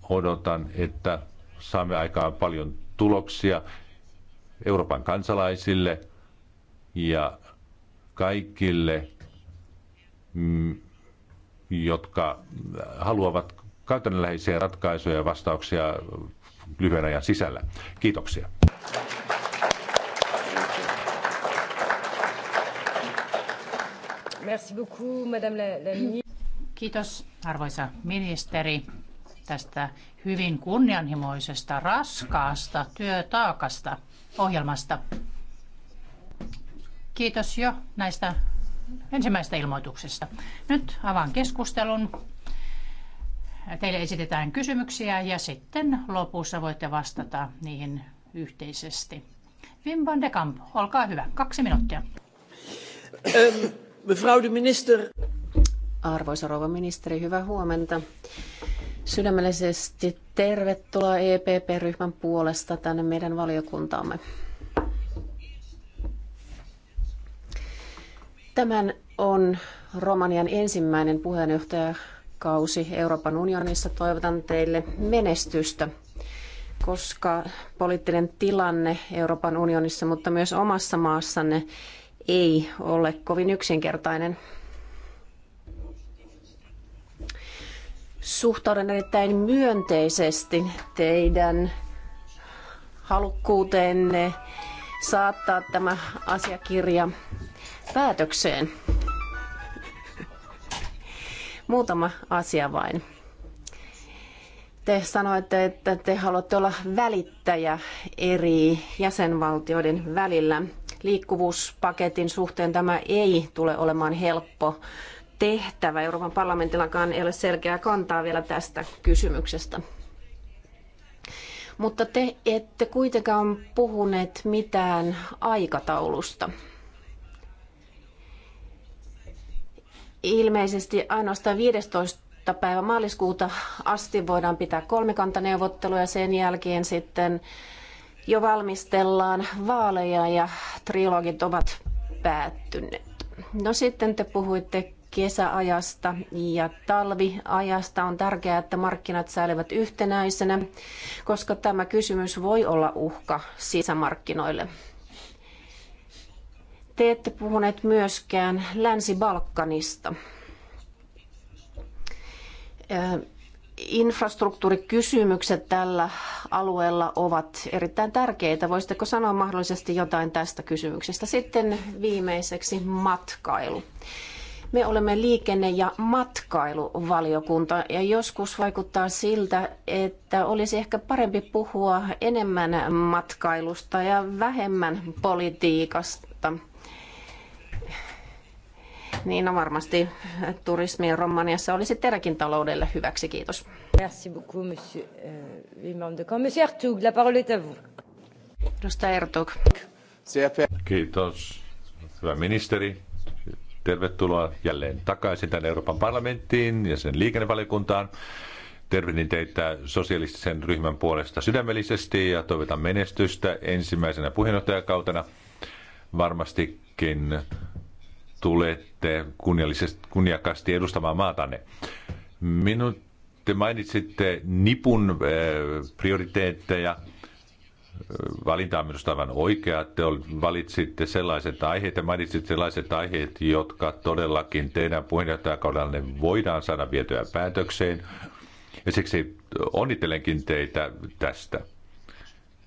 Odotan, että saamme aikaan paljon tuloksia Euroopan kansalaisille ja kaikille mm, jotka haluavat käytännönläheisiä ratkaisuja ja vastauksia lyhyen ajan sisällä. Kiitoksia. Kiitos arvoisa ministeri tästä hyvin kunnianhimoisesta, raskaasta työtaakasta ohjelmasta. Kiitos jo näistä ensimmäisestä ilmoituksesta. Nyt avaan keskustelun. Teille esitetään kysymyksiä ja sitten lopussa voitte vastata niihin yhteisesti. Wim van de Kamp, olkaa hyvä. Kaksi minuuttia. Mevrouw de minister. Arvoisa rouva ministeri, hyvää huomenta. Sydämellisesti tervetuloa EPP-ryhmän puolesta tänne meidän valiokuntaamme. Tämän on Romanian ensimmäinen puheenjohtajakausi Euroopan unionissa. Toivotan teille menestystä, koska poliittinen tilanne Euroopan unionissa, mutta myös omassa maassanne ei ole kovin yksinkertainen. Suhtaudun erittäin myönteisesti teidän halukkuuteenne saattaa tämä asiakirja päätökseen. Muutama asia vain. Te sanoitte, että te haluatte olla välittäjä eri jäsenvaltioiden välillä. Liikkuvuuspaketin suhteen tämä ei tule olemaan helppo tehtävä. Euroopan parlamentillakaan ei ole selkeää kantaa vielä tästä kysymyksestä. Mutta te ette kuitenkaan puhuneet mitään aikataulusta. Ilmeisesti ainoastaan 15. päivä maaliskuuta asti voidaan pitää kolmikantaneuvotteluja. Sen jälkeen sitten jo valmistellaan vaaleja ja trilogit ovat päättyneet. No sitten te puhuitte kesäajasta ja talviajasta on tärkeää, että markkinat säilyvät yhtenäisenä, koska tämä kysymys voi olla uhka sisämarkkinoille. Te ette puhuneet myöskään Länsi-Balkanista. Infrastruktuurikysymykset tällä alueella ovat erittäin tärkeitä. Voisitteko sanoa mahdollisesti jotain tästä kysymyksestä? Sitten viimeiseksi matkailu. Me olemme liikenne- ja matkailuvaliokunta ja joskus vaikuttaa siltä, että olisi ehkä parempi puhua enemmän matkailusta ja vähemmän politiikasta niin no varmasti turismi Romaniassa olisi teidänkin taloudelle hyväksi. Kiitos. Merci beaucoup, monsieur, euh, de camp. monsieur Artug, la parole est à vous. Edustaja Ertug. Kiitos. Hyvä ministeri, tervetuloa jälleen takaisin tänne Euroopan parlamenttiin ja sen liikennevaliokuntaan. Tervehdin teitä sosialistisen ryhmän puolesta sydämellisesti ja toivotan menestystä ensimmäisenä puheenjohtajakautena. Varmastikin tulette kunniakkaasti edustamaan maatanne. Minut te mainitsitte nipun äh, prioriteetteja. Valinta on minusta aivan oikea. Te valitsitte sellaiset aiheet ja mainitsitte sellaiset aiheet, jotka todellakin teidän puheenjohtajakaudellanne voidaan saada vietyä päätökseen. Ja siksi onnittelenkin teitä tästä.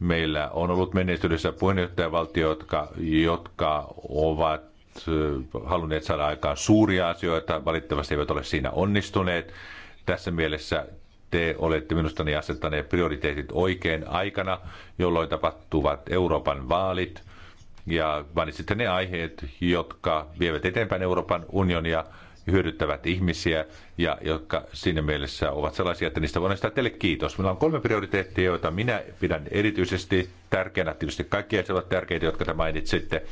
Meillä on ollut menneisyydessä puheenjohtajavaltio, jotka, jotka ovat halunneet saada aikaan suuria asioita, valitettavasti eivät ole siinä onnistuneet. Tässä mielessä te olette minusta niin asettaneet prioriteetit oikein aikana, jolloin tapahtuvat Euroopan vaalit ja valitsitte ne aiheet, jotka vievät eteenpäin Euroopan unionia, hyödyttävät ihmisiä ja jotka siinä mielessä ovat sellaisia, että niistä voidaan sitä teille kiitos. Meillä on kolme prioriteettia, joita minä pidän erityisesti tärkeänä. Tietysti kaikki ovat tärkeitä, jotka te mainitsitte.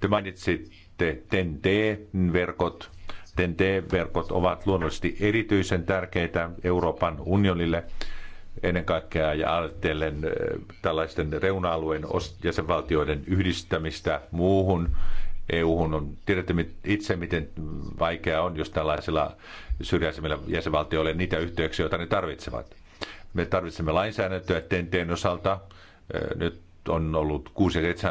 Te mainitsitte mainitsitte TEN-T-verkot. TEN-T-verkot ovat luonnollisesti erityisen tärkeitä Euroopan unionille ennen kaikkea ja ajatellen tällaisten reuna-alueen jäsenvaltioiden yhdistämistä muuhun EU-hun on, tiedätte itse, miten vaikeaa on, jos tällaisilla syrjäisemmillä jäsenvaltioilla niitä yhteyksiä, joita ne tarvitsevat. Me tarvitsemme lainsäädäntöä TENTEen osalta. Nyt on ollut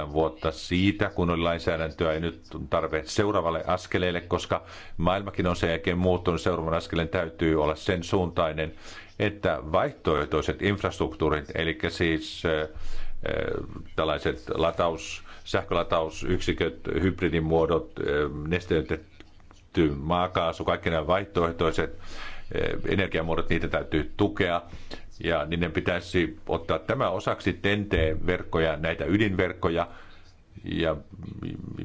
6-7 vuotta siitä, kun oli lainsäädäntöä ja nyt on tarve seuraavalle askeleelle, koska maailmakin on sen jälkeen muuttunut. Seuraavan askeleen täytyy olla sen suuntainen, että vaihtoehtoiset infrastruktuurit, eli siis äh, äh, tällaiset lataus, sähkölatausyksiköt, hybridimuodot, äh, nesteytetty maakaasu, kaikki nämä vaihtoehtoiset energiamuodot, niitä täytyy tukea ja niin ne pitäisi ottaa tämä osaksi TNT-verkkoja, näitä ydinverkkoja, ja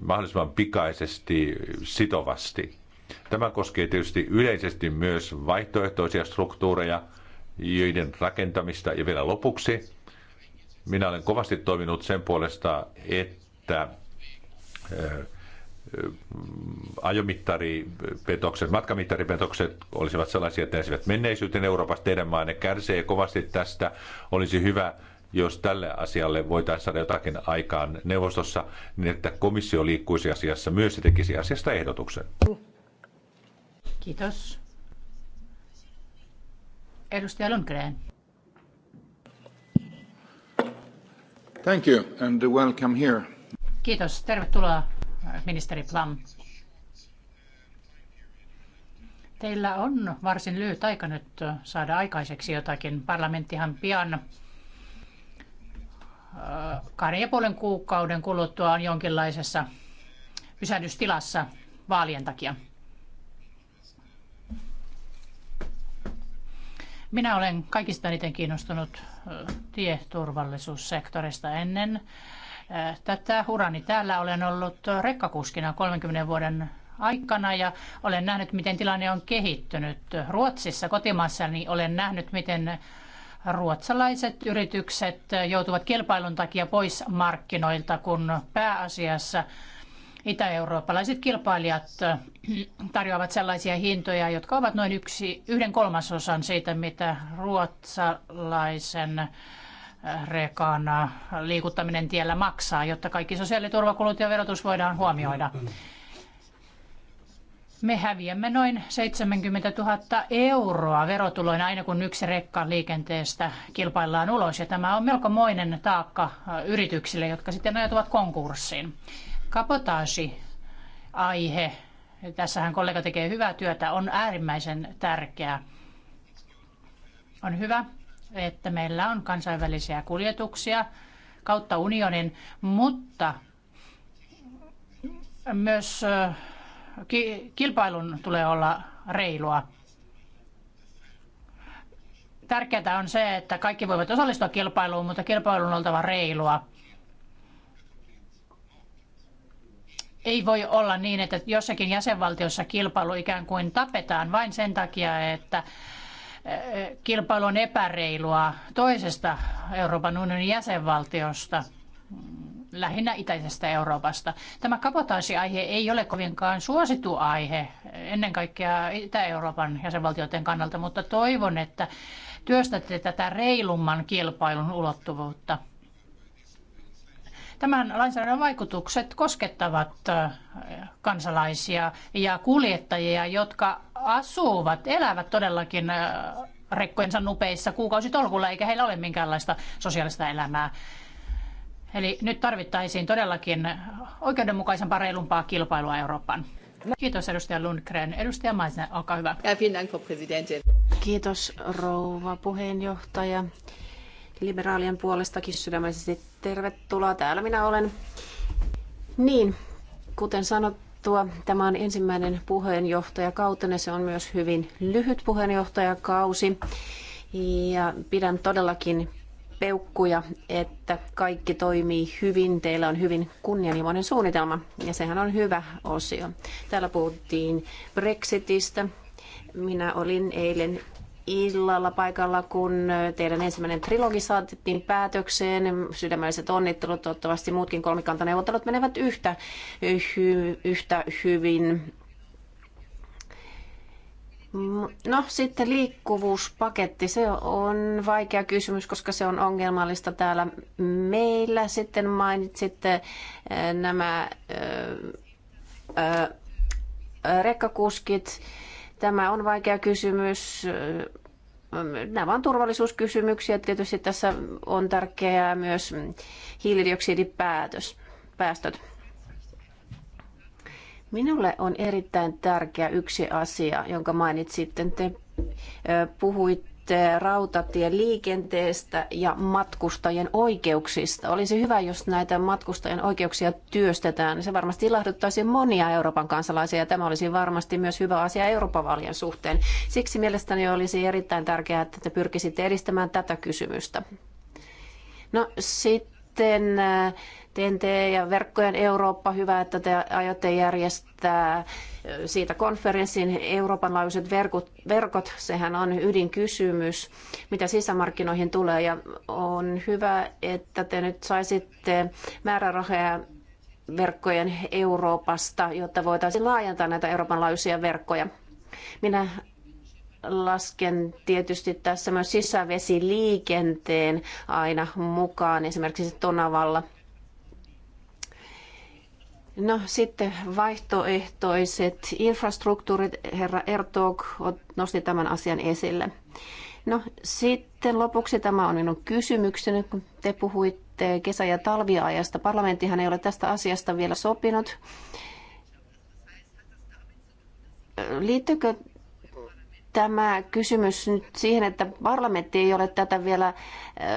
mahdollisimman pikaisesti sitovasti. Tämä koskee tietysti yleisesti myös vaihtoehtoisia struktuureja, joiden rakentamista. Ja vielä lopuksi, minä olen kovasti toiminut sen puolesta, että eh, ajomittaripetokset, matkamittaripetokset olisivat sellaisia, että ne menneisyyteen Euroopassa. Teidän maanne kärsee kovasti tästä. Olisi hyvä, jos tälle asialle voitaisiin saada jotakin aikaan neuvostossa, niin että komissio liikkuisi asiassa myös ja tekisi asiasta ehdotuksen. Kiitos. Edustaja Lundgren. Thank you and welcome here. Kiitos. Tervetuloa ministeri Plam. Teillä on varsin lyhyt aika nyt saada aikaiseksi jotakin. Parlamenttihan pian äh, kahden ja puolen kuukauden kuluttua on jonkinlaisessa pysähdystilassa vaalien takia. Minä olen kaikista eniten kiinnostunut äh, tieturvallisuussektorista ennen Äh, tätä hurani täällä. Olen ollut rekkakuskina 30 vuoden aikana ja olen nähnyt, miten tilanne on kehittynyt. Ruotsissa kotimaassani olen nähnyt, miten ruotsalaiset yritykset joutuvat kilpailun takia pois markkinoilta, kun pääasiassa itä-eurooppalaiset kilpailijat tarjoavat sellaisia hintoja, jotka ovat noin yksi, yhden kolmasosan siitä, mitä ruotsalaisen rekan äh, liikuttaminen tiellä maksaa, jotta kaikki sosiaaliturvakulut ja verotus voidaan huomioida. Me häviämme noin 70 000 euroa verotuloina aina kun yksi rekka liikenteestä kilpaillaan ulos. Ja tämä on melkomoinen taakka äh, yrityksille, jotka sitten ajatuvat konkurssiin. Kapotaasi aihe, tässähän kollega tekee hyvää työtä, on äärimmäisen tärkeä. On hyvä, että meillä on kansainvälisiä kuljetuksia kautta unionin, mutta myös kilpailun tulee olla reilua. Tärkeää on se, että kaikki voivat osallistua kilpailuun, mutta kilpailun on oltava reilua. Ei voi olla niin, että jossakin jäsenvaltiossa kilpailu ikään kuin tapetaan vain sen takia, että kilpailu on epäreilua toisesta Euroopan unionin jäsenvaltiosta, lähinnä itäisestä Euroopasta. Tämä kapotaasiaihe ei ole kovinkaan suosittu aihe ennen kaikkea Itä-Euroopan jäsenvaltioiden kannalta, mutta toivon, että työstätte tätä reilumman kilpailun ulottuvuutta. Tämän lainsäädännön vaikutukset koskettavat kansalaisia ja kuljettajia, jotka asuvat, elävät todellakin rekkojensa nupeissa kuukausitolkulla, eikä heillä ole minkäänlaista sosiaalista elämää. Eli nyt tarvittaisiin todellakin oikeudenmukaisempaa, reilumpaa kilpailua Euroopan. Kiitos edustaja Lundgren. Edustaja Maisen, olkaa hyvä. Kiitos rouva puheenjohtaja liberaalien puolestakin sydämellisesti tervetuloa. Täällä minä olen. Niin, kuten sanottua, tämä on ensimmäinen puheenjohtajakautenne. Se on myös hyvin lyhyt puheenjohtajakausi. Ja pidän todellakin peukkuja, että kaikki toimii hyvin. Teillä on hyvin kunnianhimoinen suunnitelma ja sehän on hyvä osio. Täällä puhuttiin Brexitistä. Minä olin eilen illalla paikalla, kun teidän ensimmäinen trilogi saatettiin päätökseen. Sydämelliset onnittelut, toivottavasti muutkin kolmikantaneuvottelut menevät yhtä, hy, yhtä hyvin. No sitten liikkuvuuspaketti, se on vaikea kysymys, koska se on ongelmallista täällä meillä. Sitten mainitsitte nämä ö, ö, rekkakuskit. Ö, Tämä on vaikea kysymys. Nämä on turvallisuuskysymyksiä. Tietysti tässä on tärkeää myös hiilidioksidipäätös, päästöt. Minulle on erittäin tärkeä yksi asia, jonka mainitsitte. Te puhuitte rautatien liikenteestä ja matkustajien oikeuksista. Olisi hyvä, jos näitä matkustajien oikeuksia työstetään. Se varmasti ilahduttaisi monia Euroopan kansalaisia ja tämä olisi varmasti myös hyvä asia Euroopan vaalien suhteen. Siksi mielestäni olisi erittäin tärkeää, että te pyrkisitte edistämään tätä kysymystä. No sitten äh, TNT ja verkkojen Eurooppa, hyvä, että te aiotte järjestää siitä konferenssin Euroopan laajuiset verkot, verkot, sehän on ydinkysymys, mitä sisämarkkinoihin tulee ja on hyvä, että te nyt saisitte määrärahoja verkkojen Euroopasta, jotta voitaisiin laajentaa näitä Euroopan laajuisia verkkoja. Minä lasken tietysti tässä myös sisävesiliikenteen aina mukaan, esimerkiksi Tonavalla – No sitten vaihtoehtoiset infrastruktuurit, herra Ertog nosti tämän asian esille. No sitten lopuksi tämä on minun kysymykseni, kun te puhuitte kesä- ja talviajasta. Parlamenttihan ei ole tästä asiasta vielä sopinut. Liittyykö tämä kysymys nyt siihen, että parlamentti ei ole tätä vielä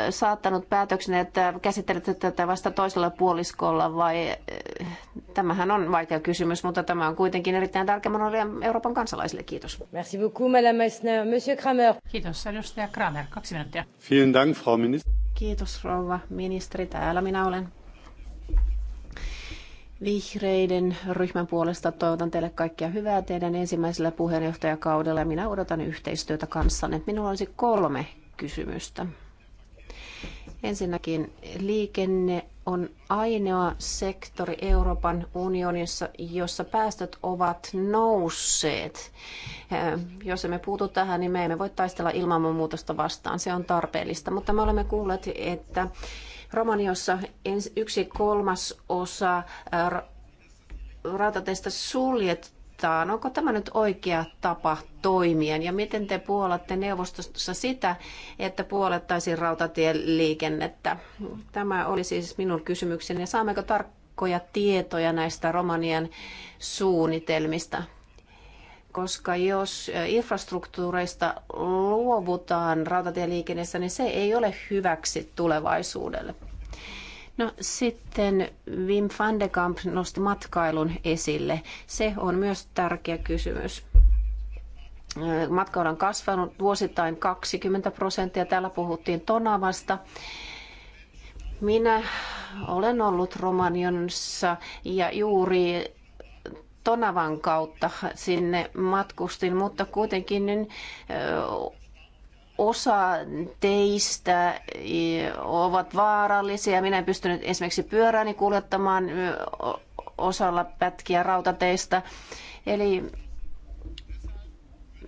saattanut päätöksen, että käsittelette tätä vasta toisella puoliskolla vai tämähän on vaikea kysymys, mutta tämä on kuitenkin erittäin tärkeä monelle Euroopan kansalaisille. Kiitos. Merci beaucoup, Madame Meissner. Monsieur Kramer. Kiitos, edustaja Kramer. Kaksi minuuttia. Vielen Dank, Frau Minister. Kiitos, rouva ministeri. Täällä minä olen. Vihreiden ryhmän puolesta toivotan teille kaikkia hyvää teidän ensimmäisellä puheenjohtajakaudella minä odotan yhteistyötä kanssanne. Minulla olisi kolme kysymystä. Ensinnäkin liikenne on ainoa sektori Euroopan unionissa, jossa päästöt ovat nousseet. Jos emme puutu tähän, niin me emme voi taistella ilmanmuutosta vastaan. Se on tarpeellista. Mutta me olemme kuulleet, että Romaniossa yksi kolmas osa rautateistä suljetaan. Onko tämä nyt oikea tapa toimia? Ja miten te puolatte neuvostossa sitä, että puolettaisiin rautatien liikennettä? Tämä oli siis minun kysymykseni. ja Saammeko tarkkoja tietoja näistä Romanian suunnitelmista? koska jos infrastruktuureista luovutaan rautatieliikenteessä, niin se ei ole hyväksi tulevaisuudelle. No sitten Wim van de Kamp nosti matkailun esille. Se on myös tärkeä kysymys. Matkailu on kasvanut vuosittain 20 prosenttia. Täällä puhuttiin Tonavasta. Minä olen ollut Romanionissa ja juuri Tonavan kautta sinne matkustin, mutta kuitenkin osa teistä ovat vaarallisia. Minä en pystynyt esimerkiksi pyörääni kuljettamaan osalla pätkiä rautateista. Eli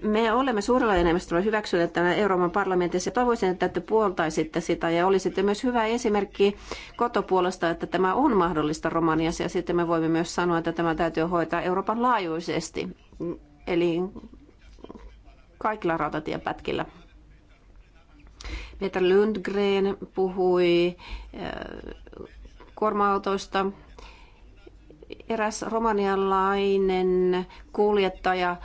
me olemme suurella enemmistöllä hyväksyneet tämän Euroopan parlamentissa ja toivoisin, että te puoltaisitte sitä ja olisitte myös hyvä esimerkki kotopuolesta, että tämä on mahdollista Romaniassa ja sitten me voimme myös sanoa, että tämä täytyy hoitaa Euroopan laajuisesti, eli kaikilla rautatiepätkillä. Peter Lundgren puhui äh, kuorma-autoista. Eräs romanialainen kuljettaja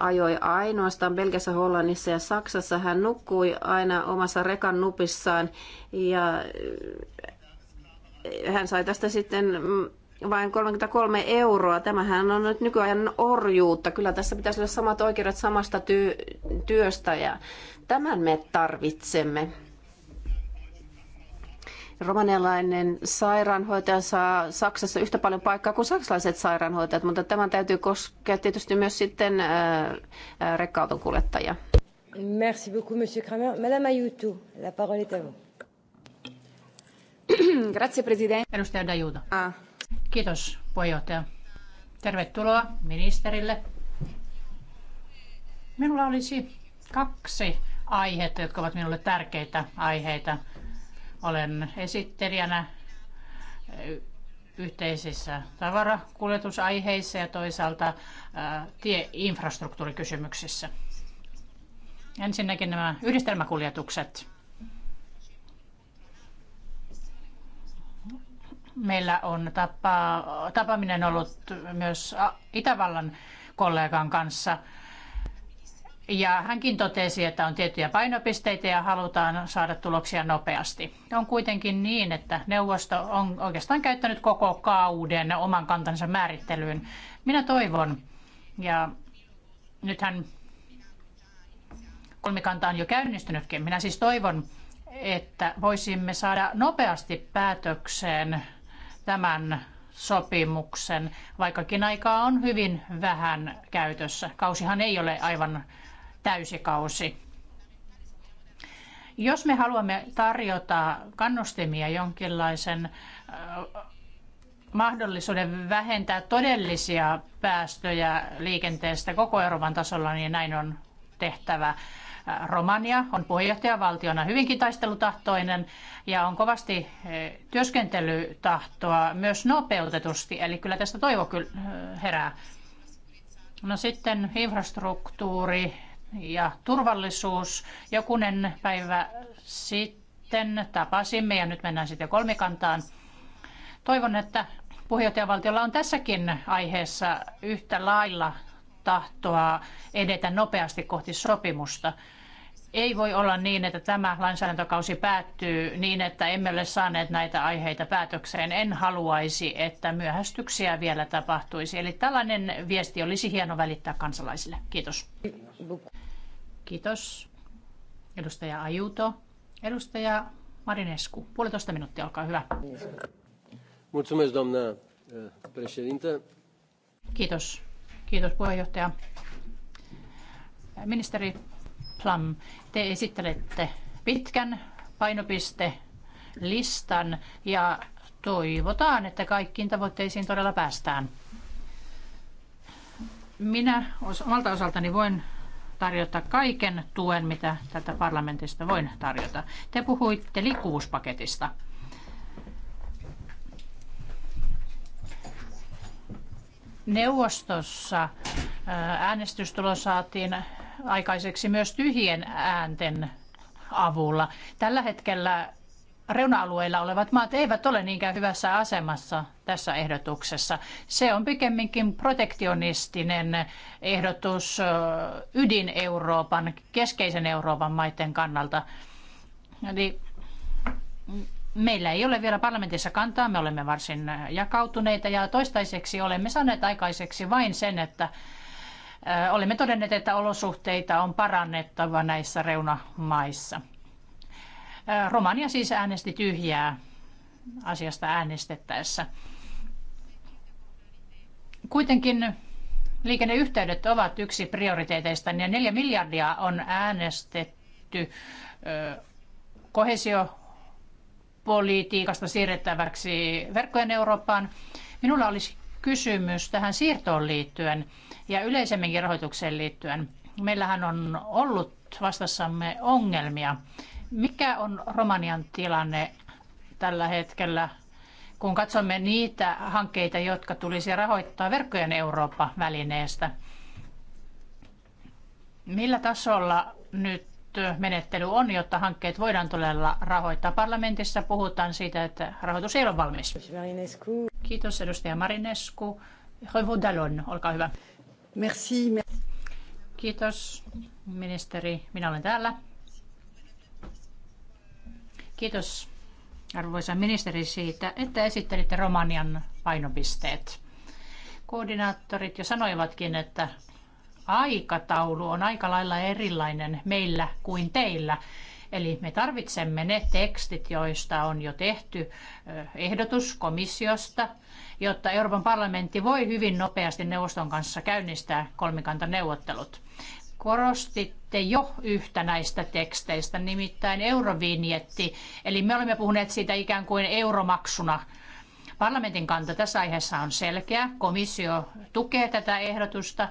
ajoi ainoastaan Belgiassa, Hollannissa ja Saksassa. Hän nukkui aina omassa rekan nupissaan ja äh, hän sai tästä sitten mm, vain 33 euroa. Tämähän on nyt nykyajan orjuutta. Kyllä tässä pitäisi olla samat oikeudet samasta ty- työstä ja tämän me tarvitsemme. Romanialainen sairaanhoitaja saa Saksassa yhtä paljon paikkaa kuin saksalaiset sairaanhoitajat, mutta tämän täytyy koskea tietysti myös sitten äh, äh, rekkauton ää, Merci beaucoup, monsieur Kramer. Madame Ayutu, la parole est à vous. Grazie, presidente. Edustaja Dajuta. Ah Kiitos puheenjohtaja. Tervetuloa ministerille. Minulla olisi kaksi aihetta, jotka ovat minulle tärkeitä aiheita. Olen esittelijänä eh, yhteisissä tavarakuljetusaiheissa ja toisaalta eh, tieinfrastruktuurikysymyksissä. Ensinnäkin nämä yhdistelmäkuljetukset. Meillä on tapa, tapaaminen ollut myös Itävallan kollegan kanssa. Ja hänkin totesi, että on tiettyjä painopisteitä ja halutaan saada tuloksia nopeasti. On kuitenkin niin, että neuvosto on oikeastaan käyttänyt koko kauden oman kantansa määrittelyyn. Minä toivon, ja nythän kolmikanta on jo käynnistynytkin, minä siis toivon, että voisimme saada nopeasti päätökseen tämän sopimuksen, vaikkakin aikaa on hyvin vähän käytössä. Kausihan ei ole aivan täysikausi. Jos me haluamme tarjota kannustimia jonkinlaisen mahdollisuuden vähentää todellisia päästöjä liikenteestä koko Euroopan tasolla, niin näin on tehtävä. Romania on puheenjohtajavaltiona hyvinkin taistelutahtoinen ja on kovasti eh, työskentelytahtoa myös nopeutetusti, eli kyllä tästä toivo kyllä eh, herää. No sitten infrastruktuuri ja turvallisuus. Jokunen päivä sitten tapasimme ja nyt mennään sitten kolmikantaan. Toivon, että puheenjohtajavaltiolla on tässäkin aiheessa yhtä lailla tahtoa edetä nopeasti kohti sopimusta. Ei voi olla niin, että tämä lainsäädäntökausi päättyy niin, että emme ole saaneet näitä aiheita päätökseen. En haluaisi, että myöhästyksiä vielä tapahtuisi. Eli tällainen viesti olisi hieno välittää kansalaisille. Kiitos. Kiitos. Edustaja Ajuto. Edustaja Marinescu. Puolitoista minuuttia, olkaa hyvä. Eh, Kiitos. Kiitos puheenjohtaja. Ministeri Plum, te esittelette pitkän painopiste-listan ja toivotaan, että kaikkiin tavoitteisiin todella päästään. Minä omalta osaltani voin tarjota kaiken tuen, mitä tätä parlamentista voin tarjota. Te puhuitte liikkuvuuspaketista. Neuvostossa äänestystulos saatiin aikaiseksi myös tyhjien äänten avulla. Tällä hetkellä reuna-alueilla olevat maat eivät ole niinkään hyvässä asemassa tässä ehdotuksessa. Se on pikemminkin protektionistinen ehdotus ydin-Euroopan, keskeisen Euroopan maiden kannalta. Eli meillä ei ole vielä parlamentissa kantaa, me olemme varsin jakautuneita ja toistaiseksi olemme saaneet aikaiseksi vain sen, että olemme todenneet, että olosuhteita on parannettava näissä reunamaissa. Romania siis äänesti tyhjää asiasta äänestettäessä. Kuitenkin liikenneyhteydet ovat yksi prioriteeteista ja neljä miljardia on äänestetty kohesiopolitiikasta siirrettäväksi verkkojen Eurooppaan. Minulla olisi kysymys tähän siirtoon liittyen ja yleisemminkin rahoitukseen liittyen. Meillähän on ollut vastassamme ongelmia. Mikä on Romanian tilanne tällä hetkellä, kun katsomme niitä hankkeita, jotka tulisi rahoittaa verkkojen Eurooppa-välineestä? Millä tasolla nyt menettely on, jotta hankkeet voidaan todella rahoittaa. Parlamentissa puhutaan siitä, että rahoitus ei ole valmis. Kiitos edustaja Marinescu. Revo Dallon, olkaa hyvä. Merci. Kiitos ministeri, minä olen täällä. Kiitos arvoisa ministeri siitä, että esittelitte Romanian painopisteet. Koordinaattorit jo sanoivatkin, että aikataulu on aika lailla erilainen meillä kuin teillä. Eli me tarvitsemme ne tekstit, joista on jo tehty ehdotus komissiosta, jotta Euroopan parlamentti voi hyvin nopeasti neuvoston kanssa käynnistää kolmikantaneuvottelut. Korostitte jo yhtä näistä teksteistä, nimittäin eurovinjetti. Eli me olemme puhuneet siitä ikään kuin euromaksuna. Parlamentin kanta tässä aiheessa on selkeä. Komissio tukee tätä ehdotusta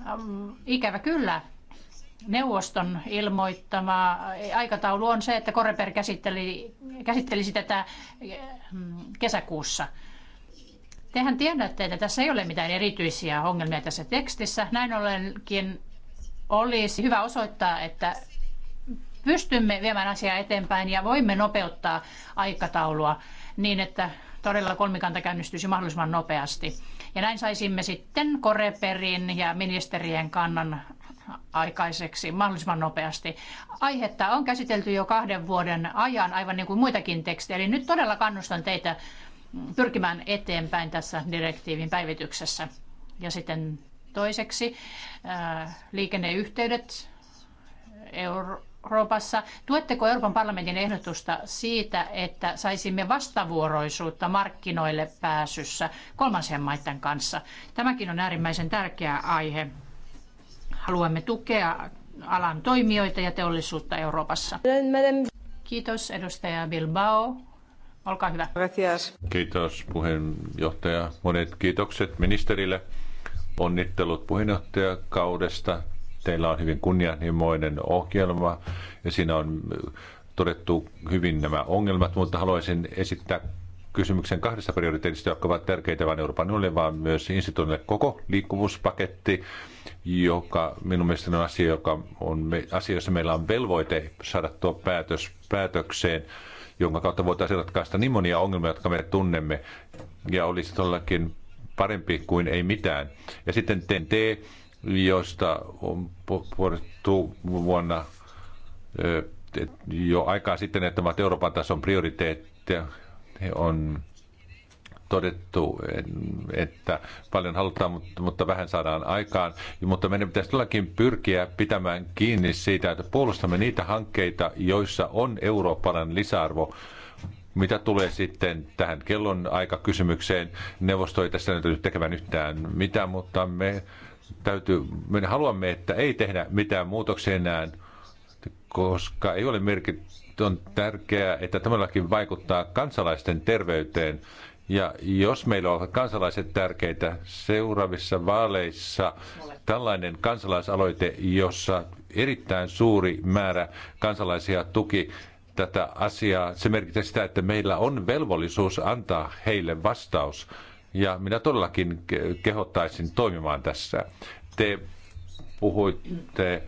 Ähm, ikävä kyllä neuvoston ilmoittama aikataulu on se, että Koreper käsitteli, käsittelisi tätä ähm, kesäkuussa. Tehän tiedätte, että tässä ei ole mitään erityisiä ongelmia tässä tekstissä. Näin ollenkin olisi hyvä osoittaa, että pystymme viemään asiaa eteenpäin ja voimme nopeuttaa aikataulua niin, että todella kolmikanta käynnistyisi mahdollisimman nopeasti. Ja näin saisimme sitten Koreperin ja ministerien kannan aikaiseksi mahdollisimman nopeasti. Aihetta on käsitelty jo kahden vuoden ajan, aivan niin kuin muitakin tekstejä. Eli nyt todella kannustan teitä pyrkimään eteenpäin tässä direktiivin päivityksessä. Ja sitten toiseksi äh, liikenneyhteydet Euro- Euroopassa. Tuetteko Euroopan parlamentin ehdotusta siitä, että saisimme vastavuoroisuutta markkinoille pääsyssä kolmansien maiden kanssa? Tämäkin on äärimmäisen tärkeä aihe. Haluamme tukea alan toimijoita ja teollisuutta Euroopassa. Kiitos edustaja Bilbao. Olkaa hyvä. Kiitos puheenjohtaja. Monet kiitokset ministerille. Onnittelut puheenjohtajakaudesta Teillä on hyvin kunnianhimoinen ohjelma ja siinä on todettu hyvin nämä ongelmat, mutta haluaisin esittää kysymyksen kahdesta prioriteetista, jotka ovat tärkeitä vain Euroopan unionille, vaan myös instituutille koko liikkuvuuspaketti, joka minun mielestäni on asia, joka on asia, jossa meillä on velvoite saada tuo päätös päätökseen, jonka kautta voitaisiin ratkaista niin monia ongelmia, jotka me tunnemme, ja olisi todellakin parempi kuin ei mitään. Ja sitten TNT, josta on puhuttu vuonna jo aikaa sitten, että ovat Euroopan tason prioriteetteja. On todettu, että paljon halutaan, mutta vähän saadaan aikaan. Mutta meidän pitäisi todellakin pyrkiä pitämään kiinni siitä, että puolustamme niitä hankkeita, joissa on eurooppalainen lisäarvo. Mitä tulee sitten tähän kellon aikakysymykseen, neuvosto ei tässä nyt tekemään yhtään mitään, mutta me täytyy, me haluamme, että ei tehdä mitään muutoksia enää, koska ei ole merkit, on tärkeää, että laki vaikuttaa kansalaisten terveyteen. Ja jos meillä on kansalaiset tärkeitä seuraavissa vaaleissa, tällainen kansalaisaloite, jossa erittäin suuri määrä kansalaisia tuki tätä asiaa, se merkitsee sitä, että meillä on velvollisuus antaa heille vastaus ja minä todellakin kehottaisin toimimaan tässä. Te puhuitte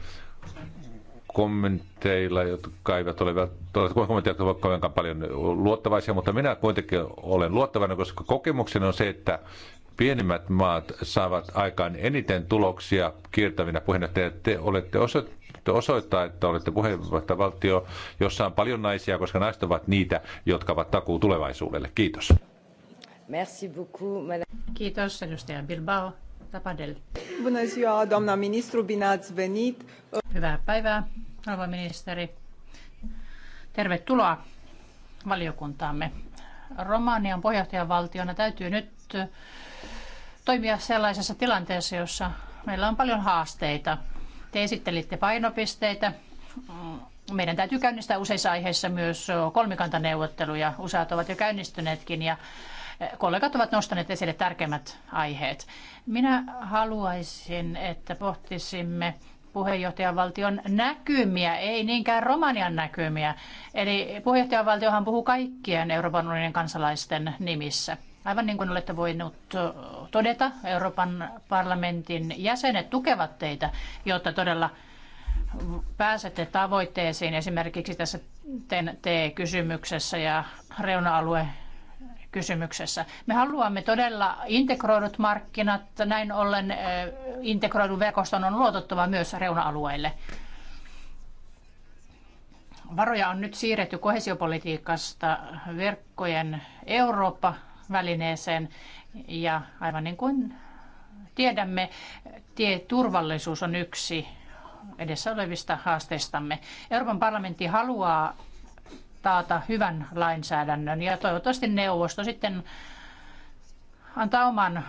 kommenteilla, jotka eivät ole kommentteja, jotka ovat kovinkaan paljon luottavaisia, mutta minä kuitenkin olen luottavainen, koska kokemukseni on se, että pienimmät maat saavat aikaan eniten tuloksia kiertävinä puheenjohtajina. Te olette osoitte osoittaa, että olette puheenjohtajavaltio, jossa on paljon naisia, koska naiset ovat niitä, jotka ovat takuu tulevaisuudelle. Kiitos. Merci beaucoup, madame. Kiitos, edustaja Bilbao. Tapadel. Bună ziua, doamna ministru, bine ați venit. Hyvää päivää, arvo ministeri. Tervetuloa valiokuntaamme. Romanian puheenjohtajavaltiona täytyy nyt toimia sellaisessa tilanteessa, jossa meillä on paljon haasteita. Te esittelitte painopisteitä. Meidän täytyy käynnistää useissa aiheissa myös kolmikantaneuvotteluja. Useat ovat jo käynnistyneetkin ja Kollegat ovat nostaneet esille tärkeimmät aiheet. Minä haluaisin, että pohtisimme puheenjohtajavaltion näkymiä, ei niinkään Romanian näkymiä. Eli puheenjohtajavaltiohan puhuu kaikkien Euroopan unionin kansalaisten nimissä. Aivan niin kuin olette voinut todeta, Euroopan parlamentin jäsenet tukevat teitä, jotta todella pääsette tavoitteisiin esimerkiksi tässä TE-kysymyksessä ja reuna-alue kysymyksessä. Me haluamme todella integroidut markkinat, näin ollen integroidun verkoston on luotottava myös reuna-alueille. Varoja on nyt siirretty kohesiopolitiikasta verkkojen Eurooppa-välineeseen ja aivan niin kuin tiedämme, tieturvallisuus on yksi edessä olevista haasteistamme. Euroopan parlamentti haluaa taata hyvän lainsäädännön. Ja toivottavasti neuvosto sitten antaa oman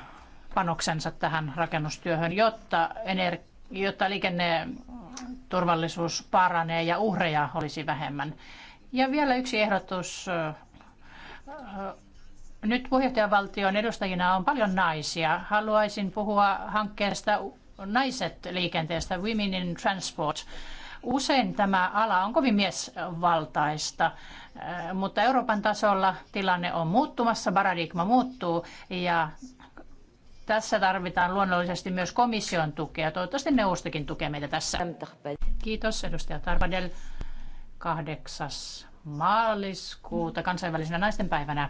panoksensa tähän rakennustyöhön, jotta, ener- jotta liikenneturvallisuus paranee ja uhreja olisi vähemmän. Ja vielä yksi ehdotus. Nyt puheenjohtajavaltion edustajina on paljon naisia. Haluaisin puhua hankkeesta Naiset liikenteestä, Women in Transport – Usein tämä ala on kovin miesvaltaista, eh, mutta Euroopan tasolla tilanne on muuttumassa, paradigma muuttuu ja tässä tarvitaan luonnollisesti myös komission tukea. Toivottavasti neuvostokin tukee meitä tässä. Kiitos edustaja Tarvadel. 8. maaliskuuta kansainvälisenä naistenpäivänä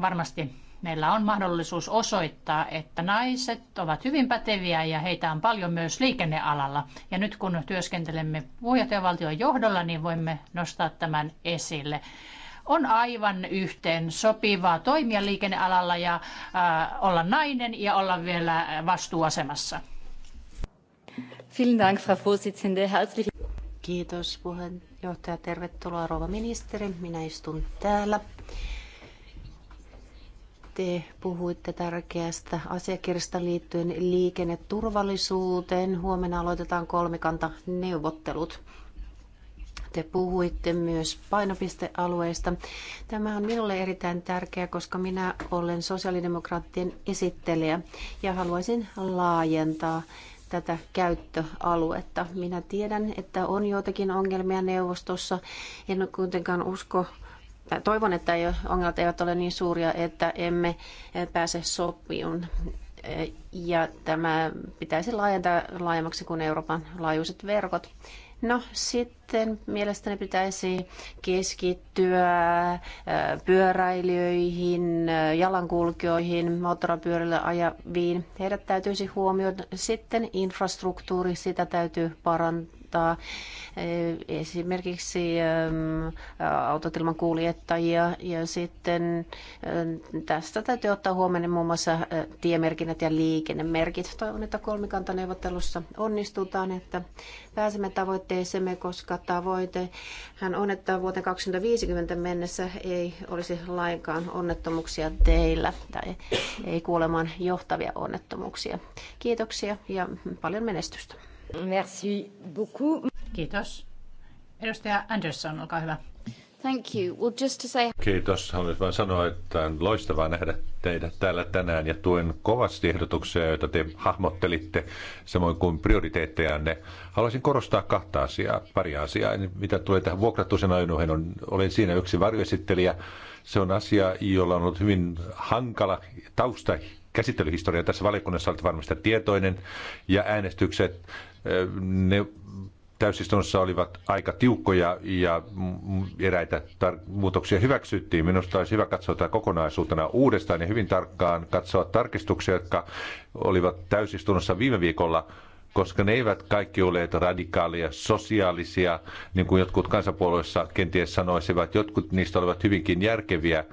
varmasti meillä on mahdollisuus osoittaa, että naiset ovat hyvin päteviä ja heitä on paljon myös liikennealalla. Ja nyt kun työskentelemme puheenjohtajavaltion johdolla, niin voimme nostaa tämän esille. On aivan yhteen sopivaa toimia liikennealalla ja äh, olla nainen ja olla vielä vastuuasemassa. Dank, Frau Vorsitzende. Herzlich. Kiitos puheenjohtaja. Tervetuloa rouva ministeri. Minä istun täällä te puhuitte tärkeästä asiakirjasta liittyen liikenneturvallisuuteen. Huomenna aloitetaan kolmikanta neuvottelut. Te puhuitte myös painopistealueista. Tämä on minulle erittäin tärkeää, koska minä olen sosiaalidemokraattien esittelijä ja haluaisin laajentaa tätä käyttöaluetta. Minä tiedän, että on joitakin ongelmia neuvostossa. En kuitenkaan usko, toivon, että ongelmat eivät ole niin suuria, että emme pääse sopiun. Ja tämä pitäisi laajentaa laajemmaksi kuin Euroopan laajuiset verkot. No sitten mielestäni pitäisi keskittyä pyöräilijöihin, jalankulkijoihin, moottoripyörillä ajaviin. Heidät täytyisi huomioida. Sitten infrastruktuuri, sitä täytyy parantaa auttaa eh, esimerkiksi autotilman kuljettajia ja sitten tästä täytyy ottaa huomioon muun muassa tiemerkinnät ja liikennemerkit. Toivon, että kolmikantaneuvottelussa onnistutaan, että pääsemme tavoitteeseemme, koska tavoite hän on, että vuoteen 2050 mennessä ei olisi lainkaan onnettomuuksia teillä tai ei kuolemaan johtavia onnettomuuksia. Kiitoksia ja paljon menestystä. Merci beaucoup. Kiitos. Edustaja Anderson, olkaa hyvä. Thank you. Well, just to say... Kiitos. Haluaisin vain sanoa, että on loistavaa nähdä teidät täällä tänään ja tuen kovasti ehdotuksia, joita te hahmottelitte, samoin kuin prioriteettejanne. Haluaisin korostaa kahta asiaa, pari asiaa. Mitä tulee tähän vuokratusen ajoneuvoihin, olen siinä yksi varjoesittelijä. Se on asia, jolla on ollut hyvin hankala tausta käsittelyhistoria. Tässä valiokunnassa olet varmasti tietoinen ja äänestykset ne täysistunnossa olivat aika tiukkoja ja eräitä tar- muutoksia hyväksyttiin. Minusta olisi hyvä katsoa tämä kokonaisuutena uudestaan ja hyvin tarkkaan katsoa tarkistuksia, jotka olivat täysistunnossa viime viikolla, koska ne eivät kaikki olleet radikaalia, sosiaalisia, niin kuin jotkut kansanpuolueissa kenties sanoisivat. Jotkut niistä olivat hyvinkin järkeviä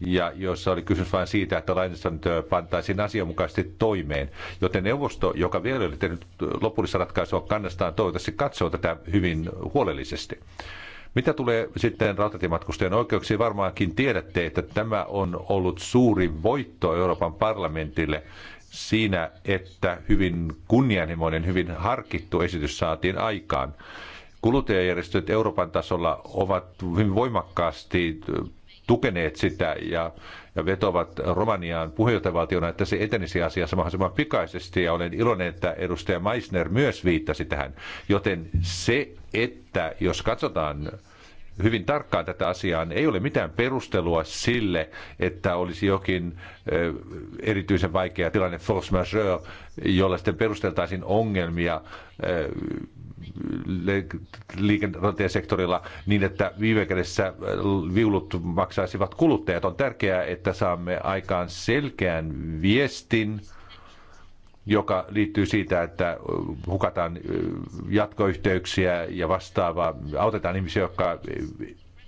ja jossa oli kysymys vain siitä, että lainsäädäntö pantaisiin asianmukaisesti toimeen. Joten neuvosto, joka vielä oli tehnyt lopullista ratkaisua kannastaan, toivottavasti katsoo tätä hyvin huolellisesti. Mitä tulee sitten rautatiematkustajien oikeuksiin, varmaankin tiedätte, että tämä on ollut suuri voitto Euroopan parlamentille siinä, että hyvin kunnianhimoinen, hyvin harkittu esitys saatiin aikaan kuluttajajärjestöt Euroopan tasolla ovat hyvin voimakkaasti tukeneet sitä ja, ja vetovat Romaniaan puheenjohtajavaltiona, että se etenisi asiassa mahdollisimman pikaisesti. Ja olen iloinen, että edustaja Meissner myös viittasi tähän. Joten se, että jos katsotaan hyvin tarkkaan tätä asiaa, niin ei ole mitään perustelua sille, että olisi jokin erityisen vaikea tilanne force majeure, jolla sitten perusteltaisiin ongelmia liikenteen sektorilla niin, että viime kädessä äh, viulut maksaisivat kuluttajat. On tärkeää, että saamme aikaan selkeän viestin, joka liittyy siitä, että äh, hukataan äh, jatkoyhteyksiä ja vastaavaa. Autetaan ihmisiä, jotka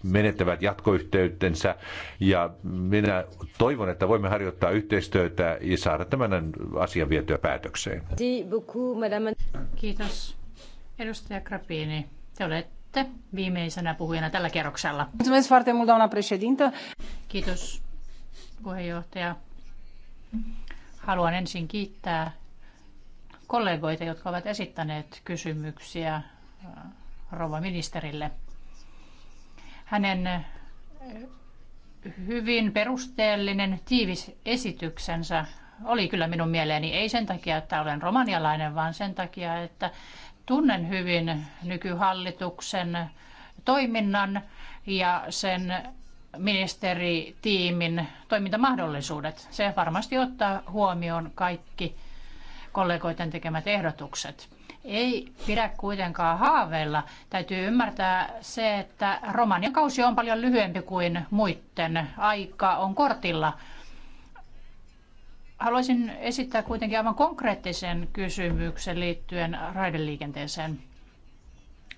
menettävät jatkoyhteytensä. Ja minä toivon, että voimme harjoittaa yhteistyötä ja saada tämän asian vietyä päätökseen. Kiitos. Edustaja Krapini, te olette viimeisenä puhujana tällä kerroksella. Kiitos, puheenjohtaja. Haluan ensin kiittää kollegoita, jotka ovat esittäneet kysymyksiä äh, rouva ministerille. Hänen äh, hyvin perusteellinen, tiivis esityksensä oli kyllä minun mieleeni. Ei sen takia, että olen romanialainen, vaan sen takia, että Tunnen hyvin nykyhallituksen toiminnan ja sen ministeritiimin toimintamahdollisuudet. Se varmasti ottaa huomioon kaikki kollegoiden tekemät ehdotukset. Ei pidä kuitenkaan haaveilla. Täytyy ymmärtää se, että Romanian kausi on paljon lyhyempi kuin muiden. Aika on kortilla Haluaisin esittää kuitenkin aivan konkreettisen kysymyksen liittyen raideliikenteeseen.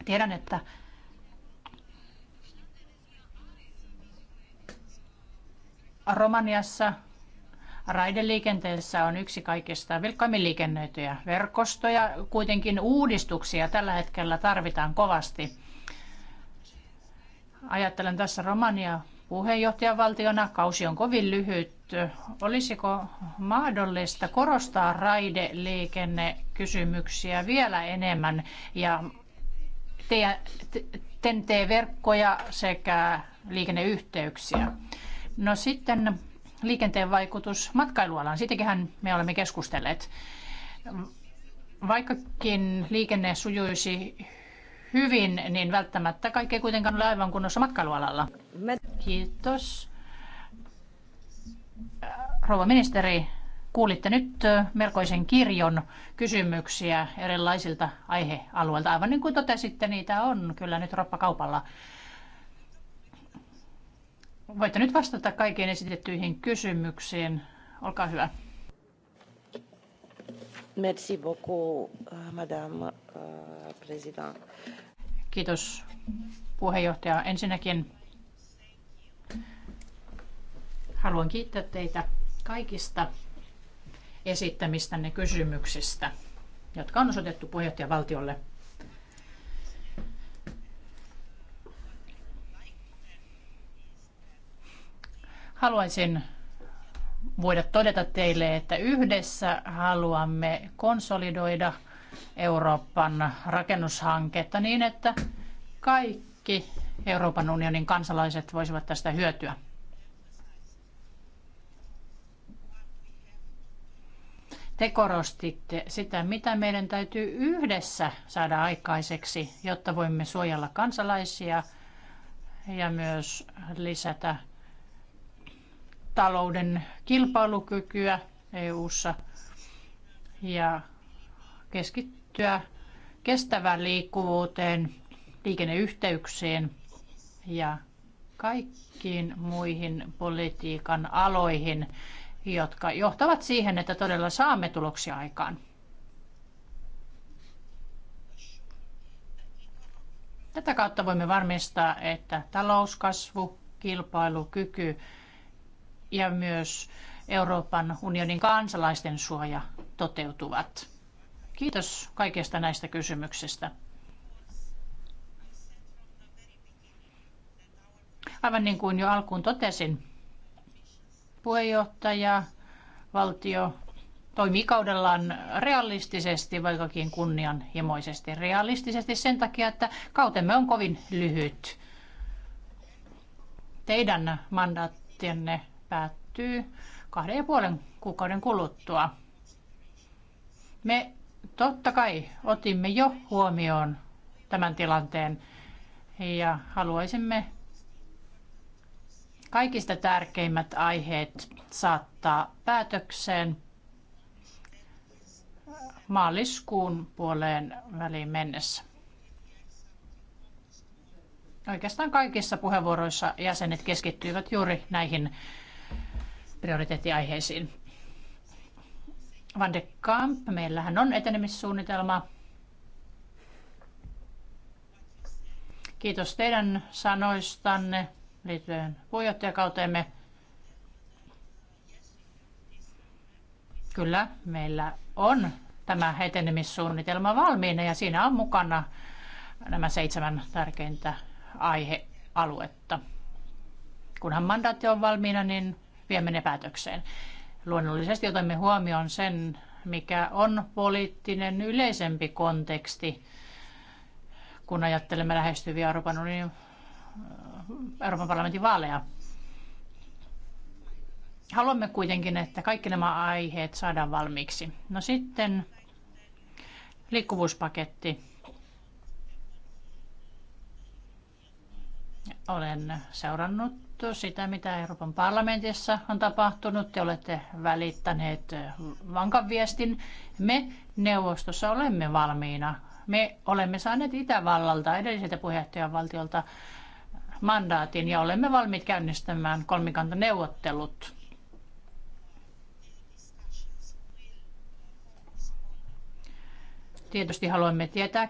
Tiedän, että Romaniassa raideliikenteessä on yksi kaikista vilkkaimmin liikennöityjä verkostoja. Kuitenkin uudistuksia tällä hetkellä tarvitaan kovasti. Ajattelen tässä Romania puheenjohtajavaltiona. Kausi on kovin lyhyt. Olisiko mahdollista korostaa raideliikennekysymyksiä vielä enemmän ja TNT-verkkoja sekä liikenneyhteyksiä? No sitten liikenteen vaikutus matkailualaan. Siitäkin me olemme keskustelleet. Vaikkakin liikenne sujuisi hyvin, niin välttämättä kaikki ei kuitenkaan ole aivan kunnossa matkailualalla. Kiitos. Rouva ministeri, kuulitte nyt melkoisen kirjon kysymyksiä erilaisilta aihealueilta. Aivan niin kuin totesitte, niitä on kyllä nyt roppakaupalla. Voitte nyt vastata kaikkiin esitettyihin kysymyksiin. Olkaa hyvä. Merci beaucoup, euh, madame euh, president. Kiitos puheenjohtaja. Ensinnäkin haluan kiittää teitä kaikista esittämistänne kysymyksistä, jotka on osoitettu puheenjohtajavaltiolle. Haluaisin voida todeta teille, että yhdessä haluamme konsolidoida Euroopan rakennushanketta niin, että kaikki Euroopan unionin kansalaiset voisivat tästä hyötyä. Te korostitte sitä, mitä meidän täytyy yhdessä saada aikaiseksi, jotta voimme suojella kansalaisia ja myös lisätä talouden kilpailukykyä EU:ssa ja keskittyä kestävään liikkuvuuteen, liikenneyhteyksiin ja kaikkiin muihin politiikan aloihin, jotka johtavat siihen, että todella saamme tuloksia aikaan. Tätä kautta voimme varmistaa, että talouskasvu, kilpailukyky ja myös Euroopan unionin kansalaisten suoja toteutuvat. Kiitos kaikista näistä kysymyksistä. Aivan niin kuin jo alkuun totesin, puheenjohtaja, valtio toimii kaudellaan realistisesti, vaikkakin kunnianhimoisesti realistisesti sen takia, että kautemme on kovin lyhyt. Teidän mandaattienne päättyy kahden ja puolen kuukauden kuluttua. Me totta kai otimme jo huomioon tämän tilanteen ja haluaisimme kaikista tärkeimmät aiheet saattaa päätökseen maaliskuun puoleen väliin mennessä. Oikeastaan kaikissa puheenvuoroissa jäsenet keskittyivät juuri näihin prioriteettiaiheisiin. Van de Kamp, meillähän on etenemissuunnitelma. Kiitos teidän sanoistanne liittyen puheenjohtajakauteemme. Kyllä, meillä on tämä etenemissuunnitelma valmiina ja siinä on mukana nämä seitsemän tärkeintä aihealuetta. Kunhan mandaatti on valmiina, niin viemme ne päätökseen. Luonnollisesti otamme huomioon sen, mikä on poliittinen yleisempi konteksti, kun ajattelemme lähestyviä Euroopan unionin Euroopan parlamentin vaaleja. Haluamme kuitenkin, että kaikki nämä aiheet saadaan valmiiksi. No sitten liikkuvuuspaketti. Olen seurannut seurattu sitä, mitä Euroopan parlamentissa on tapahtunut. Te olette välittäneet vankan viestin. Me neuvostossa olemme valmiina. Me olemme saaneet Itävallalta, edelliseltä puheenjohtajavaltiolta, mandaatin ja olemme valmiit käynnistämään kolmikantaneuvottelut. Tietysti haluamme tietää,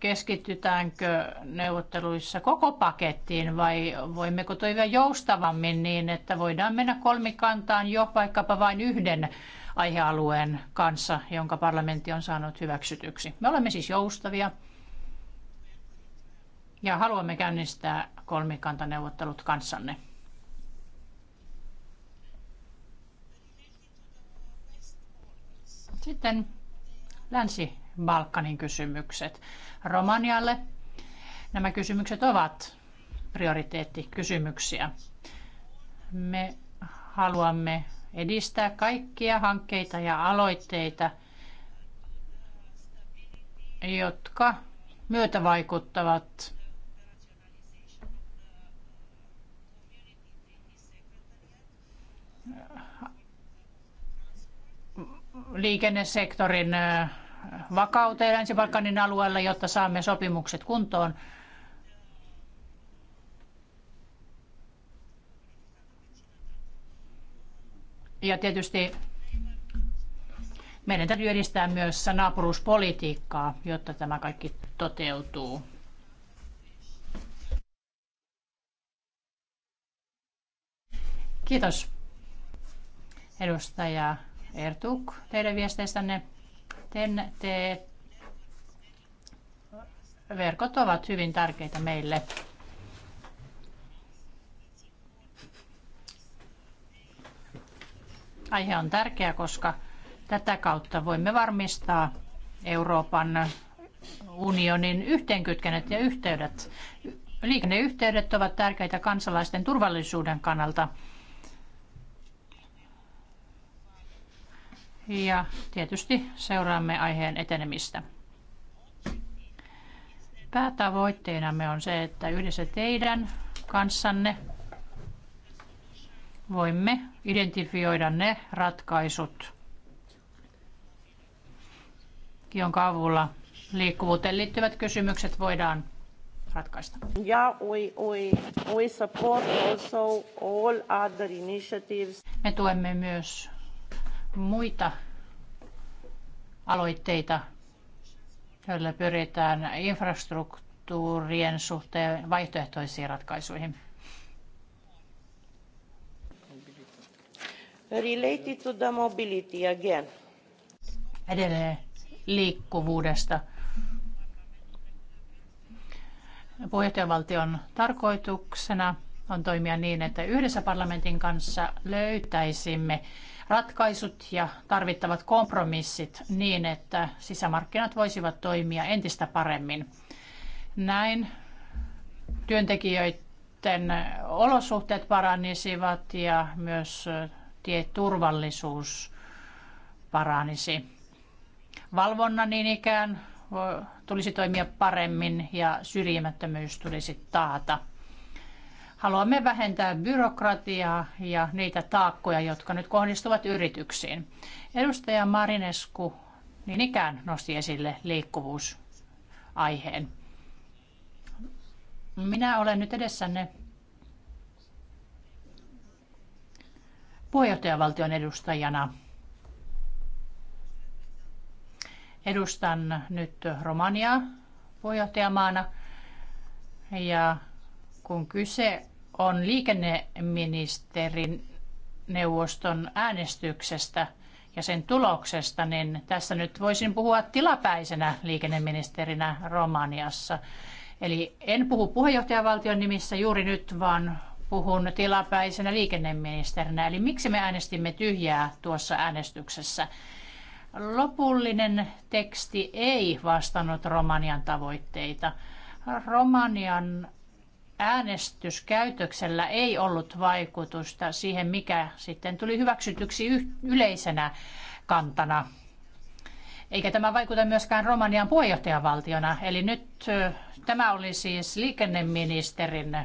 keskitytäänkö neuvotteluissa koko pakettiin vai voimmeko toimia joustavammin niin, että voidaan mennä kolmikantaan jo vaikkapa vain yhden aihealueen kanssa, jonka parlamentti on saanut hyväksytyksi. Me olemme siis joustavia ja haluamme käynnistää kolmikantaneuvottelut kanssanne. Sitten Länsi Balkanin kysymykset. Romanialle nämä kysymykset ovat prioriteettikysymyksiä. Me haluamme edistää kaikkia hankkeita ja aloitteita, jotka myötävaikuttavat liikennesektorin vakauteen Länsi-Balkanin alueella, jotta saamme sopimukset kuntoon. Ja tietysti meidän täytyy edistää myös naapuruuspolitiikkaa, jotta tämä kaikki toteutuu. Kiitos edustaja Ertuk teidän viesteistänne sitten te verkot ovat hyvin tärkeitä meille. Aihe on tärkeä, koska tätä kautta voimme varmistaa Euroopan unionin yhteenkytkenet ja yhteydet. Liikenneyhteydet ovat tärkeitä kansalaisten turvallisuuden kannalta. ja tietysti seuraamme aiheen etenemistä. Päätavoitteenamme on se, että yhdessä teidän kanssanne voimme identifioida ne ratkaisut, jonka avulla liikkuvuuteen liittyvät kysymykset voidaan ratkaista. Me tuemme myös muita aloitteita, joilla pyritään infrastruktuurien suhteen vaihtoehtoisiin ratkaisuihin. Related to the mobility again. Edelleen liikkuvuudesta. Puheenjohtajavaltion tarkoituksena on toimia niin, että yhdessä parlamentin kanssa löytäisimme ratkaisut ja tarvittavat kompromissit niin, että sisämarkkinat voisivat toimia entistä paremmin. Näin työntekijöiden olosuhteet paranisivat ja myös tieturvallisuus paranisi. Valvonnan niin ikään tulisi toimia paremmin ja syrjimättömyys tulisi taata. Haluamme vähentää byrokratiaa ja niitä taakkoja, jotka nyt kohdistuvat yrityksiin. Edustaja Marinesku niin ikään nosti esille liikkuvuusaiheen. Minä olen nyt edessänne puheenjohtajavaltion edustajana. Edustan nyt Romaniaa puheenjohtajamaana ja kun kyse on liikenneministerin neuvoston äänestyksestä ja sen tuloksesta, niin tässä nyt voisin puhua tilapäisenä liikenneministerinä Romaniassa. Eli en puhu puheenjohtajavaltion nimissä juuri nyt, vaan puhun tilapäisenä liikenneministerinä. Eli miksi me äänestimme tyhjää tuossa äänestyksessä? Lopullinen teksti ei vastannut Romanian tavoitteita. Romanian äänestyskäytöksellä ei ollut vaikutusta siihen, mikä sitten tuli hyväksytyksi yleisenä kantana. Eikä tämä vaikuta myöskään Romanian puheenjohtajavaltiona. Eli nyt tämä oli siis liikenneministerin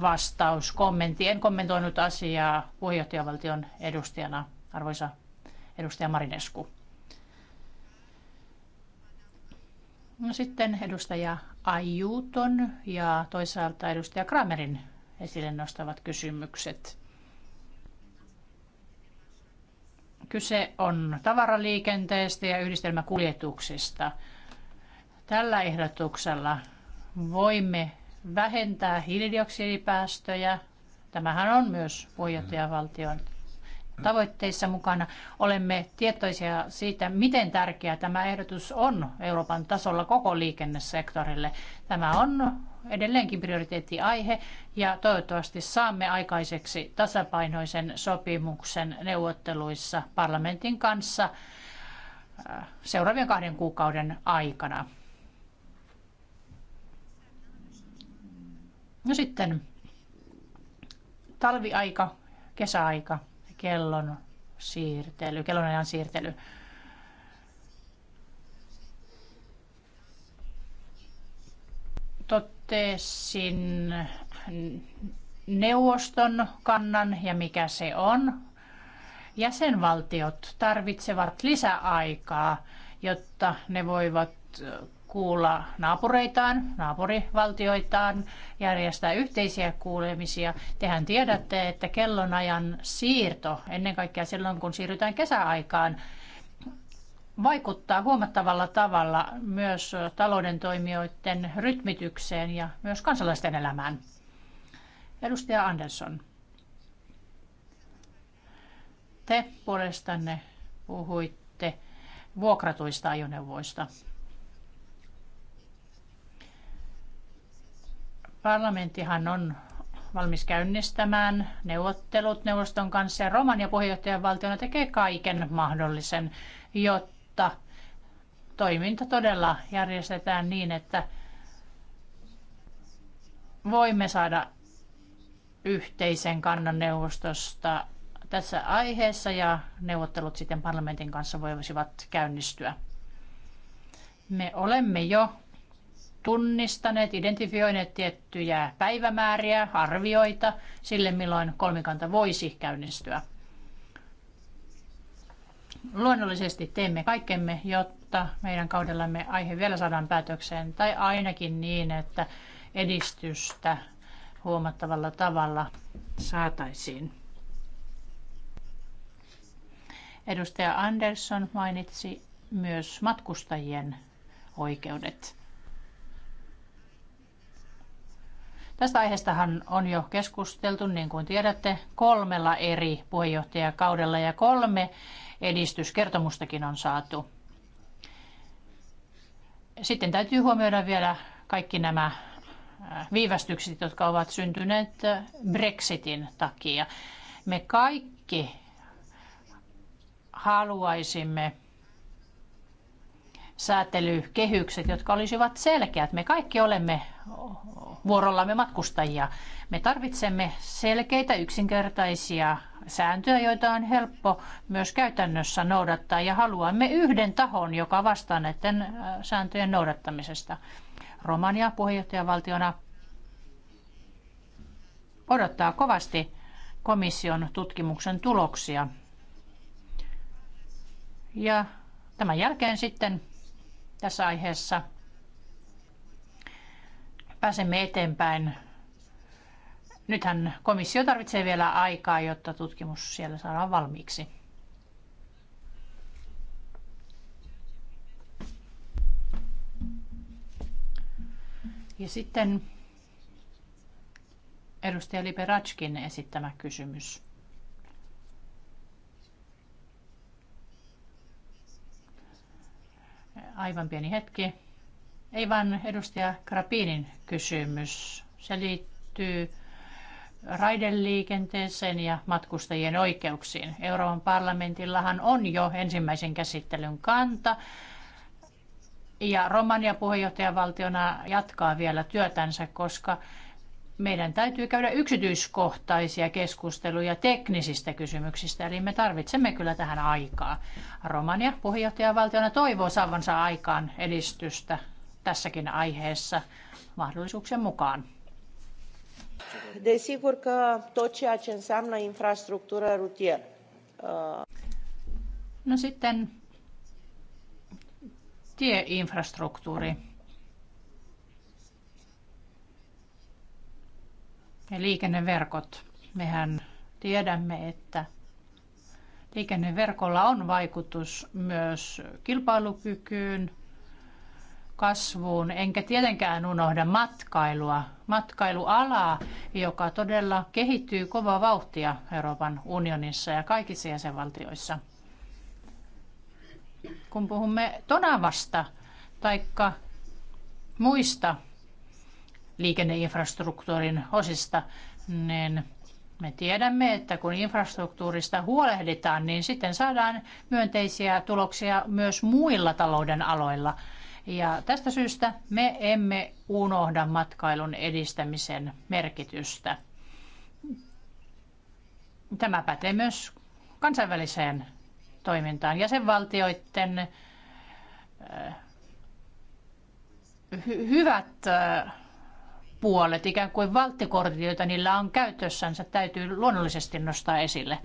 vastaus, kommentti. En kommentoinut asiaa puheenjohtajavaltion edustajana, arvoisa edustaja Marinesku. No sitten edustaja Ajuton ja toisaalta edustaja Kramerin esille nostavat kysymykset. Kyse on tavaraliikenteestä ja yhdistelmäkuljetuksista. Tällä ehdotuksella voimme vähentää hiilidioksidipäästöjä. Tämähän on myös puheenjohtajavaltion tavoitteissa mukana. Olemme tietoisia siitä, miten tärkeä tämä ehdotus on Euroopan tasolla koko liikennesektorille. Tämä on edelleenkin prioriteettiaihe ja toivottavasti saamme aikaiseksi tasapainoisen sopimuksen neuvotteluissa parlamentin kanssa äh, seuraavien kahden kuukauden aikana. No sitten talviaika, kesäaika – kellon siirtely, ajan siirtely. Totesin neuvoston kannan ja mikä se on. Jäsenvaltiot tarvitsevat lisäaikaa, jotta ne voivat kuulla naapureitaan, naapurivaltioitaan, järjestää yhteisiä kuulemisia. Tehän tiedätte, että kellonajan siirto, ennen kaikkea silloin kun siirrytään kesäaikaan, vaikuttaa huomattavalla tavalla myös talouden toimijoiden rytmitykseen ja myös kansalaisten elämään. Edustaja Andersson, te puolestanne puhuitte vuokratuista ajoneuvoista. Parlamenttihan on valmis käynnistämään neuvottelut neuvoston kanssa ja Romania valtiona tekee kaiken mahdollisen, jotta toiminta todella järjestetään niin, että voimme saada yhteisen kannan neuvostosta tässä aiheessa ja neuvottelut sitten parlamentin kanssa voisivat käynnistyä. Me olemme jo tunnistaneet, identifioineet tiettyjä päivämääriä, arvioita sille, milloin kolmikanta voisi käynnistyä. Luonnollisesti teemme kaikkemme, jotta meidän kaudellamme aihe vielä saadaan päätökseen, tai ainakin niin, että edistystä huomattavalla tavalla saataisiin. Edustaja Andersson mainitsi myös matkustajien oikeudet. Tästä aiheestahan on jo keskusteltu, niin kuin tiedätte, kolmella eri puheenjohtajakaudella ja kolme edistyskertomustakin on saatu. Sitten täytyy huomioida vielä kaikki nämä äh, viivästykset, jotka ovat syntyneet äh, Brexitin takia. Me kaikki haluaisimme säätelykehykset, jotka olisivat selkeät. Me kaikki olemme vuorollamme matkustajia. Me tarvitsemme selkeitä, yksinkertaisia sääntöjä, joita on helppo myös käytännössä noudattaa ja haluamme yhden tahon, joka vastaa näiden äh, sääntöjen noudattamisesta. Romania puheenjohtajavaltiona odottaa kovasti komission tutkimuksen tuloksia. Ja tämän jälkeen sitten tässä aiheessa pääsemme eteenpäin. Nythän komissio tarvitsee vielä aikaa, jotta tutkimus siellä saadaan valmiiksi. Ja sitten edustaja Liberatskin esittämä kysymys. Aivan pieni hetki. Ei vaan edustaja Krapinin kysymys. Se liittyy raideliikenteeseen ja matkustajien oikeuksiin. Euroopan parlamentillahan on jo ensimmäisen käsittelyn kanta. Ja Romania puheenjohtajavaltiona jatkaa vielä työtänsä, koska meidän täytyy käydä yksityiskohtaisia keskusteluja teknisistä kysymyksistä, eli me tarvitsemme kyllä tähän aikaa. Romania puheenjohtajavaltiona toivoo saavansa aikaan edistystä tässäkin aiheessa mahdollisuuksien mukaan. Desigur că tot ceea ce înseamnă infrastructură rutieră. Uh. No sitten tieinfrastruktuuri ja liikenneverkot. Mehän tiedämme, että liikenneverkolla on vaikutus myös kilpailukykyyn, kasvuun, enkä tietenkään unohda matkailua. Matkailualaa, joka todella kehittyy kovaa vauhtia Euroopan unionissa ja kaikissa jäsenvaltioissa. Kun puhumme Tonavasta tai muista liikenneinfrastruktuurin osista, niin me tiedämme, että kun infrastruktuurista huolehditaan, niin sitten saadaan myönteisiä tuloksia myös muilla talouden aloilla – ja tästä syystä me emme unohda matkailun edistämisen merkitystä. Tämä pätee myös kansainväliseen toimintaan. Jäsenvaltioiden hy- hyvät puolet, ikään kuin valttikortit, joita niillä on käytössänsä, täytyy luonnollisesti nostaa esille.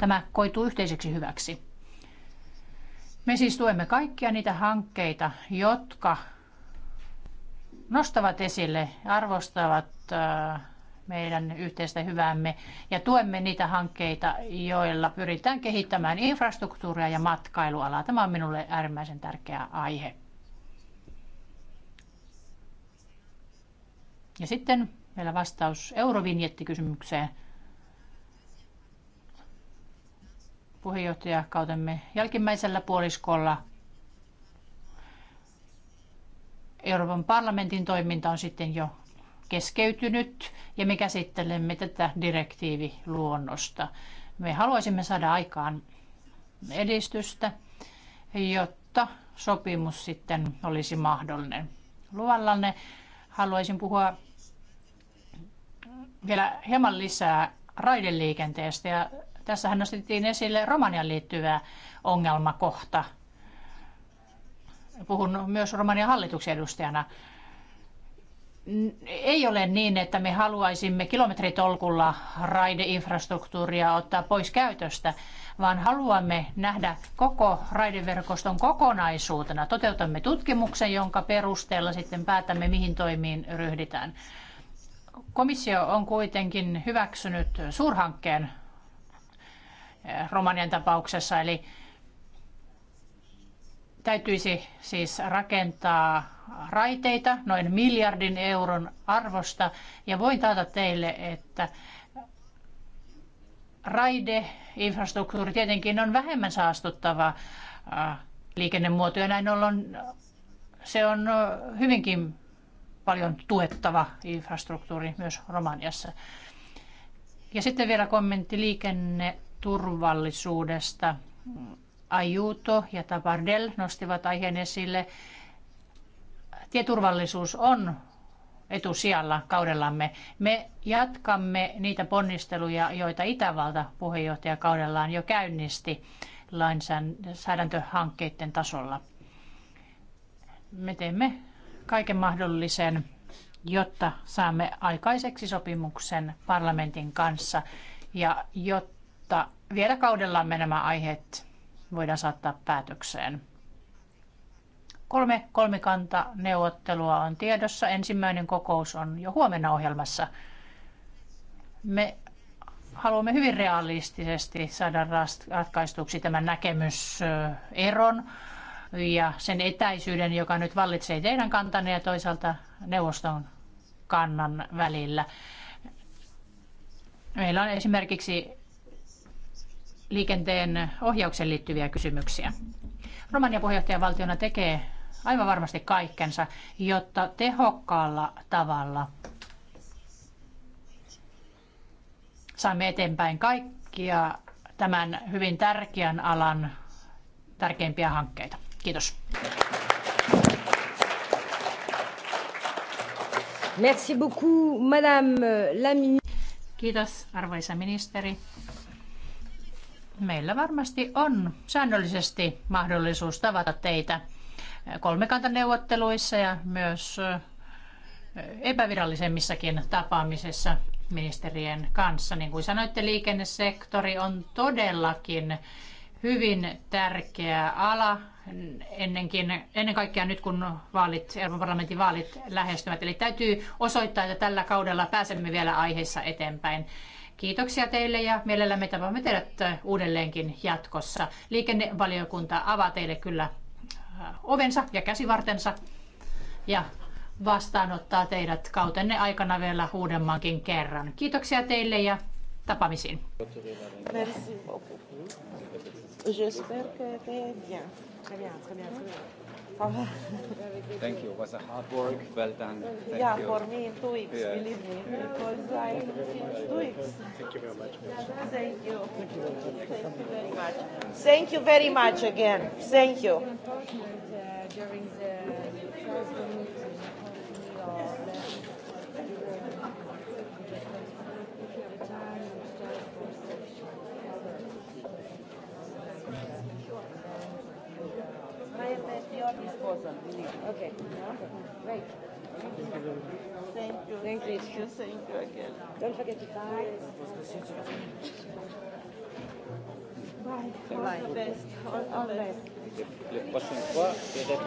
Tämä koituu yhteiseksi hyväksi. Me siis tuemme kaikkia niitä hankkeita, jotka nostavat esille, arvostavat äh, meidän yhteistä hyväämme ja tuemme niitä hankkeita, joilla pyritään kehittämään infrastruktuuria ja matkailualaa. Tämä on minulle äärimmäisen tärkeä aihe. Ja sitten vielä vastaus Eurovinjettikysymykseen. kysymykseen puheenjohtajakautemme jälkimmäisellä puoliskolla Euroopan parlamentin toiminta on sitten jo keskeytynyt ja me käsittelemme tätä direktiiviluonnosta. Me haluaisimme saada aikaan edistystä, jotta sopimus sitten olisi mahdollinen. Luvallanne haluaisin puhua vielä hieman lisää raideliikenteestä ja Tässähän nostettiin esille Romanian liittyvä ongelmakohta. Puhun myös Romanian hallituksen edustajana. Ei ole niin, että me haluaisimme kilometritolkulla raideinfrastruktuuria ottaa pois käytöstä, vaan haluamme nähdä koko raideverkoston kokonaisuutena. Toteutamme tutkimuksen, jonka perusteella sitten päätämme, mihin toimiin ryhdytään. Komissio on kuitenkin hyväksynyt suurhankkeen Eh, Romanian tapauksessa. Eli täytyisi siis rakentaa raiteita noin miljardin euron arvosta. Ja voin taata teille, että raideinfrastruktuuri tietenkin on vähemmän saastuttava eh, liikennemuoto ja näin ollen eh, se on hyvinkin paljon tuettava infrastruktuuri myös Romaniassa. Ja sitten vielä kommentti liikenne turvallisuudesta. Ajuto ja Tabardel nostivat aiheen esille. Tieturvallisuus on etusijalla kaudellamme. Me jatkamme niitä ponnisteluja, joita Itävalta puheenjohtajakaudellaan jo käynnisti lainsäädäntöhankkeiden tasolla. Me teemme kaiken mahdollisen, jotta saamme aikaiseksi sopimuksen parlamentin kanssa ja jotta mutta vielä kaudellamme nämä aiheet voidaan saattaa päätökseen. Kolme kolmikanta neuvottelua on tiedossa. Ensimmäinen kokous on jo huomenna ohjelmassa. Me haluamme hyvin realistisesti saada ratkaistuksi tämän näkemyseron ja sen etäisyyden, joka nyt vallitsee teidän kantanne ja toisaalta neuvoston kannan välillä. Meillä on esimerkiksi liikenteen ohjaukseen liittyviä kysymyksiä. Romania puheenjohtajavaltiona tekee aivan varmasti kaikkensa, jotta tehokkaalla tavalla saamme eteenpäin kaikkia tämän hyvin tärkeän alan tärkeimpiä hankkeita. Kiitos. Merci beaucoup, Madame la Kiitos, arvoisa ministeri meillä varmasti on säännöllisesti mahdollisuus tavata teitä kolmikantaneuvotteluissa ja myös eh, epävirallisemmissakin tapaamisissa ministerien kanssa. Niin kuin sanoitte, liikennesektori on todellakin hyvin tärkeä ala ennenkin, ennen kaikkea nyt kun vaalit, Euroopan parlamentin vaalit lähestyvät. Eli täytyy osoittaa, että tällä kaudella pääsemme vielä aiheessa eteenpäin. Kiitoksia teille ja mielellämme tapaamme teidät äh, uudelleenkin jatkossa. Liikennevaliokunta avaa teille kyllä äh, ovensa ja käsivartensa ja vastaanottaa teidät kautenne aikana vielä uudemmankin kerran. Kiitoksia teille ja tapaamisiin. Merci beaucoup. J'espère que bien. Très bien, très bien, très bien. Thank you. It was a hard work. Well done. Thank yeah, you. for me in two weeks, yeah. believe me. Yeah. Because I finished two weeks. Thank you very much. Thank you. Thank you very much. Thank you very much again. Thank you. me.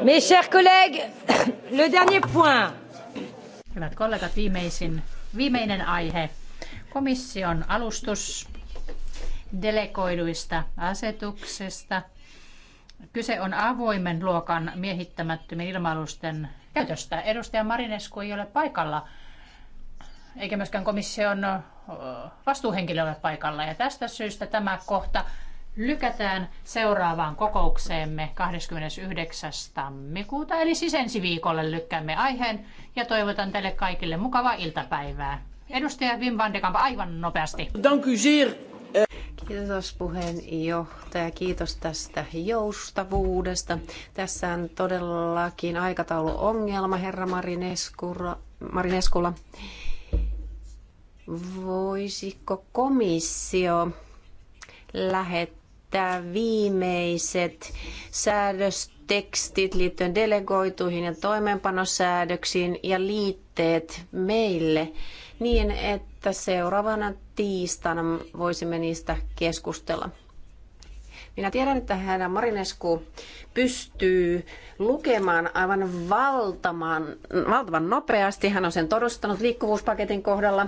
Mes chers collègues, le dernier point. Hyvät kollegat, viimeisin, viimeinen aihe. Komission alustus delegoiduista asetuksesta – Kyse on avoimen luokan miehittämättömien ilmailusten käytöstä. Edustaja Marinesku ei ole paikalla, eikä myöskään komission vastuuhenkilö ole paikalla. Ja tästä syystä tämä kohta lykätään seuraavaan kokoukseemme 29. tammikuuta, eli siis ensi viikolle lykkäämme aiheen ja toivotan teille kaikille mukavaa iltapäivää. Edustaja Wim van de Kamp, aivan nopeasti. Dank u zeer. Kiitos puheenjohtaja, kiitos tästä joustavuudesta. Tässä on todellakin aikatauluongelma herra Marineskulla. Voisiko komissio lähettää viimeiset säädöstekstit liittyen delegoituihin ja toimeenpanosäädöksiin ja liitteet meille niin, että seuraavana tiistaina voisimme niistä keskustella. Minä tiedän, että herra Marinesku pystyy lukemaan aivan valtavan, valtavan nopeasti. Hän on sen todistanut liikkuvuuspaketin kohdalla.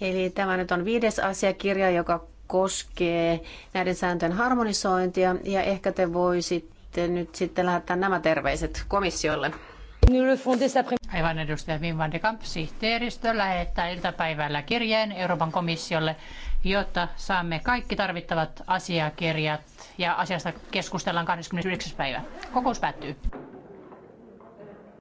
Eli tämä nyt on viides asiakirja, joka koskee näiden sääntöjen harmonisointia. Ja ehkä te voisitte nyt sitten lähettää nämä terveiset komissiolle. Aivan edustaja Wim van de Kamp sihteeristö lähettää iltapäivällä kirjeen Euroopan komissiolle, jotta saamme kaikki tarvittavat asiakirjat ja asiasta keskustellaan 29. päivä. Kokous päättyy.